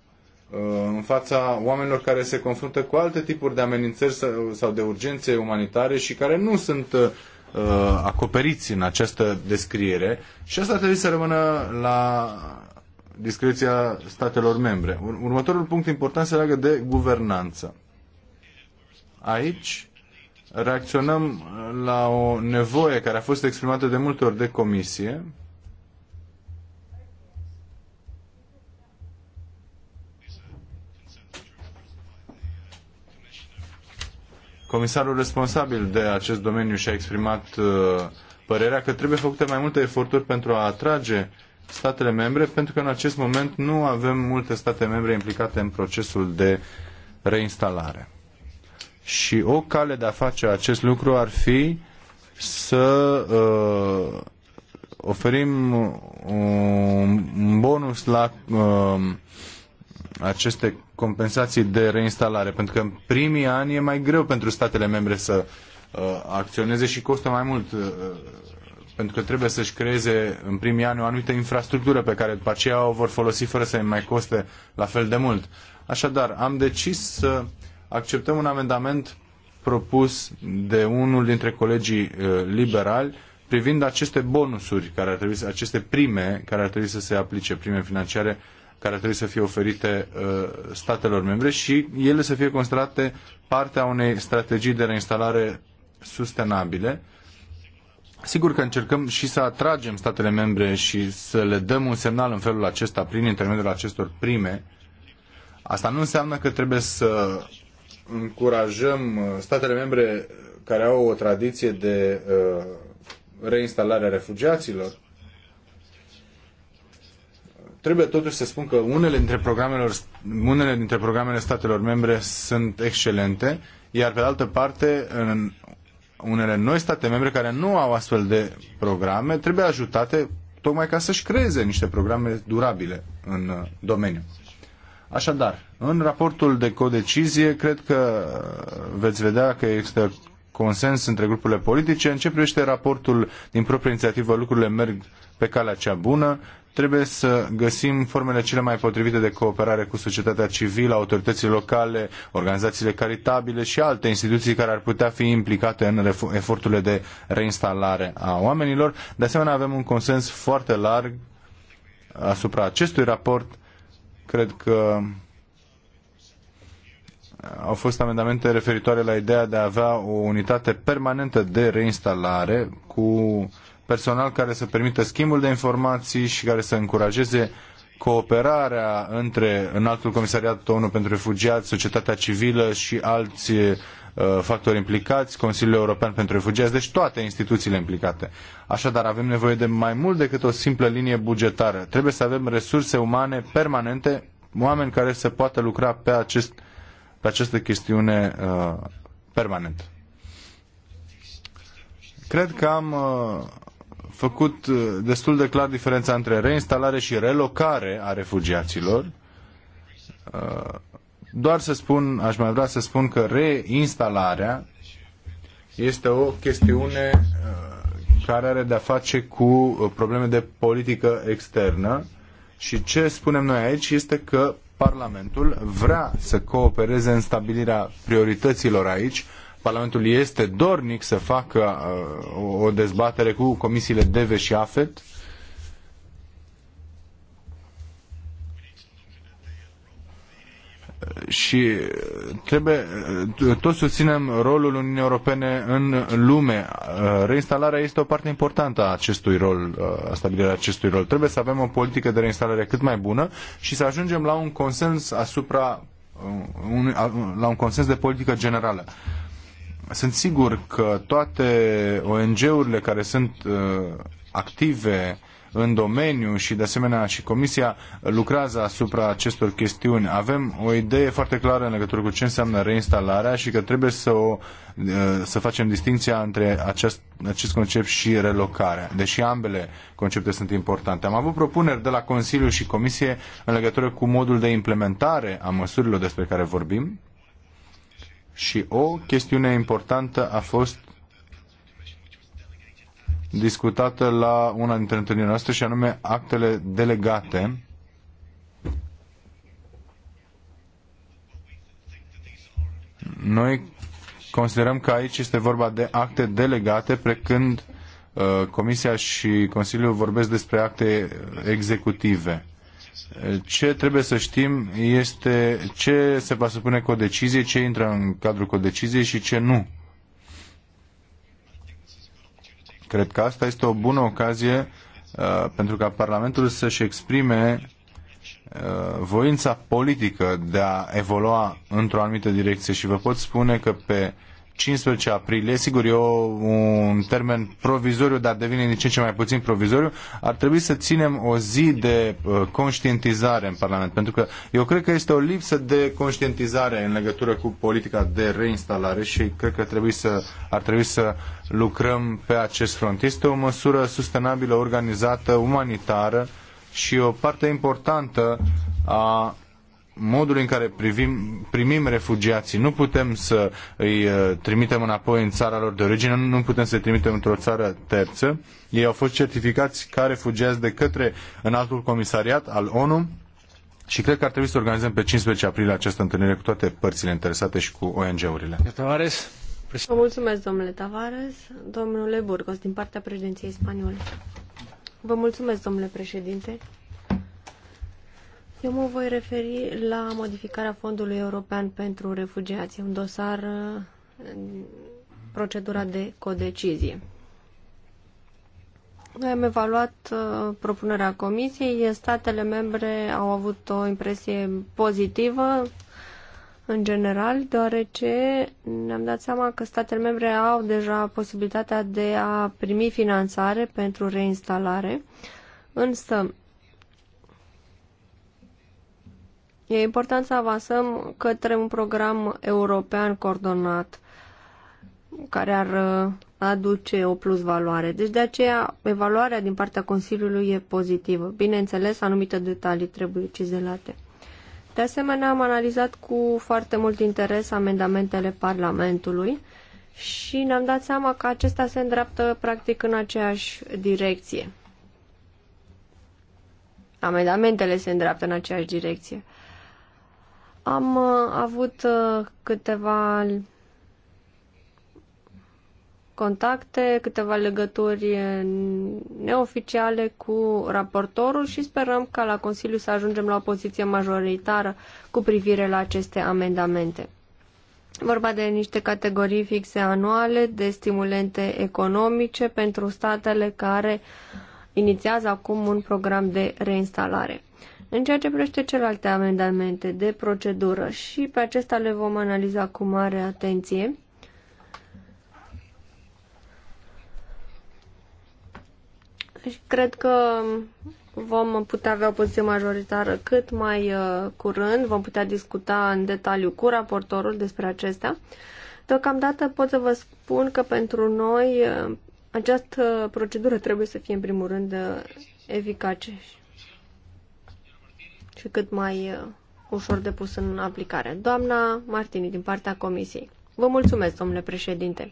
uh, în fața oamenilor care se confruntă cu alte tipuri de amenințări sau de urgențe umanitare și care nu sunt uh, uh, acoperiți în această descriere și asta trebuie să rămână la discreția statelor membre. Următorul punct important se leagă de guvernanță. Aici reacționăm la o nevoie care a fost exprimată de multe ori de comisie, Comisarul responsabil de acest domeniu și-a exprimat uh, părerea că trebuie făcute mai multe eforturi pentru a atrage statele membre, pentru că în acest moment nu avem multe state membre implicate în procesul de reinstalare. Și o cale de a face acest lucru ar fi să uh, oferim un bonus la uh, aceste compensații de reinstalare, pentru că în primii ani e mai greu pentru statele membre să uh, acționeze și costă mai mult, uh, pentru că trebuie să-și creeze în primii ani o anumită infrastructură pe care după aceea o vor folosi fără să îi mai coste la fel de mult. Așadar, am decis să acceptăm un amendament propus de unul dintre colegii uh, liberali privind aceste bonusuri, care ar trebui, aceste prime care ar trebui să se aplice, prime financiare, uh, care trebuie să fie oferite uh, statelor membre și ele să fie considerate partea unei strategii de reinstalare sustenabile. Sigur că încercăm și să atragem statele membre și să le dăm un semnal în felul acesta prin intermediul acestor prime. Asta nu înseamnă că trebuie să încurajăm uh, statele membre care au o tradiție de uh, reinstalare a refugiaților Trebuie totuși să spun că unele dintre, programelor, unele dintre programele statelor membre sunt excelente, iar pe de altă parte, în unele noi state membre care nu au astfel de programe, trebuie ajutate tocmai ca să-și creeze niște programe durabile în uh, domeniu. Așadar, în raportul de codecizie, cred că uh, veți vedea că există consens între grupurile politice. În ce privește raportul din proprie inițiativă, lucrurile merg pe calea cea bună trebuie să găsim formele cele mai potrivite de cooperare cu societatea civilă, autoritățile locale, organizațiile caritabile și alte instituții care ar putea fi implicate în eforturile de reinstalare a oamenilor. De asemenea, avem un consens foarte larg asupra acestui raport. Cred că au fost amendamente referitoare la ideea de a avea o unitate permanentă de reinstalare cu personal care să permită schimbul de informații și care să încurajeze cooperarea între înaltul comisariat ONU pentru refugiați, societatea civilă și alți uh, factori implicați, Consiliul European pentru Refugiați, deci toate instituțiile implicate. Așadar, avem nevoie de mai mult decât o simplă linie bugetară. Trebuie să avem resurse umane permanente, oameni care să poată lucra pe, acest, pe această chestiune uh, permanent. Cred că am uh, făcut uh, destul de clar diferența între reinstalare și relocare a refugiaților. Uh, doar să spun, aș mai vrea să spun că reinstalarea este o chestiune uh, care are de-a face cu probleme de politică externă și ce spunem noi aici este că Parlamentul vrea să coopereze în stabilirea priorităților aici, Parlamentul este dornic să facă uh, o dezbatere cu comisiile DEVE și AFET. și trebuie, uh, toți susținem rolul Uniunii Europene în lume. Uh, reinstalarea este o parte importantă a acestui rol, a stabilirea acestui rol. Trebuie să avem o politică de reinstalare cât mai bună și să ajungem la un consens asupra un, la un consens de politică generală. Sunt sigur că toate ONG-urile care sunt uh, active în domeniu și de asemenea și Comisia lucrează asupra acestor chestiuni. Avem o idee foarte clară în legătură cu ce înseamnă reinstalarea și că trebuie să, o, uh, să facem distinția între acest, acest concept și relocarea, deși ambele concepte sunt importante. Am avut propuneri de la Consiliu și Comisie în legătură cu modul de implementare a măsurilor despre care vorbim și o chestiune importantă a fost discutată la una dintre întâlnirile noastre și anume actele delegate. Noi considerăm că aici este vorba de acte delegate, precând uh, Comisia și Consiliul vorbesc despre acte uh, executive. Ce trebuie să știm este ce se va supune cu o decizie, ce intră în cadrul cu o decizie și ce nu. Cred că asta este o bună ocazie uh, pentru ca Parlamentul să-și exprime uh, voința politică de a evolua într-o anumită direcție și vă pot spune că pe uh, 15 aprilie, sigur e o, un termen provizoriu, dar devine din ce în ce mai puțin provizoriu, ar trebui să ținem o zi de uh, conștientizare în Parlament, pentru că eu cred că este o lipsă de conștientizare în legătură cu politica de reinstalare și cred că trebuie să, ar trebui să lucrăm pe acest front. Este o măsură sustenabilă, organizată, umanitară și o parte importantă a modul în care privim, primim refugiații. Nu putem să îi uh, trimitem înapoi în țara lor de origine, nu putem să îi trimitem într-o țară terță. Ei au fost certificați ca refugiați de către înaltul comisariat al ONU și cred că ar trebui să organizăm pe 15 aprilie această întâlnire cu toate părțile interesate și cu ONG-urile. Tavares. Vă mulțumesc, domnule Tavares. Domnule Burgos, din partea președinției spaniole. Vă mulțumesc, domnule președinte. Eu mă voi referi la modificarea Fondului European pentru Refugiați, un dosar uh, procedura de codecizie. Noi am evaluat uh, propunerea Comisiei, statele membre au avut o impresie pozitivă în general, deoarece ne-am dat seama că statele membre au deja posibilitatea de a primi finanțare pentru reinstalare, însă E important să avansăm către un program european coordonat care ar uh, aduce o plus valoare. Deci de aceea evaluarea din partea Consiliului e pozitivă. Bineînțeles, anumite detalii trebuie cizelate. De asemenea, am analizat cu foarte mult interes amendamentele Parlamentului și ne-am dat seama că acesta se îndreaptă practic în aceeași direcție. Amendamentele se îndreaptă în aceeași direcție. Am uh, avut uh, câteva contacte, câteva legături uh, neoficiale cu raportorul și sperăm ca la Consiliu să ajungem la o poziție majoritară cu privire la aceste amendamente. Vorba de niște categorii fixe anuale de stimulente economice pentru statele care inițiază acum un program de reinstalare. În ceea ce privește celelalte amendamente de procedură și pe acestea le vom analiza cu mare atenție. Și deci, cred că vom putea avea o poziție majoritară cât mai uh, curând, vom putea discuta în detaliu cu raportorul despre acestea. Deocamdată pot să vă spun că pentru noi uh, această procedură trebuie să fie în primul rând uh, eficace și cât mai uh, ușor de pus în aplicare. Doamna Martini, din partea Comisiei. Vă mulțumesc, domnule președinte.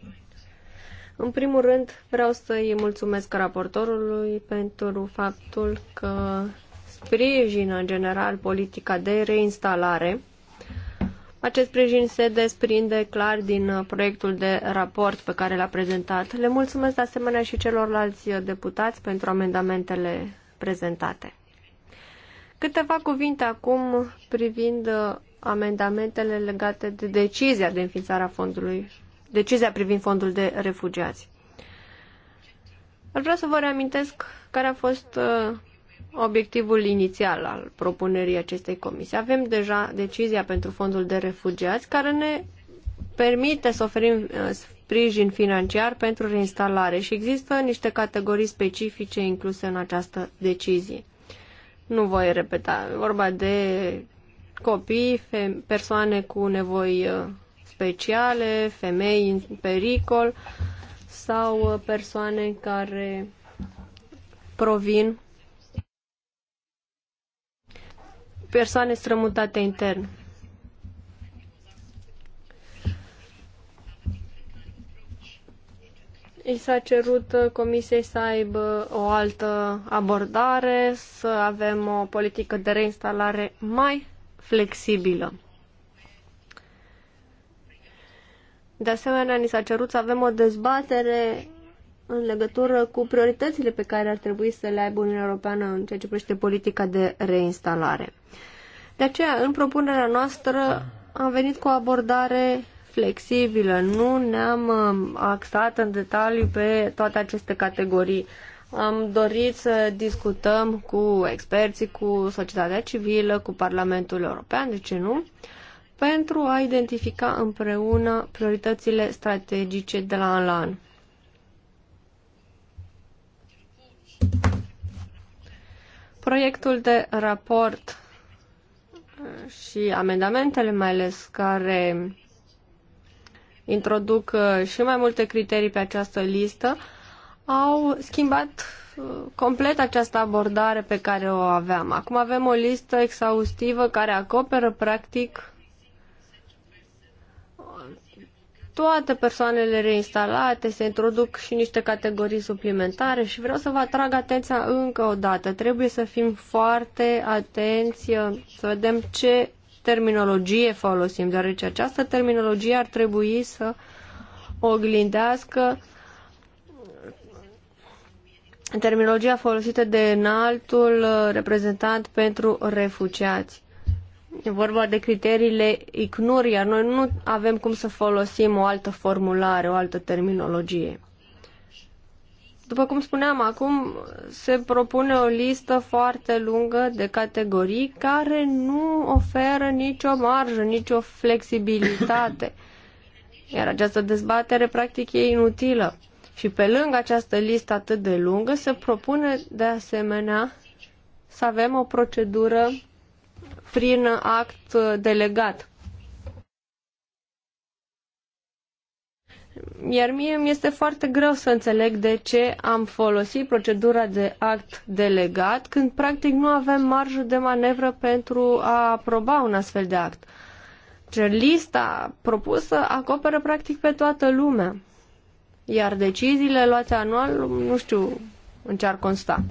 În primul rând, vreau să-i mulțumesc raportorului pentru faptul că sprijină în general politica de reinstalare. Acest sprijin se desprinde clar din uh, proiectul de raport pe care l-a prezentat. Le mulțumesc de asemenea și celorlalți uh, deputați pentru amendamentele prezentate. Câteva cuvinte acum privind uh, amendamentele legate de decizia de înființarea fondului, decizia privind fondul de refugiați. Ar vrea să vă reamintesc care a fost uh, obiectivul inițial al propunerii acestei comisii. Avem deja decizia pentru fondul de refugiați care ne permite să oferim uh, sprijin financiar pentru reinstalare și există niște categorii specifice incluse în această decizie. Nu voi repeta. vorba de copii, persoane cu nevoi uh, speciale, femei în pericol sau uh, persoane care provin persoane strămutate intern. I s-a cerut uh, Comisiei să aibă o altă abordare, să avem o politică de reinstalare mai flexibilă. De asemenea, ni s-a cerut să avem o dezbatere în legătură cu prioritățile pe care ar trebui să le aibă Uniunea Europeană în ceea ce privește politica de reinstalare. De aceea, în propunerea noastră, am venit cu o abordare flexibilă. Nu ne-am um, axat în detaliu pe toate aceste categorii. Am dorit să discutăm cu experții, cu societatea civilă, cu Parlamentul European, de ce nu, pentru a identifica împreună prioritățile strategice de la an la an. Proiectul de raport și amendamentele mai ales care introduc uh, și mai multe criterii pe această listă, au schimbat uh, complet această abordare pe care o aveam. Acum avem o listă exhaustivă care acoperă practic toate persoanele reinstalate, se introduc și niște categorii suplimentare și vreau să vă atrag atenția încă o dată. Trebuie să fim foarte atenți, uh, să vedem ce terminologie folosim, deoarece această terminologie ar trebui să oglindească terminologia folosită de înaltul reprezentant pentru refugiați. E vorba de criteriile ICNUR, iar noi nu avem cum să folosim o altă formulare, o altă terminologie. După cum spuneam, acum se propune o listă foarte lungă de categorii care nu oferă nicio marjă, nicio flexibilitate. Iar această dezbatere practic e inutilă. Și pe lângă această listă atât de lungă se propune de asemenea să avem o procedură prin act delegat. Iar mie mi este foarte greu să înțeleg de ce am folosit procedura de act delegat când practic nu avem marjă de manevră pentru a aproba un astfel de act. Ce deci, lista propusă acoperă practic pe toată lumea. Iar deciziile luate anual, nu știu în ce ar consta.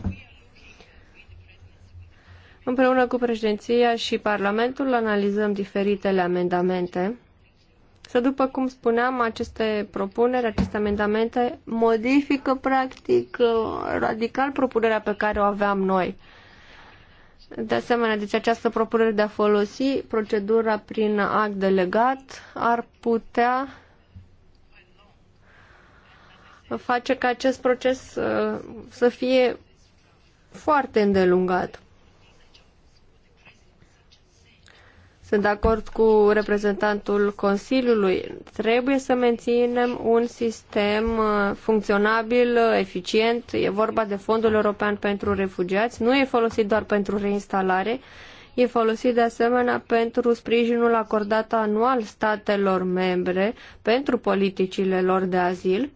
Împreună cu președinția și Parlamentul analizăm diferitele amendamente să după cum spuneam, aceste propuneri, aceste amendamente modifică practic uh, radical propunerea pe care o aveam noi. De asemenea, deci această propunere de a folosi procedura prin act delegat ar putea face ca acest proces uh, să fie foarte îndelungat. Sunt de acord cu reprezentantul Consiliului. Trebuie să menținem un sistem uh, funcționabil, uh, eficient. E vorba de Fondul European pentru Refugiați. Nu e folosit doar pentru reinstalare, e folosit de asemenea pentru sprijinul acordat anual statelor membre pentru politicile lor de azil.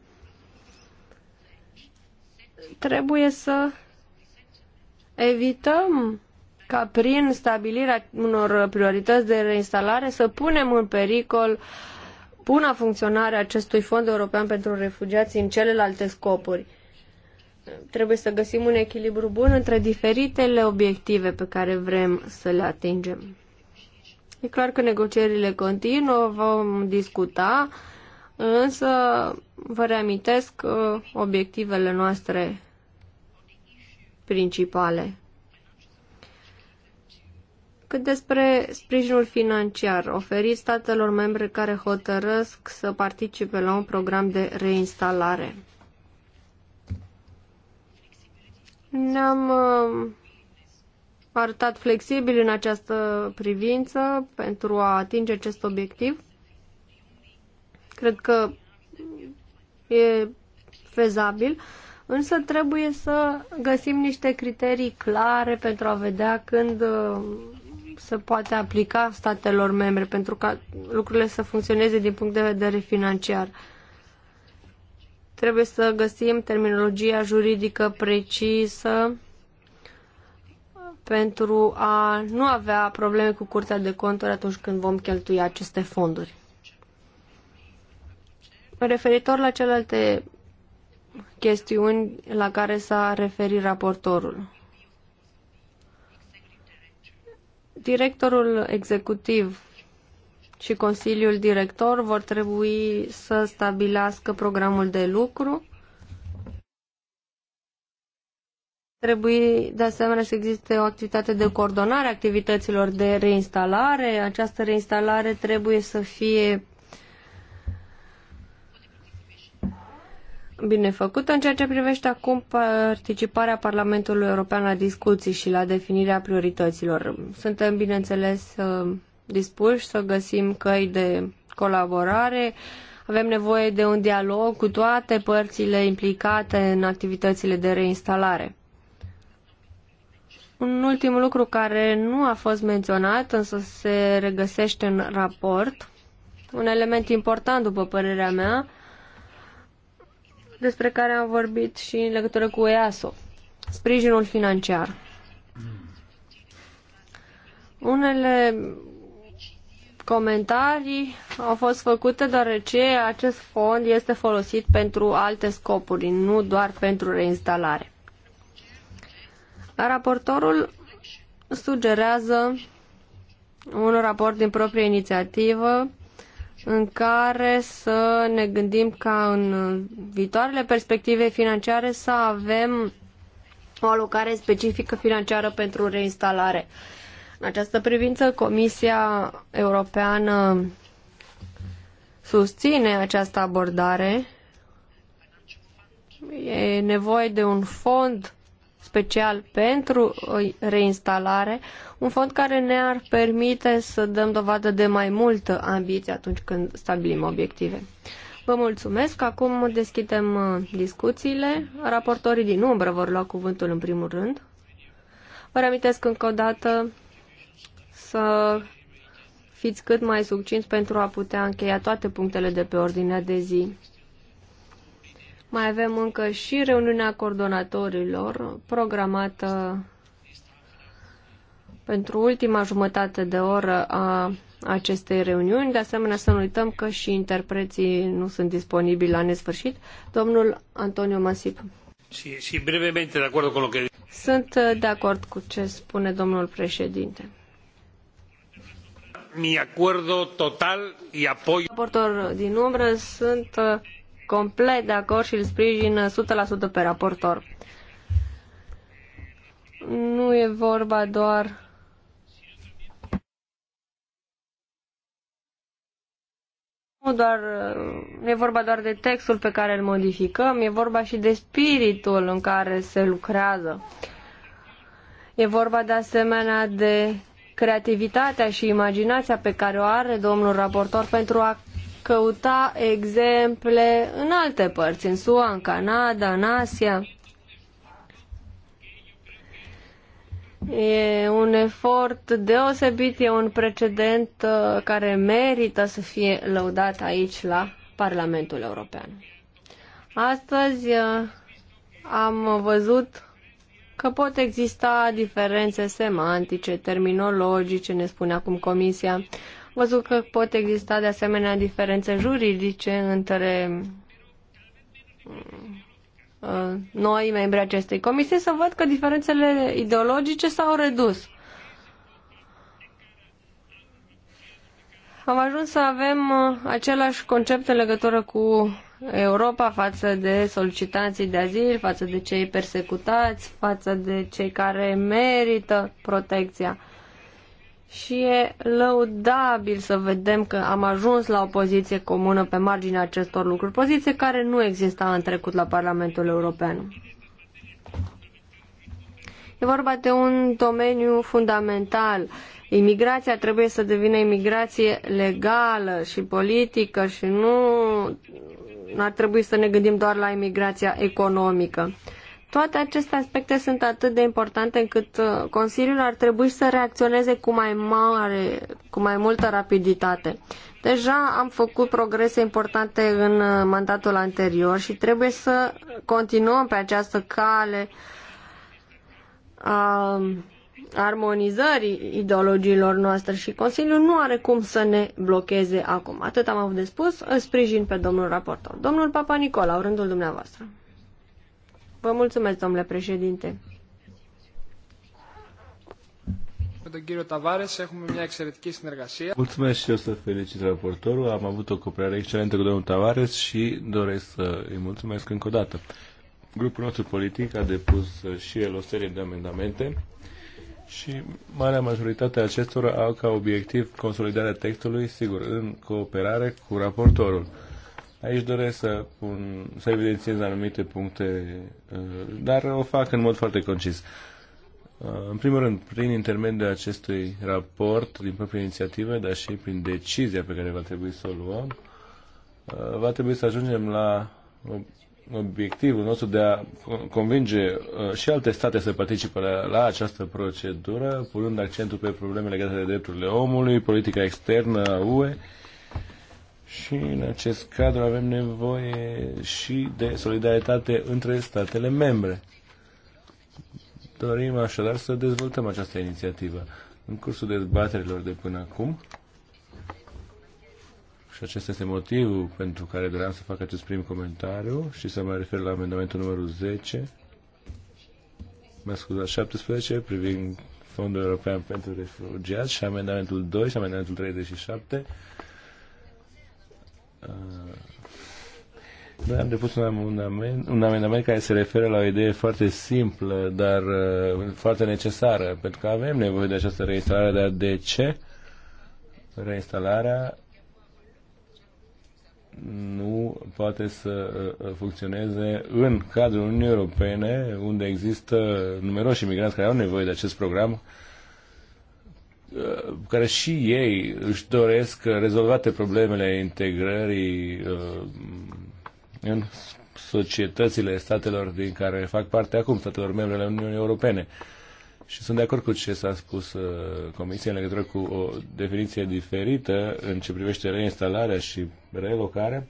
Trebuie să evităm ca prin stabilirea unor priorități de reinstalare să punem în pericol buna funcționare a acestui fond european pentru refugiați în celelalte scopuri. Trebuie să găsim un echilibru bun între diferitele obiective pe care vrem să le atingem. E clar că negocierile continuă, vom discuta, însă vă reamintesc uh, obiectivele noastre principale cât despre sprijinul financiar oferit statelor membre care hotărăsc să participe la un program de reinstalare. Ne-am uh, arătat flexibil în această privință pentru a atinge acest obiectiv. Cred că e fezabil, însă trebuie să găsim niște criterii clare pentru a vedea când uh, se poate aplica statelor membre pentru ca lucrurile să funcționeze din punct de vedere financiar. Trebuie să găsim terminologia juridică precisă pentru a nu avea probleme cu curtea de conturi atunci când vom cheltui aceste fonduri. Referitor la celelalte chestiuni la care s-a referit raportorul. Directorul executiv și Consiliul Director vor trebui să stabilească programul de lucru. Trebuie de asemenea să existe o activitate de coordonare a activităților de reinstalare. Această reinstalare trebuie să fie bine făcută în ceea ce privește acum participarea Parlamentului European la discuții și la definirea priorităților. Suntem, bineînțeles, uh, dispuși să găsim căi de colaborare. Avem nevoie de un dialog cu toate părțile implicate în activitățile de reinstalare. Un ultim lucru care nu a fost menționat, însă se regăsește în raport, un element important, după părerea mea, despre care am vorbit și în legătură cu EASO, sprijinul financiar. Unele comentarii au fost făcute deoarece acest fond este folosit pentru alte scopuri, nu doar pentru reinstalare. Raportorul sugerează un raport din proprie inițiativă în care să ne gândim ca în viitoarele perspective financiare să avem o alocare specifică financiară pentru reinstalare. În această privință, Comisia Europeană susține această abordare. E nevoie de un fond special pentru reinstalare, un fond care ne-ar permite să dăm dovadă de mai multă ambiție atunci când stabilim obiective. Vă mulțumesc. Acum deschidem uh, discuțiile. Raportorii din umbră vor lua cuvântul în primul rând. Vă reamintesc încă o dată să fiți cât mai succinți pentru a putea încheia toate punctele de pe ordinea de zi. Mai avem încă și reuniunea coordonatorilor programată pentru ultima jumătate de oră a acestei reuniuni. De asemenea, să nu uităm că și interpreții nu sunt disponibili la nesfârșit. Domnul Antonio Masip. Și, și brevemente, de acord cu lo Sunt uh, de acord cu ce spune domnul președinte. Mi acordo total y apoyo. Raportor din umbră sunt uh, complet de acord și îl sprijin 100% uh, pe raportor. Nu e vorba doar Nu doar, e vorba doar de textul pe care îl modificăm, e vorba și de spiritul în care se lucrează. E vorba de asemenea de creativitatea și imaginația pe care o are domnul raportor pentru a căuta exemple în alte părți, în SUA, în Canada, în Asia. E un efort deosebit, e un precedent uh, care merită să fie lăudat aici la Parlamentul European. Astăzi uh, am văzut că pot exista diferențe semantice, terminologice, ne spune acum Comisia. Am văzut că pot exista de asemenea diferențe juridice între mm, Uh, noi membri acestei comisii să văd că diferențele ideologice s-au redus. Am ajuns să avem uh, același concept în legătură cu Europa față de solicitanții de azil, față de cei persecutați, față de cei care merită protecția și e lăudabil să vedem că am ajuns la o poziție comună pe marginea acestor lucruri, poziție care nu exista în trecut la Parlamentul European. E vorba de un domeniu fundamental. Imigrația trebuie să devină imigrație legală și politică și nu ar trebui să ne gândim doar la imigrația economică. Toate aceste aspecte sunt atât de importante încât uh, Consiliul ar trebui să reacționeze cu mai mare, cu mai multă rapiditate. Deja am făcut progrese importante în uh, mandatul anterior și trebuie să continuăm pe această cale a armonizării ideologiilor noastre și Consiliul nu are cum să ne blocheze acum. Atât am avut de spus, îl sprijin pe domnul raportor. Domnul Papa Nicola, rândul dumneavoastră. Vă mulțumesc, domnule președinte. Mulțumesc și eu să felicit raportorul. Am avut o cooperare excelentă cu domnul Tavares și doresc să îi mulțumesc încă o dată. Grupul nostru politic a depus și el o serie de amendamente și marea majoritate a acestora au ca obiectiv consolidarea textului, sigur, în cooperare cu raportorul. Aici doresc să, pun, să evidențiez anumite puncte, uh, dar o fac în mod foarte concis. Uh, în primul rând, prin intermediul acestui raport, din proprie inițiativă, dar și prin decizia pe care va trebui să o luăm, uh, va trebui să ajungem la obiectivul nostru de a convinge și alte state să participe la, la această procedură, punând accentul pe probleme legate de drepturile omului, politica externă a UE și în acest cadru avem nevoie și de solidaritate între statele membre. Dorim așadar să dezvoltăm această inițiativă. În cursul dezbaterilor de până acum, și acesta este motivul pentru care doream să fac acest prim comentariu și să mă refer la amendamentul numărul 10, mă scuzați, 17, privind Fondul European pentru Refugiați și amendamentul 2 și amendamentul 37, noi am depus un amendament, un amendament care se referă la o idee foarte simplă, dar uh, foarte necesară, pentru că avem nevoie de această reinstalare, dar de ce reinstalarea nu poate să uh, funcționeze în cadrul Uniunii Europene, unde există numeroși imigranți care au nevoie de acest program Uh, care și ei își doresc rezolvate problemele integrării uh, în societățile statelor din care fac parte acum, statelor membre ale Uniunii Europene. Și sunt de acord cu ce s-a spus uh, Comisia în legătură cu o definiție diferită în ce privește reinstalarea și relocarea.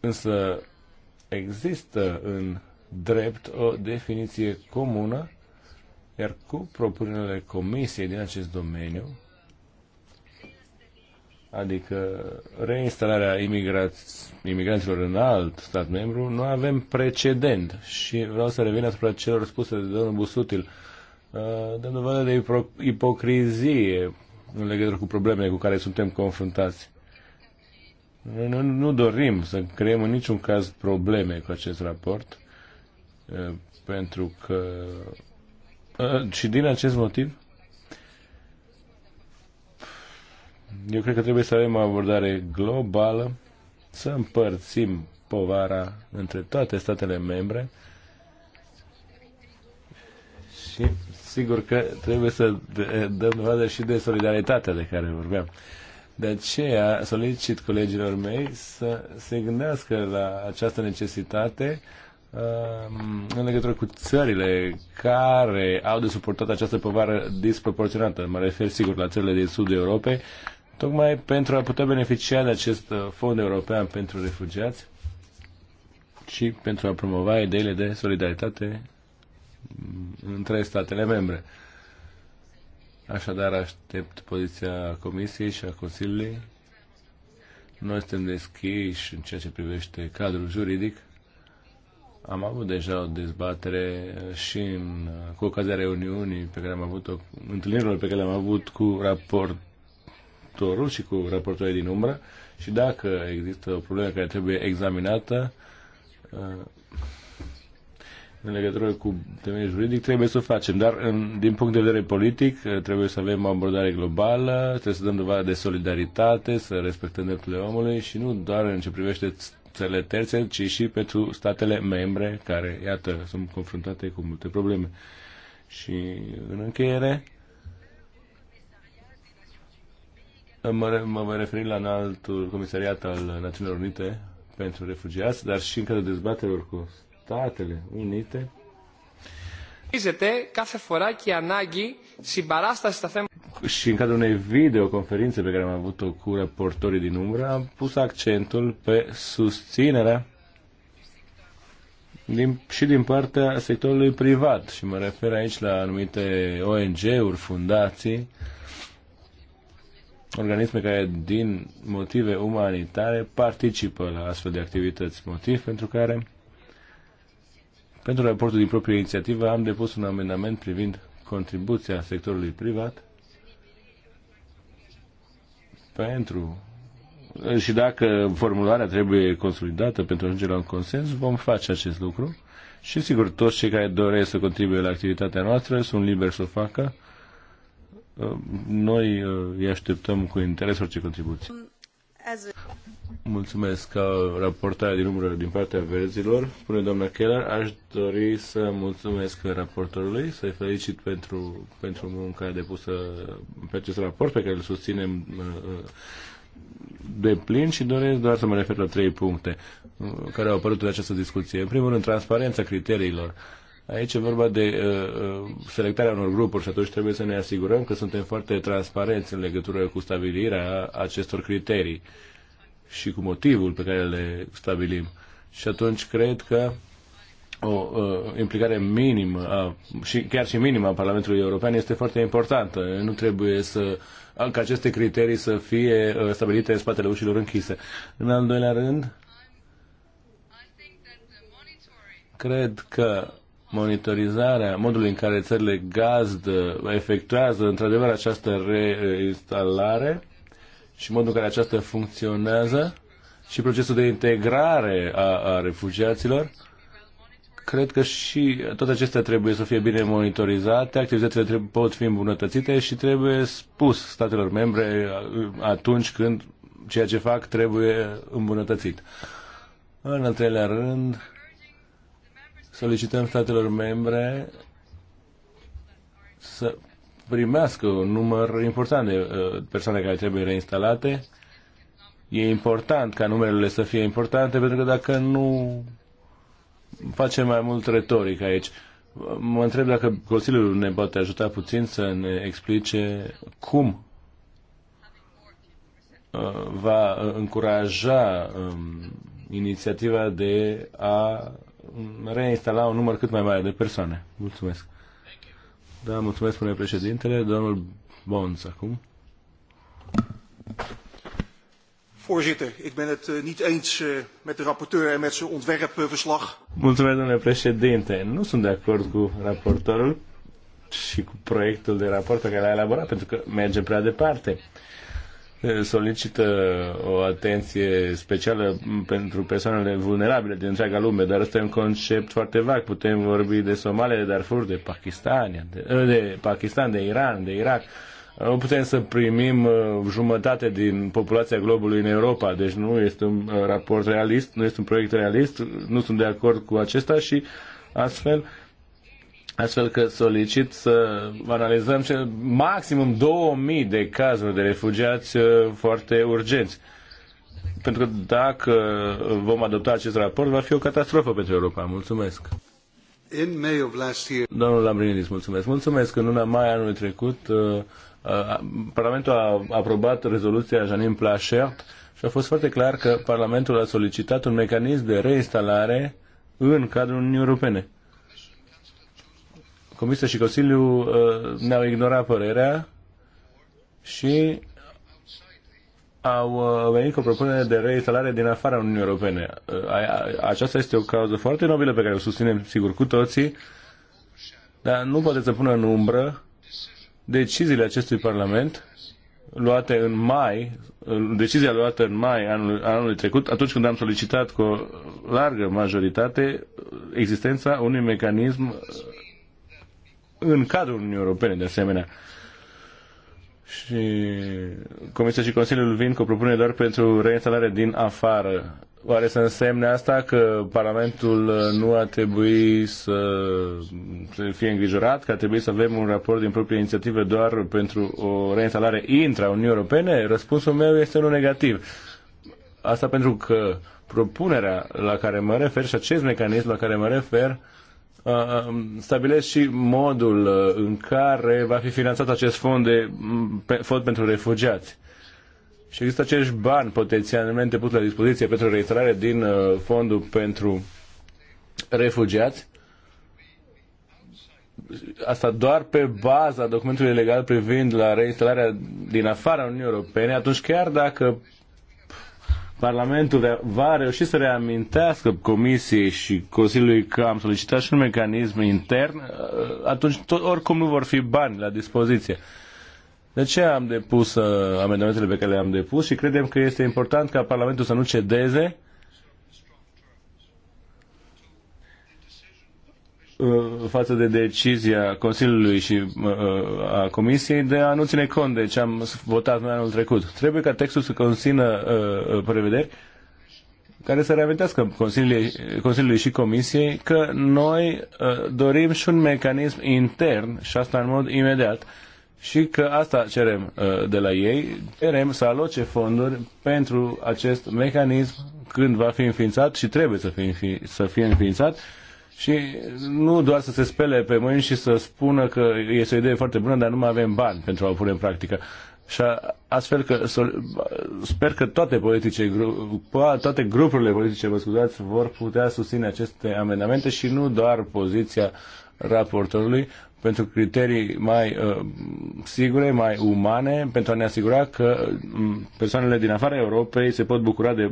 Însă există în drept o definiție comună iar cu propunerile comisiei din acest domeniu, adică reinstalarea imigranților în alt stat membru, noi avem precedent și vreau să revin asupra celor spuse de domnul Busutil. Uh, de dovadă de ipocrizie în legătură cu problemele cu care suntem confruntați. Noi nu, nu dorim să creăm în niciun caz probleme cu acest raport, uh, pentru că Uh, și din acest motiv, eu cred că trebuie să avem o abordare globală, să împărțim povara între toate statele membre și sigur că trebuie să dăm dovadă și de solidaritatea de care vorbeam. De aceea solicit colegilor mei să se gândească la această necesitate Ehm, în legătură cu țările care au de suportat această povară disproporționată. Mă refer sigur la țările din sudul Europei, tocmai pentru a putea beneficia de acest uh, fond european pentru refugiați și pentru a promova ideile de solidaritate mm, între statele membre. Așadar, aștept poziția Comisiei și a Consiliului. Noi suntem deschiși în ceea ce privește cadrul juridic am avut deja o dezbatere și în, cu ocazia reuniunii pe care am avut-o, întâlnirilor pe care le-am avut cu raportorul și cu raportorii din umbră și dacă există o problemă care trebuie examinată uh, în legătură cu temeiul juridic, trebuie să o facem. Dar în, din punct de vedere politic, uh, trebuie să avem o abordare globală, trebuie să dăm dovadă de solidaritate, să respectăm drepturile omului și nu doar în ce privește țările terțe, ci și pentru statele membre care, iată, sunt confruntate cu multe probleme. Și în încheiere, mă, mă voi referi la înaltul comisariat al Națiunilor Unite pentru refugiați, dar și în cadrul dezbaterilor cu Statele Unite. Κάθε φορά και si barasta στα θέματα și în cadrul unei videoconferințe pe care am avut-o cu raportorii din umbră, am pus accentul pe susținerea din, și din partea sectorului privat și mă refer aici la anumite ONG-uri, fundații, organisme care din motive umanitare participă la astfel de activități, motiv pentru care pentru raportul din proprie inițiativă am depus un amendament privind contribuția sectorului privat pentru și dacă formularea trebuie consolidată pentru a ajunge la un consens, vom face acest lucru și sigur toți cei care doresc să contribuie la activitatea noastră sunt liberi să o facă. Noi uh, îi așteptăm cu interes orice contribuție. Mulțumesc ca raportarea din umbră din partea verzilor. Pune doamna Keller, aș dori să mulțumesc raportorului, să-i felicit pentru, pentru munca depusă pe acest raport pe care îl susținem uh, uh, de plin și doresc doar să mă refer la trei puncte uh, care au apărut în această discuție. În primul rând, transparența criteriilor Aici e vorba de uh, uh, selectarea unor grupuri și atunci trebuie să ne asigurăm că suntem foarte transparenți în legătură cu stabilirea acestor criterii și cu motivul pe care le stabilim. Și atunci cred că o uh, implicare minimă a, și chiar și minimă a Parlamentului European este foarte importantă. Nu trebuie să ca aceste criterii să fie uh, stabilite în spatele ușilor închise. În al doilea rând, cred că monitorizarea modului în care țările gazdă efectuează într-adevăr această reinstalare și modul în care aceasta funcționează și procesul de integrare a, a refugiaților, cred că și toate acestea trebuie să fie bine monitorizate, activitățile trebuie, pot fi îmbunătățite și trebuie spus statelor membre uh, atunci când ceea ce fac trebuie îmbunătățit. În al treilea rând, solicităm statelor membre să primească un număr important de uh, persoane care trebuie reinstalate. E important ca numerele să fie importante, pentru că dacă nu facem mai mult retoric aici. Mă întreb dacă Consiliul ne poate ajuta puțin să ne explice cum uh, va încuraja um, inițiativa de a reinstala un număr cât mai mare de persoane. Mulțumesc. Da, mulțumesc, spune președintele. Domnul Bons, acum. Voorzitter, ik ben het eh, niet eens eh, met de rapporteur en met zijn ontwerpverslag. Mulțumesc, domnule președinte. Nu sunt de acord cu raportorul și cu proiectul de raport pe care l-a elaborat, pentru că merge prea departe solicită o atenție specială pentru persoanele vulnerabile din întreaga lume, dar ăsta e un concept foarte vag. Putem vorbi de Somalia, de Darfur, de Pakistan, de, de Pakistan, de Iran, de Irak. Nu putem să primim uh, jumătate din populația globului în Europa, deci nu este un uh, raport realist, nu este un proiect realist, nu sunt de acord cu acesta și astfel uh, Astfel că solicit să analizăm cel, maximum 2000 de cazuri de refugiați uh, foarte urgenți. Pentru că dacă vom adopta acest raport, va fi o catastrofă pentru Europa. Mulțumesc! In May of last year... Domnul Lambrinidis, mulțumesc. Mulțumesc. În luna mai anului trecut, uh, Parlamentul a aprobat rezoluția Janine Plachert și a fost foarte clar că Parlamentul a solicitat un mecanism de reinstalare în cadrul Uniunii Europene. Comisia și Consiliul uh, ne-au ignorat părerea și au uh, venit cu o propunere de reinstalare din afara Uniunii Europene. Uh, aceasta este o cauză foarte nobilă pe care o susținem, sigur, cu toții, dar nu poate să pună în umbră deciziile acestui Parlament luate în mai, decizia luată în mai anul, anului trecut, atunci când am solicitat cu o largă majoritate existența unui mecanism în cadrul Uniunii Europene, de asemenea. Și Comisia și Consiliul vin cu o propunere doar pentru reinstalare din afară. Oare să însemne asta că Parlamentul nu a trebui să fie îngrijorat, că a trebui să avem un raport din proprie inițiativă doar pentru o reinstalare intra Uniunii Europene? Răspunsul meu este unul negativ. Asta pentru că propunerea la care mă refer și acest mecanism la care mă refer uh, stabilesc și modul în care va fi finanțat acest fond, de, fond pentru refugiați. Și există acești bani potențialmente pus la dispoziție pentru reiterare din fondul pentru refugiați. Asta doar pe baza documentului legal privind la reinstalarea din afara Uniunii Europene, atunci chiar dacă Parlamentul va reuși să reamintească Comisiei și Consiliului că am solicitat și un mecanism intern, uh, atunci tot, oricum nu vor fi bani la dispoziție. De ce am depus uh, amendamentele pe care le-am depus și credem că este important ca Parlamentul să nu cedeze uh, Uh, față de decizia Consiliului și uh, uh, a Comisiei de a nu ține cont de ce am votat în anul trecut. Trebuie ca textul să conțină prevederi care să reamintească Consiliului, Consiliului și Comisiei că noi dorim și un mecanism intern și asta în mod imediat și că asta cerem de la ei, cerem să aloce fonduri pentru acest mecanism când va fi înființat și trebuie să fie, să fie înființat și nu doar să se spele pe mâini și să spună că este o idee foarte bună, dar nu mai avem bani pentru a o pune în practică. Și astfel că sper că toate politice, toate grupurile politice, vă scuzați, vor putea susține aceste amendamente și nu doar poziția raportorului pentru criterii mai uh, sigure, mai umane, pentru a ne asigura că um, persoanele din afara Europei se pot bucura de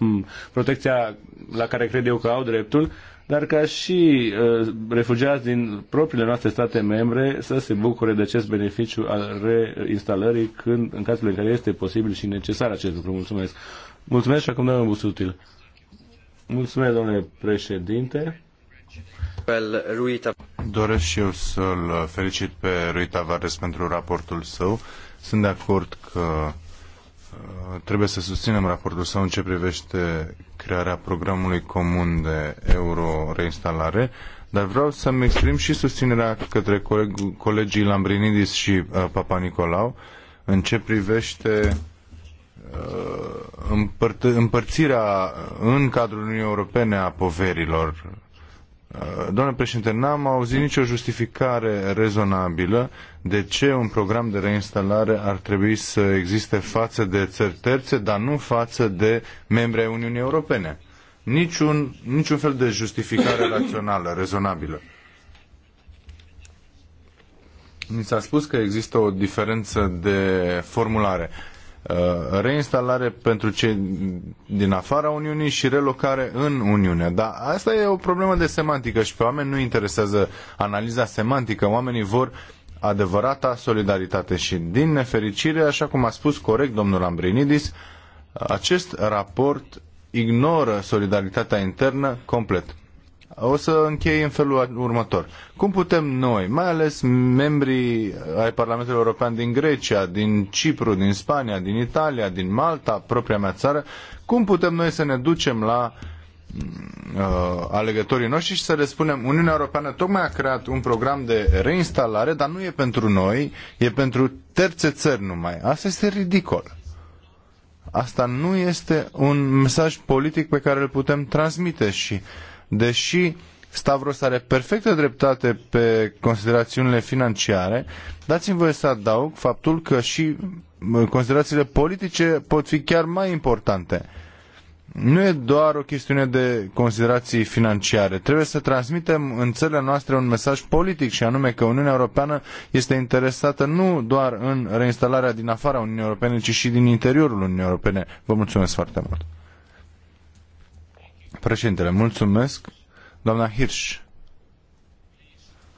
um, protecția la care cred eu că au dreptul dar ca și uh, refugiați din propriile noastre state membre să se bucure de acest beneficiu al reinstalării când, în cazul în care este posibil și necesar acest lucru. Mulțumesc! Mulțumesc și acum domnul Busutil. Mulțumesc, domnule președinte. Doresc și eu să-l felicit pe Rui Tavares pentru raportul său. Sunt de acord că uh, trebuie să susținem raportul său în ce privește crearea programului comun de euro-reinstalare, dar vreau să-mi exprim și susținerea către coleg- colegii Lambrinidis și uh, Papa Nicolau în ce privește uh, împărțirea în cadrul Uniunii Europene a poverilor Uh, Doamne președinte, n-am auzit nicio justificare rezonabilă de ce un program de reinstalare ar trebui să existe față de țări terțe, dar nu față de membri ai Uniunii Europene. Niciun, niciun fel de justificare rațională, rezonabilă. Mi s-a spus că există o diferență de formulare. Uh, reinstalare pentru cei din afara Uniunii și relocare în Uniune. Dar asta e o problemă de semantică și pe oameni nu interesează analiza semantică. Oamenii vor adevărata solidaritate și din nefericire, așa cum a spus corect domnul Ambrinidis, acest raport ignoră solidaritatea internă complet. O să închei în felul următor. Cum putem noi, mai ales membrii ai Parlamentului European din Grecia, din Cipru, din Spania, din Italia, din Malta, propria mea țară, cum putem noi să ne ducem la mm, uh, alegătorii noștri și să le spunem Uniunea Europeană tocmai a creat un program de reinstalare, dar nu e pentru noi, e pentru terțe țări numai. Asta este ridicol. Asta nu este un mesaj politic pe care îl putem transmite și uh, deși Stavros are perfectă dreptate pe considerațiunile financiare, dați-mi voie să adaug faptul că și considerațiile politice pot fi chiar mai importante. Nu e doar o chestiune de considerații financiare. Trebuie să transmitem în țările noastre un mesaj politic și anume că Uniunea Europeană este interesată nu doar în reinstalarea din afara Uniunii Europene, ci și din interiorul Uniunii Europene. Vă mulțumesc foarte mult! Președintele, mulțumesc. Doamna Hirsch,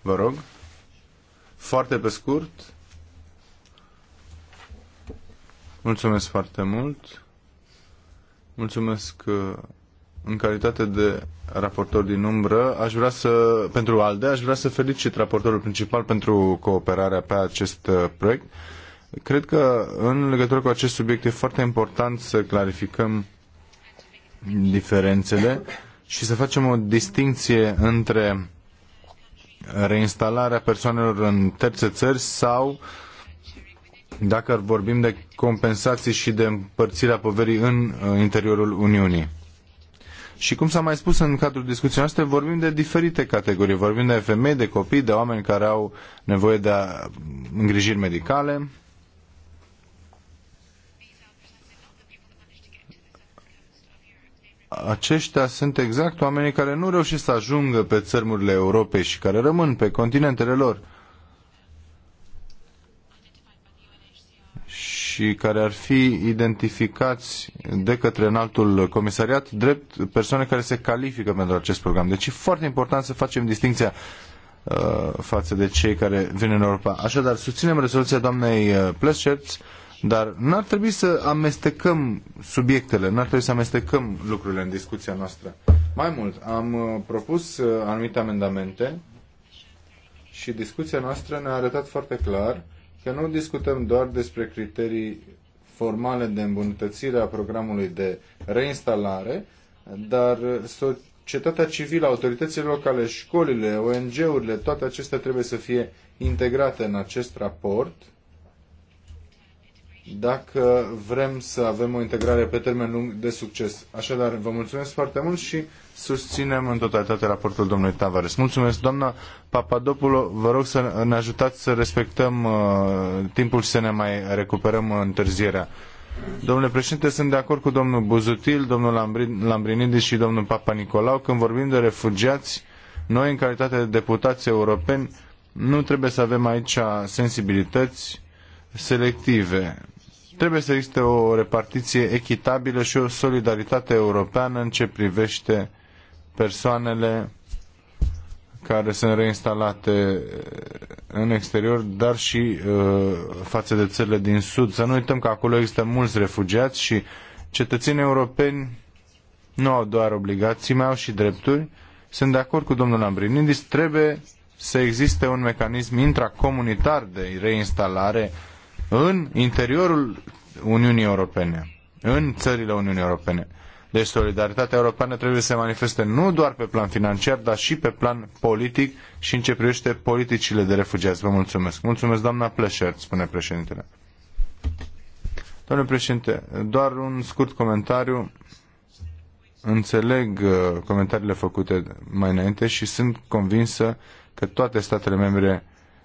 vă rog, foarte pe scurt. Mulțumesc foarte mult. Mulțumesc uh, în calitate de raportor din umbră. Aș vrea să, pentru ALDE, aș vrea să felicit raportorul principal pentru cooperarea pe acest uh, proiect. Cred că în legătură cu acest subiect e foarte important să clarificăm diferențele și să facem o distinție între reinstalarea persoanelor în terțe țări sau dacă vorbim de compensații și de împărțirea poverii în uh, interiorul Uniunii. Și cum s-a mai spus în cadrul discuției noastre, vorbim de diferite categorii. Vorbim de femei, de copii, de oameni care au nevoie de îngrijiri medicale. aceștia sunt exact oamenii care nu reușesc să ajungă pe țărmurile Europei și care rămân pe continentele lor. și care ar fi identificați de către înaltul comisariat drept persoane care se califică pentru acest program. Deci e foarte important să facem distinția uh, față de cei care vin în Europa. Așadar, susținem rezoluția doamnei uh, Plescerț dar n-ar trebui să amestecăm subiectele, n-ar trebui să amestecăm lucrurile în discuția noastră. Mai mult, am uh, propus uh, anumite amendamente și discuția noastră ne-a arătat foarte clar că nu discutăm doar despre criterii formale de îmbunătățire a programului de reinstalare, dar uh, societatea civilă, autoritățile locale, școlile, ONG-urile, toate acestea trebuie să fie integrate în acest raport – dacă vrem să avem o integrare pe termen lung de succes. Așadar, vă mulțumesc foarte mult și susținem în totalitate raportul domnului Tavares. Mulțumesc, doamna Papadopulo. Vă rog să ne ajutați să respectăm uh, timpul și să ne mai recuperăm întârzierea. Domnule președinte, sunt de acord cu domnul Buzutil, domnul Lambrinidis și domnul Papa Nicolau. Când vorbim de refugiați, noi, în calitate de deputați europeni, nu trebuie să avem aici sensibilități selective Trebuie să existe o repartiție echitabilă și o solidaritate europeană în ce privește persoanele care sunt reinstalate eh, în exterior, dar și uh, față de țările din Sud. Să nu uităm că acolo există mulți refugiați și cetățenii europeni nu au doar obligații, mai au și drepturi. Sunt de acord cu domnul Ambrinidis, trebuie să existe un mecanism intracomunitar de reinstalare în interiorul Uniunii Europene, în țările Uniunii Europene. Deci solidaritatea europeană trebuie să se manifeste nu doar pe plan financiar, dar și pe plan politic și în ce privește politicile de refugiați. Vă mulțumesc. Mulțumesc, doamna Pleșert, spune președintele. Domnule președinte, doar un scurt comentariu. Înțeleg uh, comentariile făcute mai înainte și sunt convinsă că toate statele membre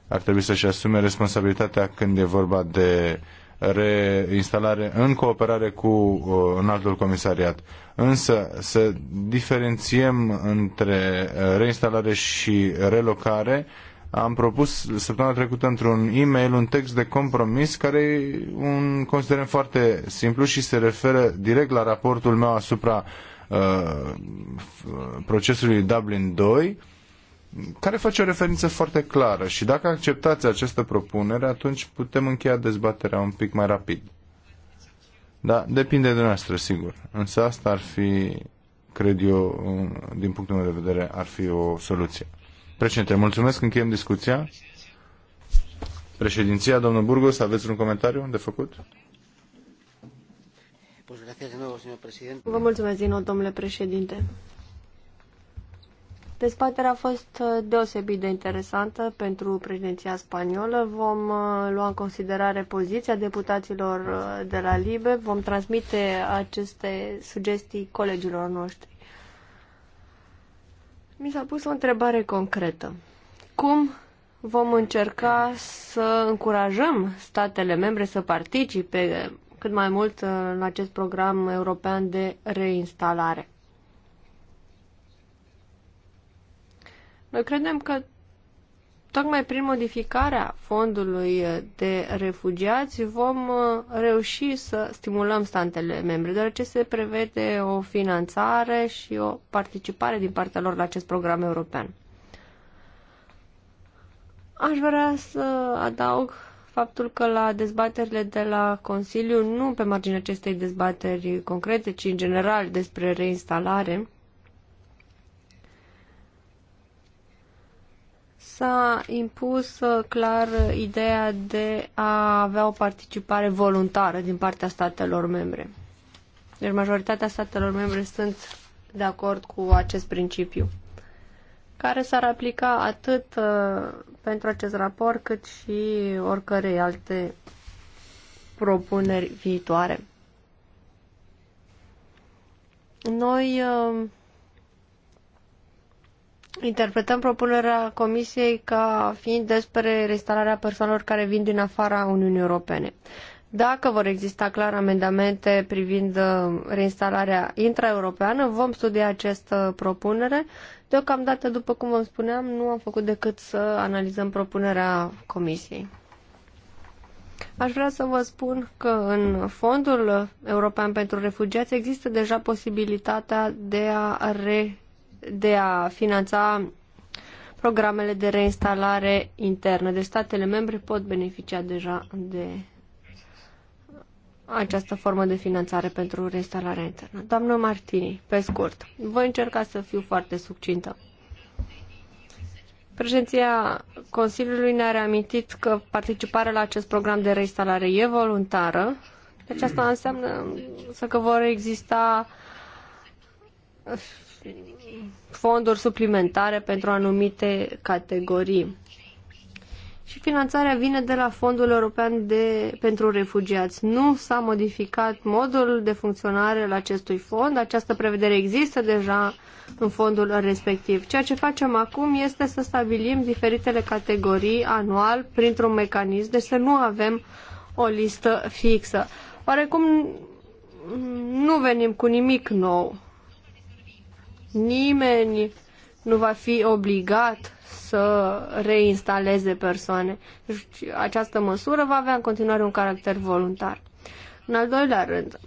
ar trebui să-și asume responsabilitatea când e vorba de reinstalare în cooperare cu uh, un altul comisariat. Însă să diferențiem între reinstalare și relocare. Am propus săptămâna trecută într-un e-mail un text de compromis care e un considerăm foarte simplu și se referă direct la raportul meu asupra uh, procesului Dublin 2 care face o referință foarte clară și dacă acceptați această propunere, atunci putem încheia dezbaterea un pic mai rapid. Da, depinde de noastră, sigur. Însă asta ar fi, cred eu, din punctul meu de vedere, ar fi o soluție. Președinte, mulțumesc, încheiem discuția. Președinția, domnul Burgos, aveți un comentariu de făcut? Vă mulțumesc din nou, domnule președinte. Dezbaterea a fost uh, deosebit de interesantă pentru președinția spaniolă. Vom uh, lua în considerare poziția deputaților uh, de la LIBE. Vom transmite aceste sugestii colegilor noștri. Mi s-a pus o întrebare concretă. Cum vom încerca să încurajăm statele membre să participe cât mai mult în acest program european de reinstalare? Noi credem că tocmai prin modificarea fondului de refugiați vom uh, reuși să stimulăm statele membre, deoarece se prevede o finanțare și o participare din partea lor la acest program european. Aș vrea să adaug faptul că la dezbaterile de la Consiliu, nu pe marginea acestei dezbateri concrete, ci în general despre reinstalare, s-a impus uh, clar ideea de a avea o participare voluntară din partea statelor membre. Deci majoritatea statelor membre sunt de acord cu acest principiu, care s-ar aplica atât uh, pentru acest raport cât și oricărei alte propuneri viitoare. Noi uh, interpretăm propunerea Comisiei ca fiind despre reinstalarea persoanelor care vin din afara Uniunii Europene. Dacă vor exista clar amendamente privind uh, reinstalarea intraeuropeană, vom studia această propunere. Deocamdată, după cum vă spuneam, nu am făcut decât să analizăm propunerea Comisiei. Aș vrea să vă spun că în Fondul European pentru Refugiați există deja posibilitatea de a re de a finanța programele de reinstalare internă. Deci statele membre pot beneficia deja de această formă de finanțare pentru reinstalarea internă. Doamnă Martini, pe scurt, voi încerca să fiu foarte succintă. Președinția Consiliului ne-a reamintit că participarea la acest program de reinstalare e voluntară, deci asta înseamnă să că vor exista fonduri suplimentare pentru anumite categorii. Și finanțarea vine de la Fondul European de, pentru Refugiați. Nu s-a modificat modul de funcționare al acestui fond. Această prevedere există deja în fondul respectiv. Ceea ce facem acum este să stabilim diferitele categorii anual printr-un mecanism, deci să nu avem o listă fixă. Oarecum nu venim cu nimic nou. Nimeni nu va fi obligat să reinstaleze persoane. Deci această măsură va avea în continuare un caracter voluntar. În al doilea rând,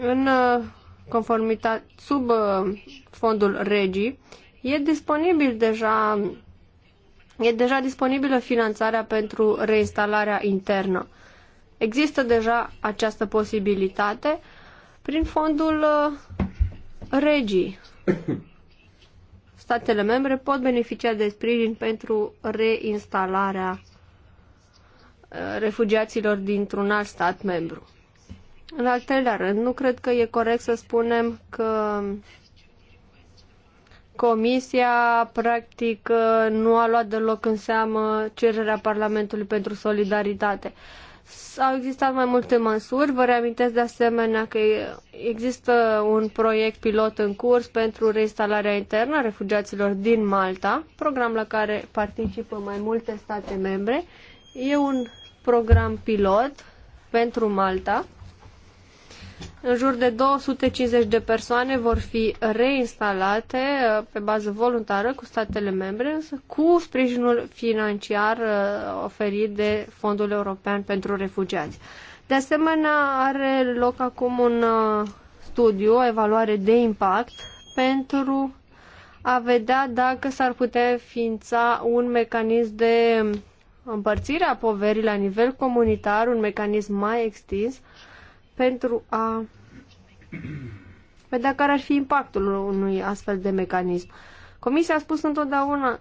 în uh, conformitate sub uh, fondul regii, e disponibil deja e deja disponibilă finanțarea pentru reinstalarea internă. Există deja această posibilitate prin fondul uh, regii. statele membre pot beneficia de sprijin pentru reinstalarea uh, refugiaților dintr-un alt stat membru. În al treilea rând, nu cred că e corect să spunem că Comisia, practic, uh, nu a luat deloc în seamă cererea Parlamentului pentru solidaritate. Uh, au existat mai multe măsuri. Vă reamintesc de asemenea că există un proiect pilot în curs pentru reinstalarea internă a refugiaților din Malta, program la care participă mai multe state membre. E un program pilot pentru Malta în jur de 250 de persoane vor fi reinstalate uh, pe bază voluntară cu statele membre, însă cu sprijinul financiar uh, oferit de Fondul European pentru Refugiați. De asemenea, are loc acum un uh, studiu, o evaluare de impact pentru a vedea dacă s-ar putea ființa un mecanism de împărțire a poverii la nivel comunitar, un mecanism mai extins pentru a vedea păi care ar fi impactul unui astfel de mecanism. Comisia a spus întotdeauna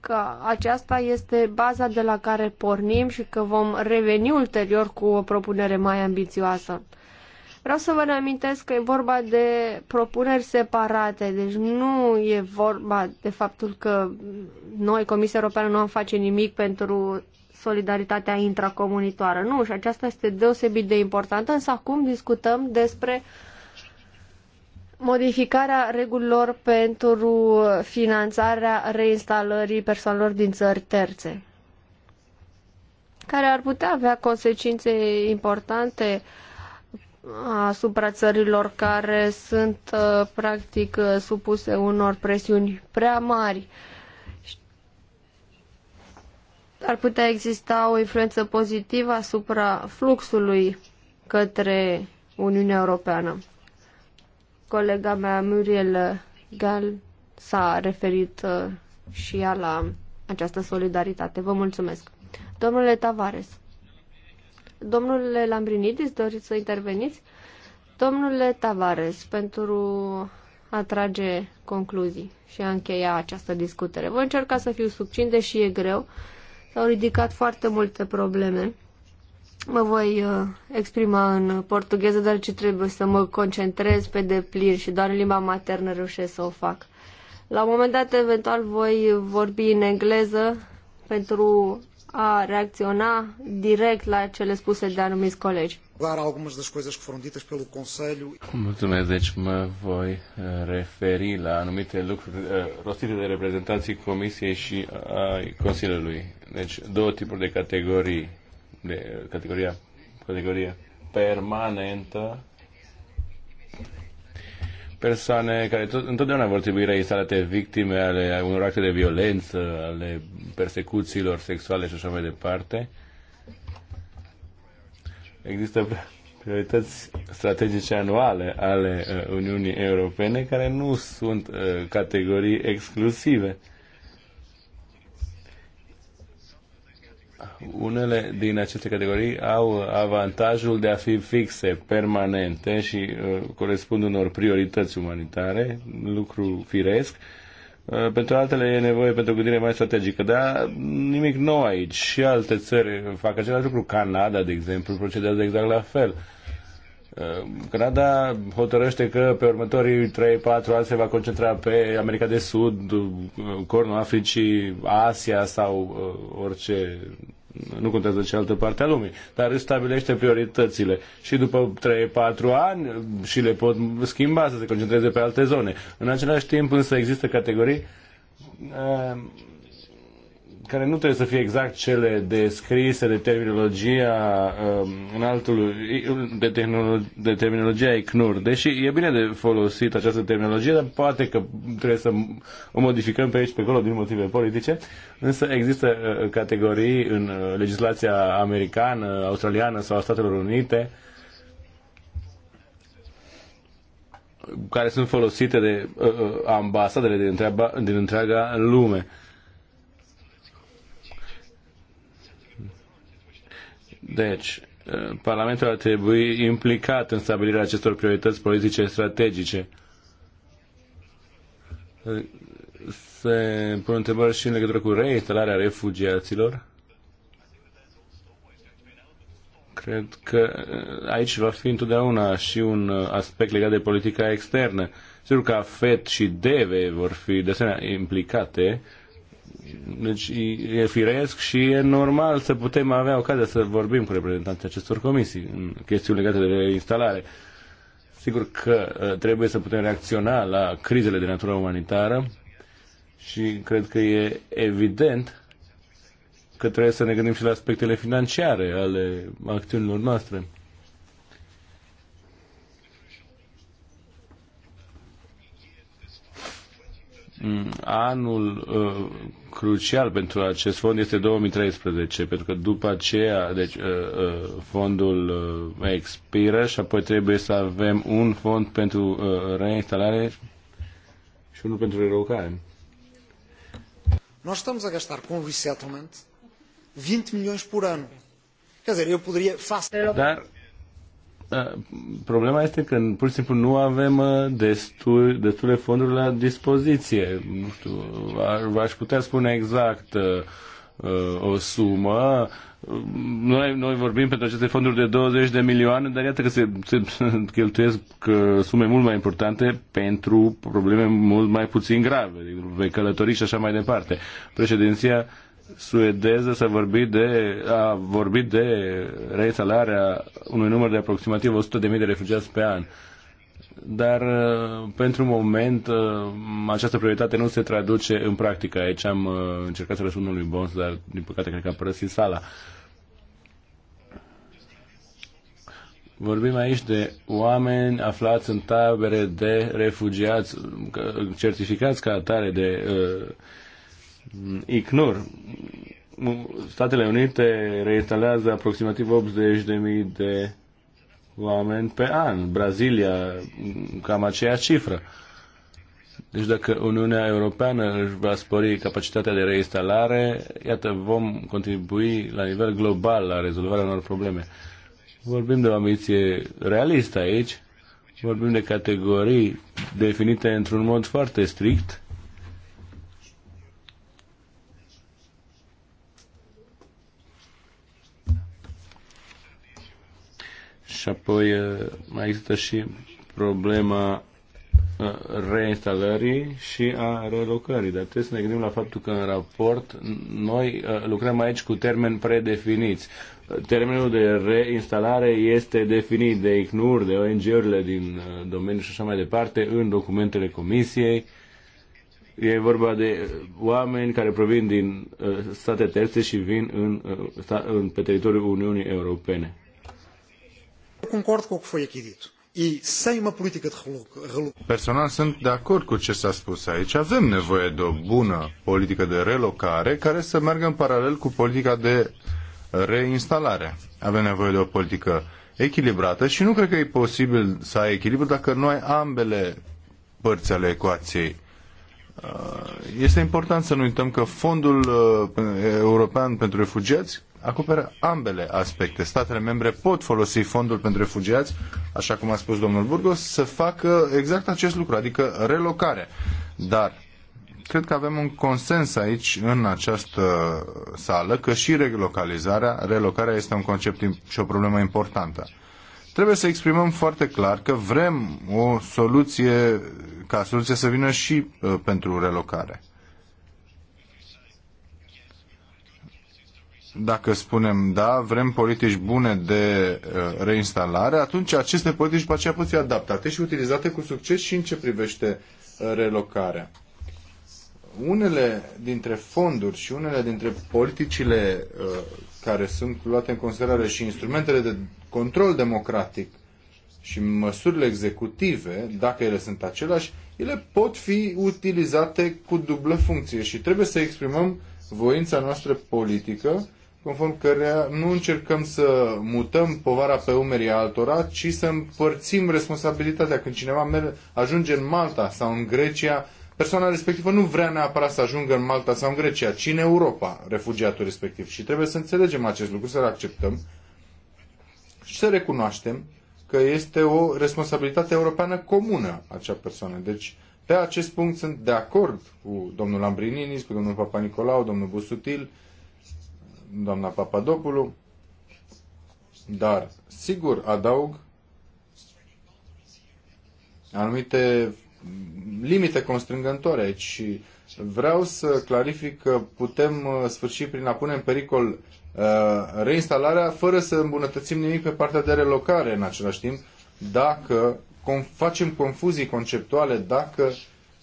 că aceasta este baza de la care pornim și că vom reveni ulterior cu o propunere mai ambițioasă. Vreau să vă reamintesc că e vorba de propuneri separate, deci nu e vorba de faptul că noi, Comisia Europeană, nu am face nimic pentru solidaritatea intracomunitară. Nu, și aceasta este deosebit de importantă, însă acum discutăm despre uh, modificarea regulilor pentru finanțarea reinstalării persoanelor din țări terțe, care ar putea avea consecințe importante asupra țărilor care sunt uh, practic uh, supuse unor presiuni prea mari. Ar putea exista o influență pozitivă asupra fluxului către Uniunea Europeană. Colega mea, Muriel Gal, s-a referit uh, și ea la această solidaritate. Vă mulțumesc. Domnule Tavares, domnule Lambrinidis, doriți să interveniți? Domnule Tavares, pentru a trage concluzii și a încheia această discutere. Voi încerca să fiu subțin deși e greu. S-au ridicat foarte multe probleme Mă voi uh, exprima în portugheză, dar ce trebuie să mă concentrez pe deplin și doar în limba maternă reușesc să o fac. La un moment dat, eventual, voi vorbi în engleză pentru a reacționa direct la cele spuse de anumiți colegi. Dar algumas das coisas que foram ditas pelo Conselho. Mulțumesc, deci mă voi uh, referi la anumite lucruri uh, rostite de reprezentanții Comisiei și a Consiliului. Deci două tipuri de categorii de categoría categorie permanentă persoane care tot, întotdeauna vor trebui reinstalate victime ale unor acte de violență, ale persecuțiilor sexuale și așa mai departe. Există priorități strategice anuale ale uh, Uniunii Europene care nu sunt uh, categorii exclusive. Unele din aceste categorii au avantajul de a fi fixe, permanente și uh, corespund unor priorități umanitare, lucru firesc. Uh, pentru altele e nevoie pentru o gândire mai strategică, dar nimic nou aici. Și alte țări fac același lucru. Canada, de exemplu, procedează exact la fel. Uh, Canada hotărăște că pe următorii 3-4 ani se va concentra pe America de Sud, uh, Cornul Africii, Asia sau uh, orice nu contează de cealaltă parte a lumii, dar își stabilește prioritățile și după 3-4 ani mm, și le pot schimba să se concentreze pe alte zone. În același timp însă există categorii care nu trebuie să fie exact cele descrise de terminologia um, în altul, de, tehnolo- de terminologia ICNUR. Deși e bine de folosit această terminologie, dar poate că trebuie să o modificăm pe aici, pe acolo, din motive politice. Însă există uh, categorii în uh, legislația americană, australiană sau a Statelor Unite care sunt folosite de uh, uh ambasadele din, întreaba, din întreaga lume. Deci, eh, Parlamentul ar trebui implicat în stabilirea acestor priorități politice strategice. Se pun întrebări și în legătură cu reinstalarea refugiaților. Cred că eh, aici va fi întotdeauna și un eh, aspect legat de politica externă. Sigur că FED și DEVE vor fi de asemenea implicate deci e firesc și e normal să putem avea ocazia să vorbim cu reprezentanții acestor comisii în chestiuni legate de reinstalare. Sigur că trebuie să putem reacționa la crizele de natură umanitară și cred că e evident că trebuie să ne gândim și la aspectele financiare ale acțiunilor noastre. anul uh, crucial pentru acest fond este 2013, pentru că după aceea deci, uh, uh, fondul uh, expiră și apoi trebuie să avem un fond pentru uh, reinstalare și unul pentru relocare. Noi stăm a gastar cu un resettlement 20 milioane por an. Quer dizer, eu poderia facilmente... Dar da, problema este că pur și simplu nu avem uh, destul, destule fonduri la dispoziție. Nu știu, v-aș putea spune exact uh, uh, o sumă. Noi, noi vorbim pentru aceste fonduri de 20 de milioane, dar iată că se, se cheltuiesc uh, sume mult mai importante pentru probleme mult mai puțin grave, vei călători și așa mai departe. Președinția uh, suedeză s-a vorbit de, a vorbit de reinstalarea unui număr de aproximativ 100.000 de refugiați pe an. Dar uh, pentru moment uh, această prioritate nu se traduce în practică. Aici am uh, încercat să răspund unui bons, dar din păcate cred că am părăsit sala. Vorbim aici de oameni aflați în tabere de refugiați, certificați ca atare de uh, ICNUR. Statele Unite reinstalează aproximativ 80.000 de oameni pe an. Brazilia, cam aceeași cifră. Deci dacă Uniunea Europeană își va spori capacitatea de reinstalare, iată, vom contribui la nivel global la rezolvarea unor probleme. Vorbim de o ambiție realistă aici, vorbim de categorii definite într-un mod foarte strict Și apoi uh, mai există și problema uh, reinstalării și a relocării. Dar trebuie să ne gândim la faptul că în raport noi uh, lucrăm aici cu termeni predefiniți. Termenul de reinstalare este definit de ICNUR, de ONG-urile din domeniu și așa mai departe, în documentele comisiei. E vorba de oameni care provin din state terțe și vin în, în, pe teritoriul Uniunii Europene concordo com o que foi aqui dito. E sem uma política de relocare. Personal sunt de acord cu ce s-a spus aici. Avem nevoie de o bună politică de relocare care să meargă în paralel cu politica de reinstalare. Avem nevoie de o politică echilibrată și nu cred că e posibil să ai echilibru dacă nu ai ambele părți ale ecuației. Uh, este important să nu uităm că Fondul uh, European pentru Refugiați acoperă ambele aspecte. Statele membre pot folosi fondul pentru refugiați, așa cum a spus domnul Burgos, să facă exact acest lucru, adică relocare. Dar cred că avem un consens aici în această sală că și relocalizarea, relocarea este un concept și o problemă importantă. Trebuie să exprimăm foarte clar că vrem o soluție, ca soluție să vină și uh, pentru relocare. dacă spunem da, vrem politici bune de uh, reinstalare, atunci aceste politici după aceea pot fi adaptate și utilizate cu succes și în ce privește uh, relocarea. Unele dintre fonduri și unele dintre politicile uh, care sunt luate în considerare și instrumentele de control democratic și măsurile executive, dacă ele sunt aceleași, ele pot fi utilizate cu dublă funcție și trebuie să exprimăm voința noastră politică conform căreia nu încercăm să mutăm povara pe umerii altora, ci să împărțim responsabilitatea. Când cineva merge, ajunge în Malta sau în Grecia, persoana respectivă nu vrea neapărat să ajungă în Malta sau în Grecia, ci în Europa, refugiatul respectiv. Și trebuie să înțelegem acest lucru, să-l acceptăm și să recunoaștem că este o responsabilitate europeană comună acea persoană. Deci, pe acest punct sunt de acord cu domnul Lambrinini, cu domnul Papa Nicolau, domnul Busutil, doamna Papadopoulou, dar sigur adaug anumite limite constrângătoare aici și vreau să clarific că putem uh, sfârși prin a pune în pericol uh, reinstalarea fără să îmbunătățim nimic pe partea de relocare în același timp dacă facem confuzii conceptuale, dacă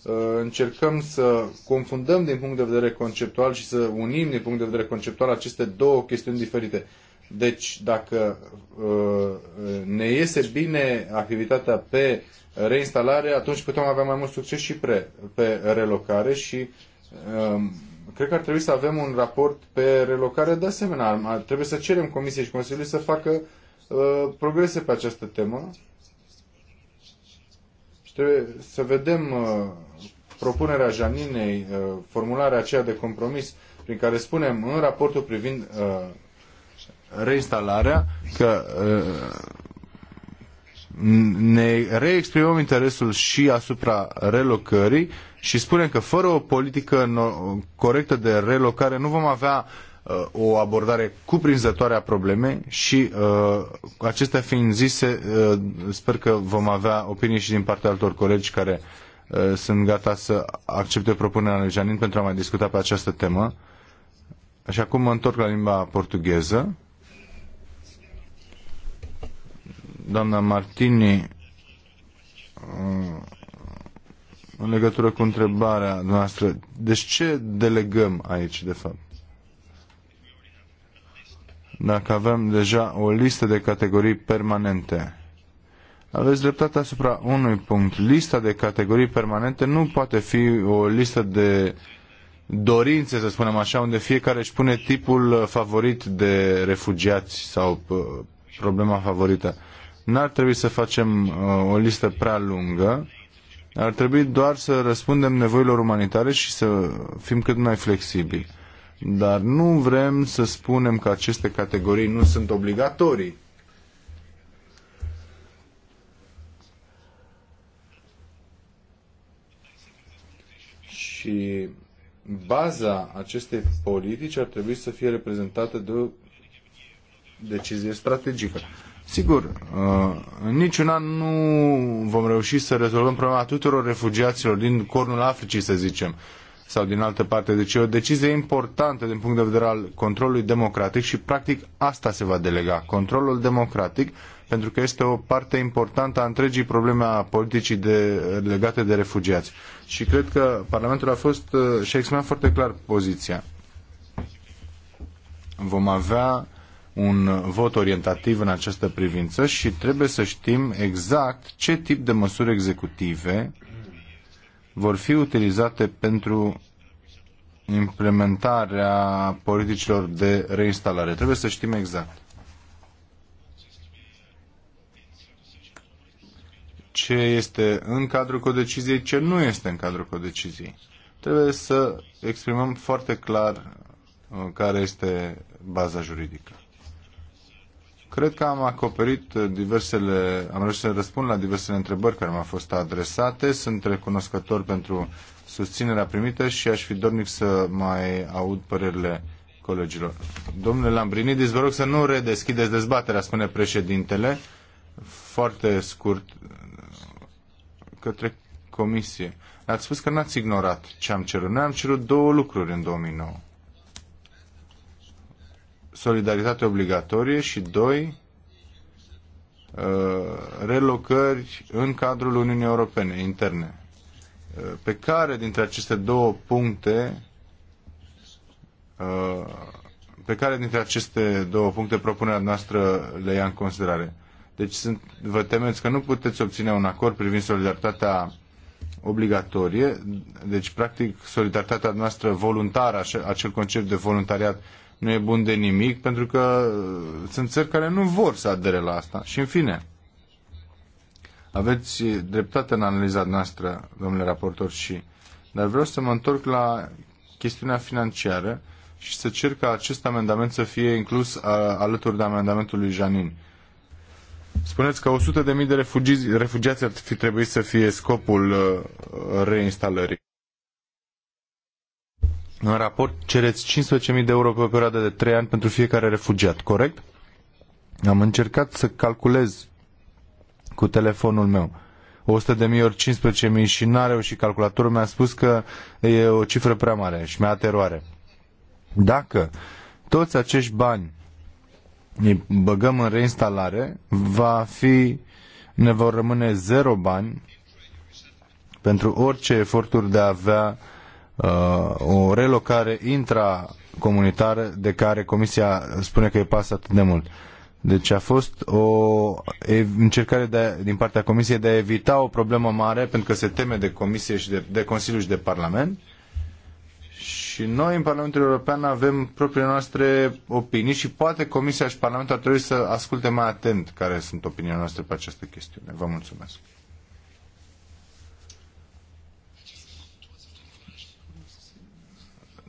Uh, încercăm să confundăm din punct de vedere conceptual și să unim din punct de vedere conceptual aceste două chestiuni diferite. Deci, dacă uh, ne iese bine activitatea pe reinstalare, atunci putem avea mai mult succes și pre, pe relocare și um, cred că ar trebui să avem un raport pe relocare de asemenea. Trebuie să cerem Comisiei și Consiliului să facă uh, progrese pe această temă. Și trebuie să vedem propunerea Janinei, uh, formularea aceea de compromis prin care spunem în raportul privind uh, reinstalarea că uh, ne reexprimăm interesul și asupra relocării și spunem că fără o politică corectă de relocare nu vom avea o abordare cuprinzătoare a problemei și uh, acestea fiind zise, uh, sper că vom avea opinii și din partea altor colegi care Uh, sunt gata să accepte propunerea lui Janin pentru a mai discuta pe această temă. Și acum mă întorc la limba portugheză. Doamna Martini, uh, în legătură cu întrebarea noastră, deci ce delegăm aici, de fapt? Dacă avem deja o listă de categorii permanente aveți dreptate asupra unui punct. Lista de categorii permanente nu poate fi o listă de dorințe, să spunem așa, unde fiecare își pune tipul favorit de refugiați sau uh, problema favorită. N-ar trebui să facem uh, o listă prea lungă. Ar trebui doar să răspundem nevoilor umanitare și să fim cât mai flexibili. Dar nu vrem să spunem că aceste categorii nu sunt obligatorii și baza acestei politici ar trebui să fie reprezentată de o decizie strategică. Sigur, uh, în niciun an nu vom reuși să rezolvăm problema tuturor refugiaților din cornul Africii, să zicem, sau din altă parte. Deci e o decizie importantă din punct de vedere al controlului democratic și practic asta se va delega, controlul democratic, pentru că este o parte importantă a întregii probleme a politicii de, legate de refugiați și cred că Parlamentul a fost uh, și a exprimat foarte clar poziția. Vom avea un vot orientativ în această privință și trebuie să știm exact ce tip de măsuri executive vor fi utilizate pentru implementarea politicilor de reinstalare. Trebuie să știm exact. ce este în cadrul codeciziei, ce nu este în cadrul codeciziei. Trebuie să exprimăm foarte clar uh, care este baza juridică. Cred că am acoperit uh, diversele, am reușit să răspund la diversele întrebări care mi-au fost adresate. Sunt recunoscător pentru susținerea primită și aș fi dornic să mai aud părerile colegilor. Domnule Lambrinidis, vă rog să nu redeschideți dezbaterea, spune președintele. Foarte scurt, către Comisie. Ați spus că n-ați ignorat ce am cerut. Noi am cerut două lucruri în 2009. Solidaritate obligatorie și doi, uh, relocări în cadrul Uniunii Europene, interne. Uh, pe care dintre aceste două puncte uh, pe care dintre aceste două puncte propunerea noastră le ia în considerare? Deci sunt, vă temeți că nu puteți obține un acord privind solidaritatea obligatorie, deci practic solidaritatea noastră voluntară, acel concept de voluntariat nu e bun de nimic, pentru că uh, sunt țări care nu vor să adere la asta. Și în fine, aveți dreptate în analiza noastră, domnule raportor, și dar vreau să mă întorc la chestiunea financiară și să cer ca acest amendament să fie inclus uh, alături de amendamentul lui Janin. Spuneți că 100.000 de, de refugiați, refugiați ar fi trebuit să fie scopul uh, reinstalării. În raport cereți 15.000 de euro pe o perioadă de 3 ani pentru fiecare refugiat, corect? Am încercat să calculez cu telefonul meu. 100.000 de mii ori 15.000 și n-a reușit calculatorul, mi-a spus că e o cifră prea mare și mi-a ateroare. Dacă toți acești bani ne băgăm în reinstalare, va fi, ne vor rămâne zero bani pentru orice eforturi de a avea uh, o relocare intracomunitară de care Comisia spune că e pasă atât de mult. Deci a fost o încercare de, din partea Comisiei de a evita o problemă mare pentru că se teme de Comisie și de, de Consiliu și de Parlament și noi în Parlamentul European avem propriile noastre opinii și poate Comisia și Parlamentul ar trebui să asculte mai atent care sunt opiniile noastre pe această chestiune. Vă mulțumesc.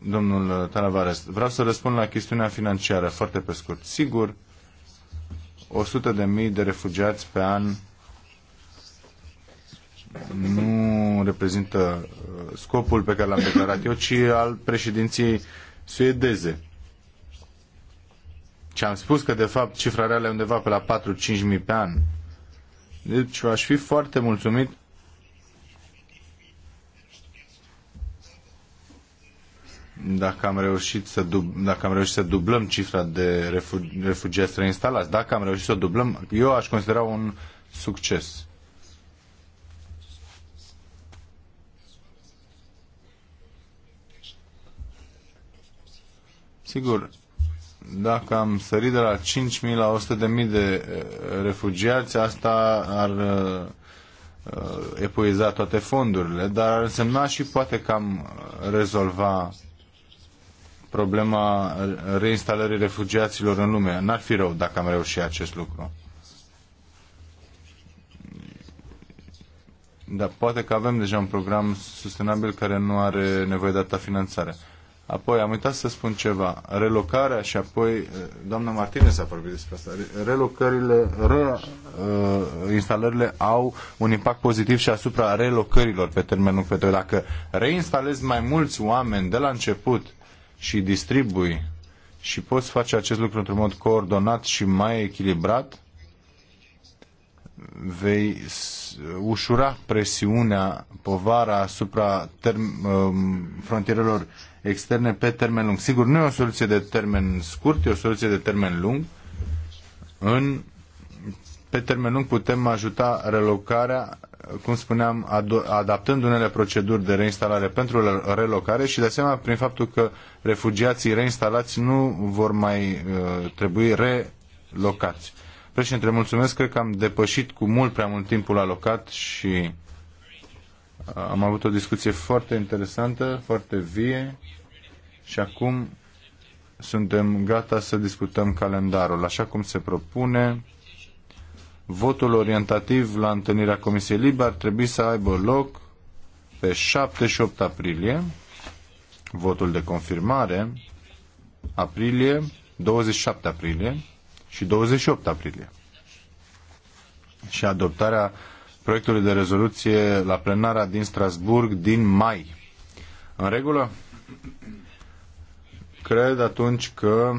Domnul Talavares, vreau să răspund la chestiunea financiară foarte pe scurt. Sigur, 100.000 de, mii de refugiați pe an nu reprezintă uh, scopul pe care l-am declarat eu, ci al președinției suedeze. Și am spus că, de fapt, cifra reală e undeva pe la 4-5 mii pe an. Deci aș fi foarte mulțumit dacă am reușit să, dub- dacă am reușit să dublăm cifra de refugi- refugiați reinstalați, dacă am reușit să o dublăm, eu aș considera un succes. Sigur, dacă am sărit de la 5.000 la 100.000 de eh, refugiați, asta ar eh, eh, epuiza toate fondurile, dar ar însemna și poate că am rezolva problema reinstalării refugiaților în lume. N-ar fi rău dacă am reușit acest lucru. Dar poate că avem deja un program sustenabil care nu are nevoie de atâta finanțare. Apoi am uitat să spun ceva. Relocarea și apoi, eh, doamna Martinez a vorbit despre asta, relocările, re, eh, instalările au un impact pozitiv și asupra relocărilor pe termen lung. Pentru dacă reinstalezi mai mulți oameni de la început și distribui și poți face acest lucru într-un mod coordonat și mai echilibrat, vei ușura presiunea, povara asupra term, eh, frontierelor externe pe termen lung. Sigur, nu e o soluție de termen scurt, e o soluție de termen lung. În, pe termen lung putem ajuta relocarea, cum spuneam, adaptând unele proceduri de reinstalare pentru relocare și de asemenea prin faptul că refugiații reinstalați nu vor mai uh, trebui relocați. Președinte, mulțumesc, cred că am depășit cu mult prea mult timpul alocat și am avut o discuție foarte interesantă, foarte vie și acum suntem gata să discutăm calendarul, așa cum se propune. Votul orientativ la întâlnirea Comisiei Libe ar trebui să aibă loc pe 7 și 8 aprilie, votul de confirmare, aprilie, 27 aprilie și 28 aprilie. Și adoptarea proiectului de rezoluție la plenara din Strasburg din mai. În regulă? Cred atunci că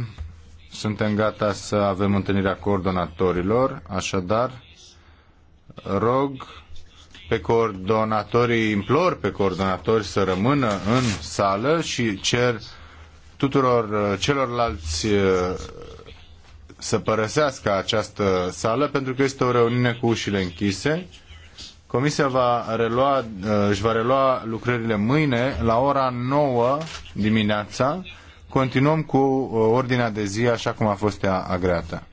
suntem gata să avem întâlnirea coordonatorilor, așadar rog pe coordonatorii, implor pe coordonatori să rămână în sală și cer tuturor uh, celorlalți uh, să părăsească această sală pentru că este o reuniune cu ușile închise Comisia va relua, uh, își va relua lucrările mâine la ora 9 dimineața. Continuăm cu uh, ordinea de zi așa cum a fost ea agreată.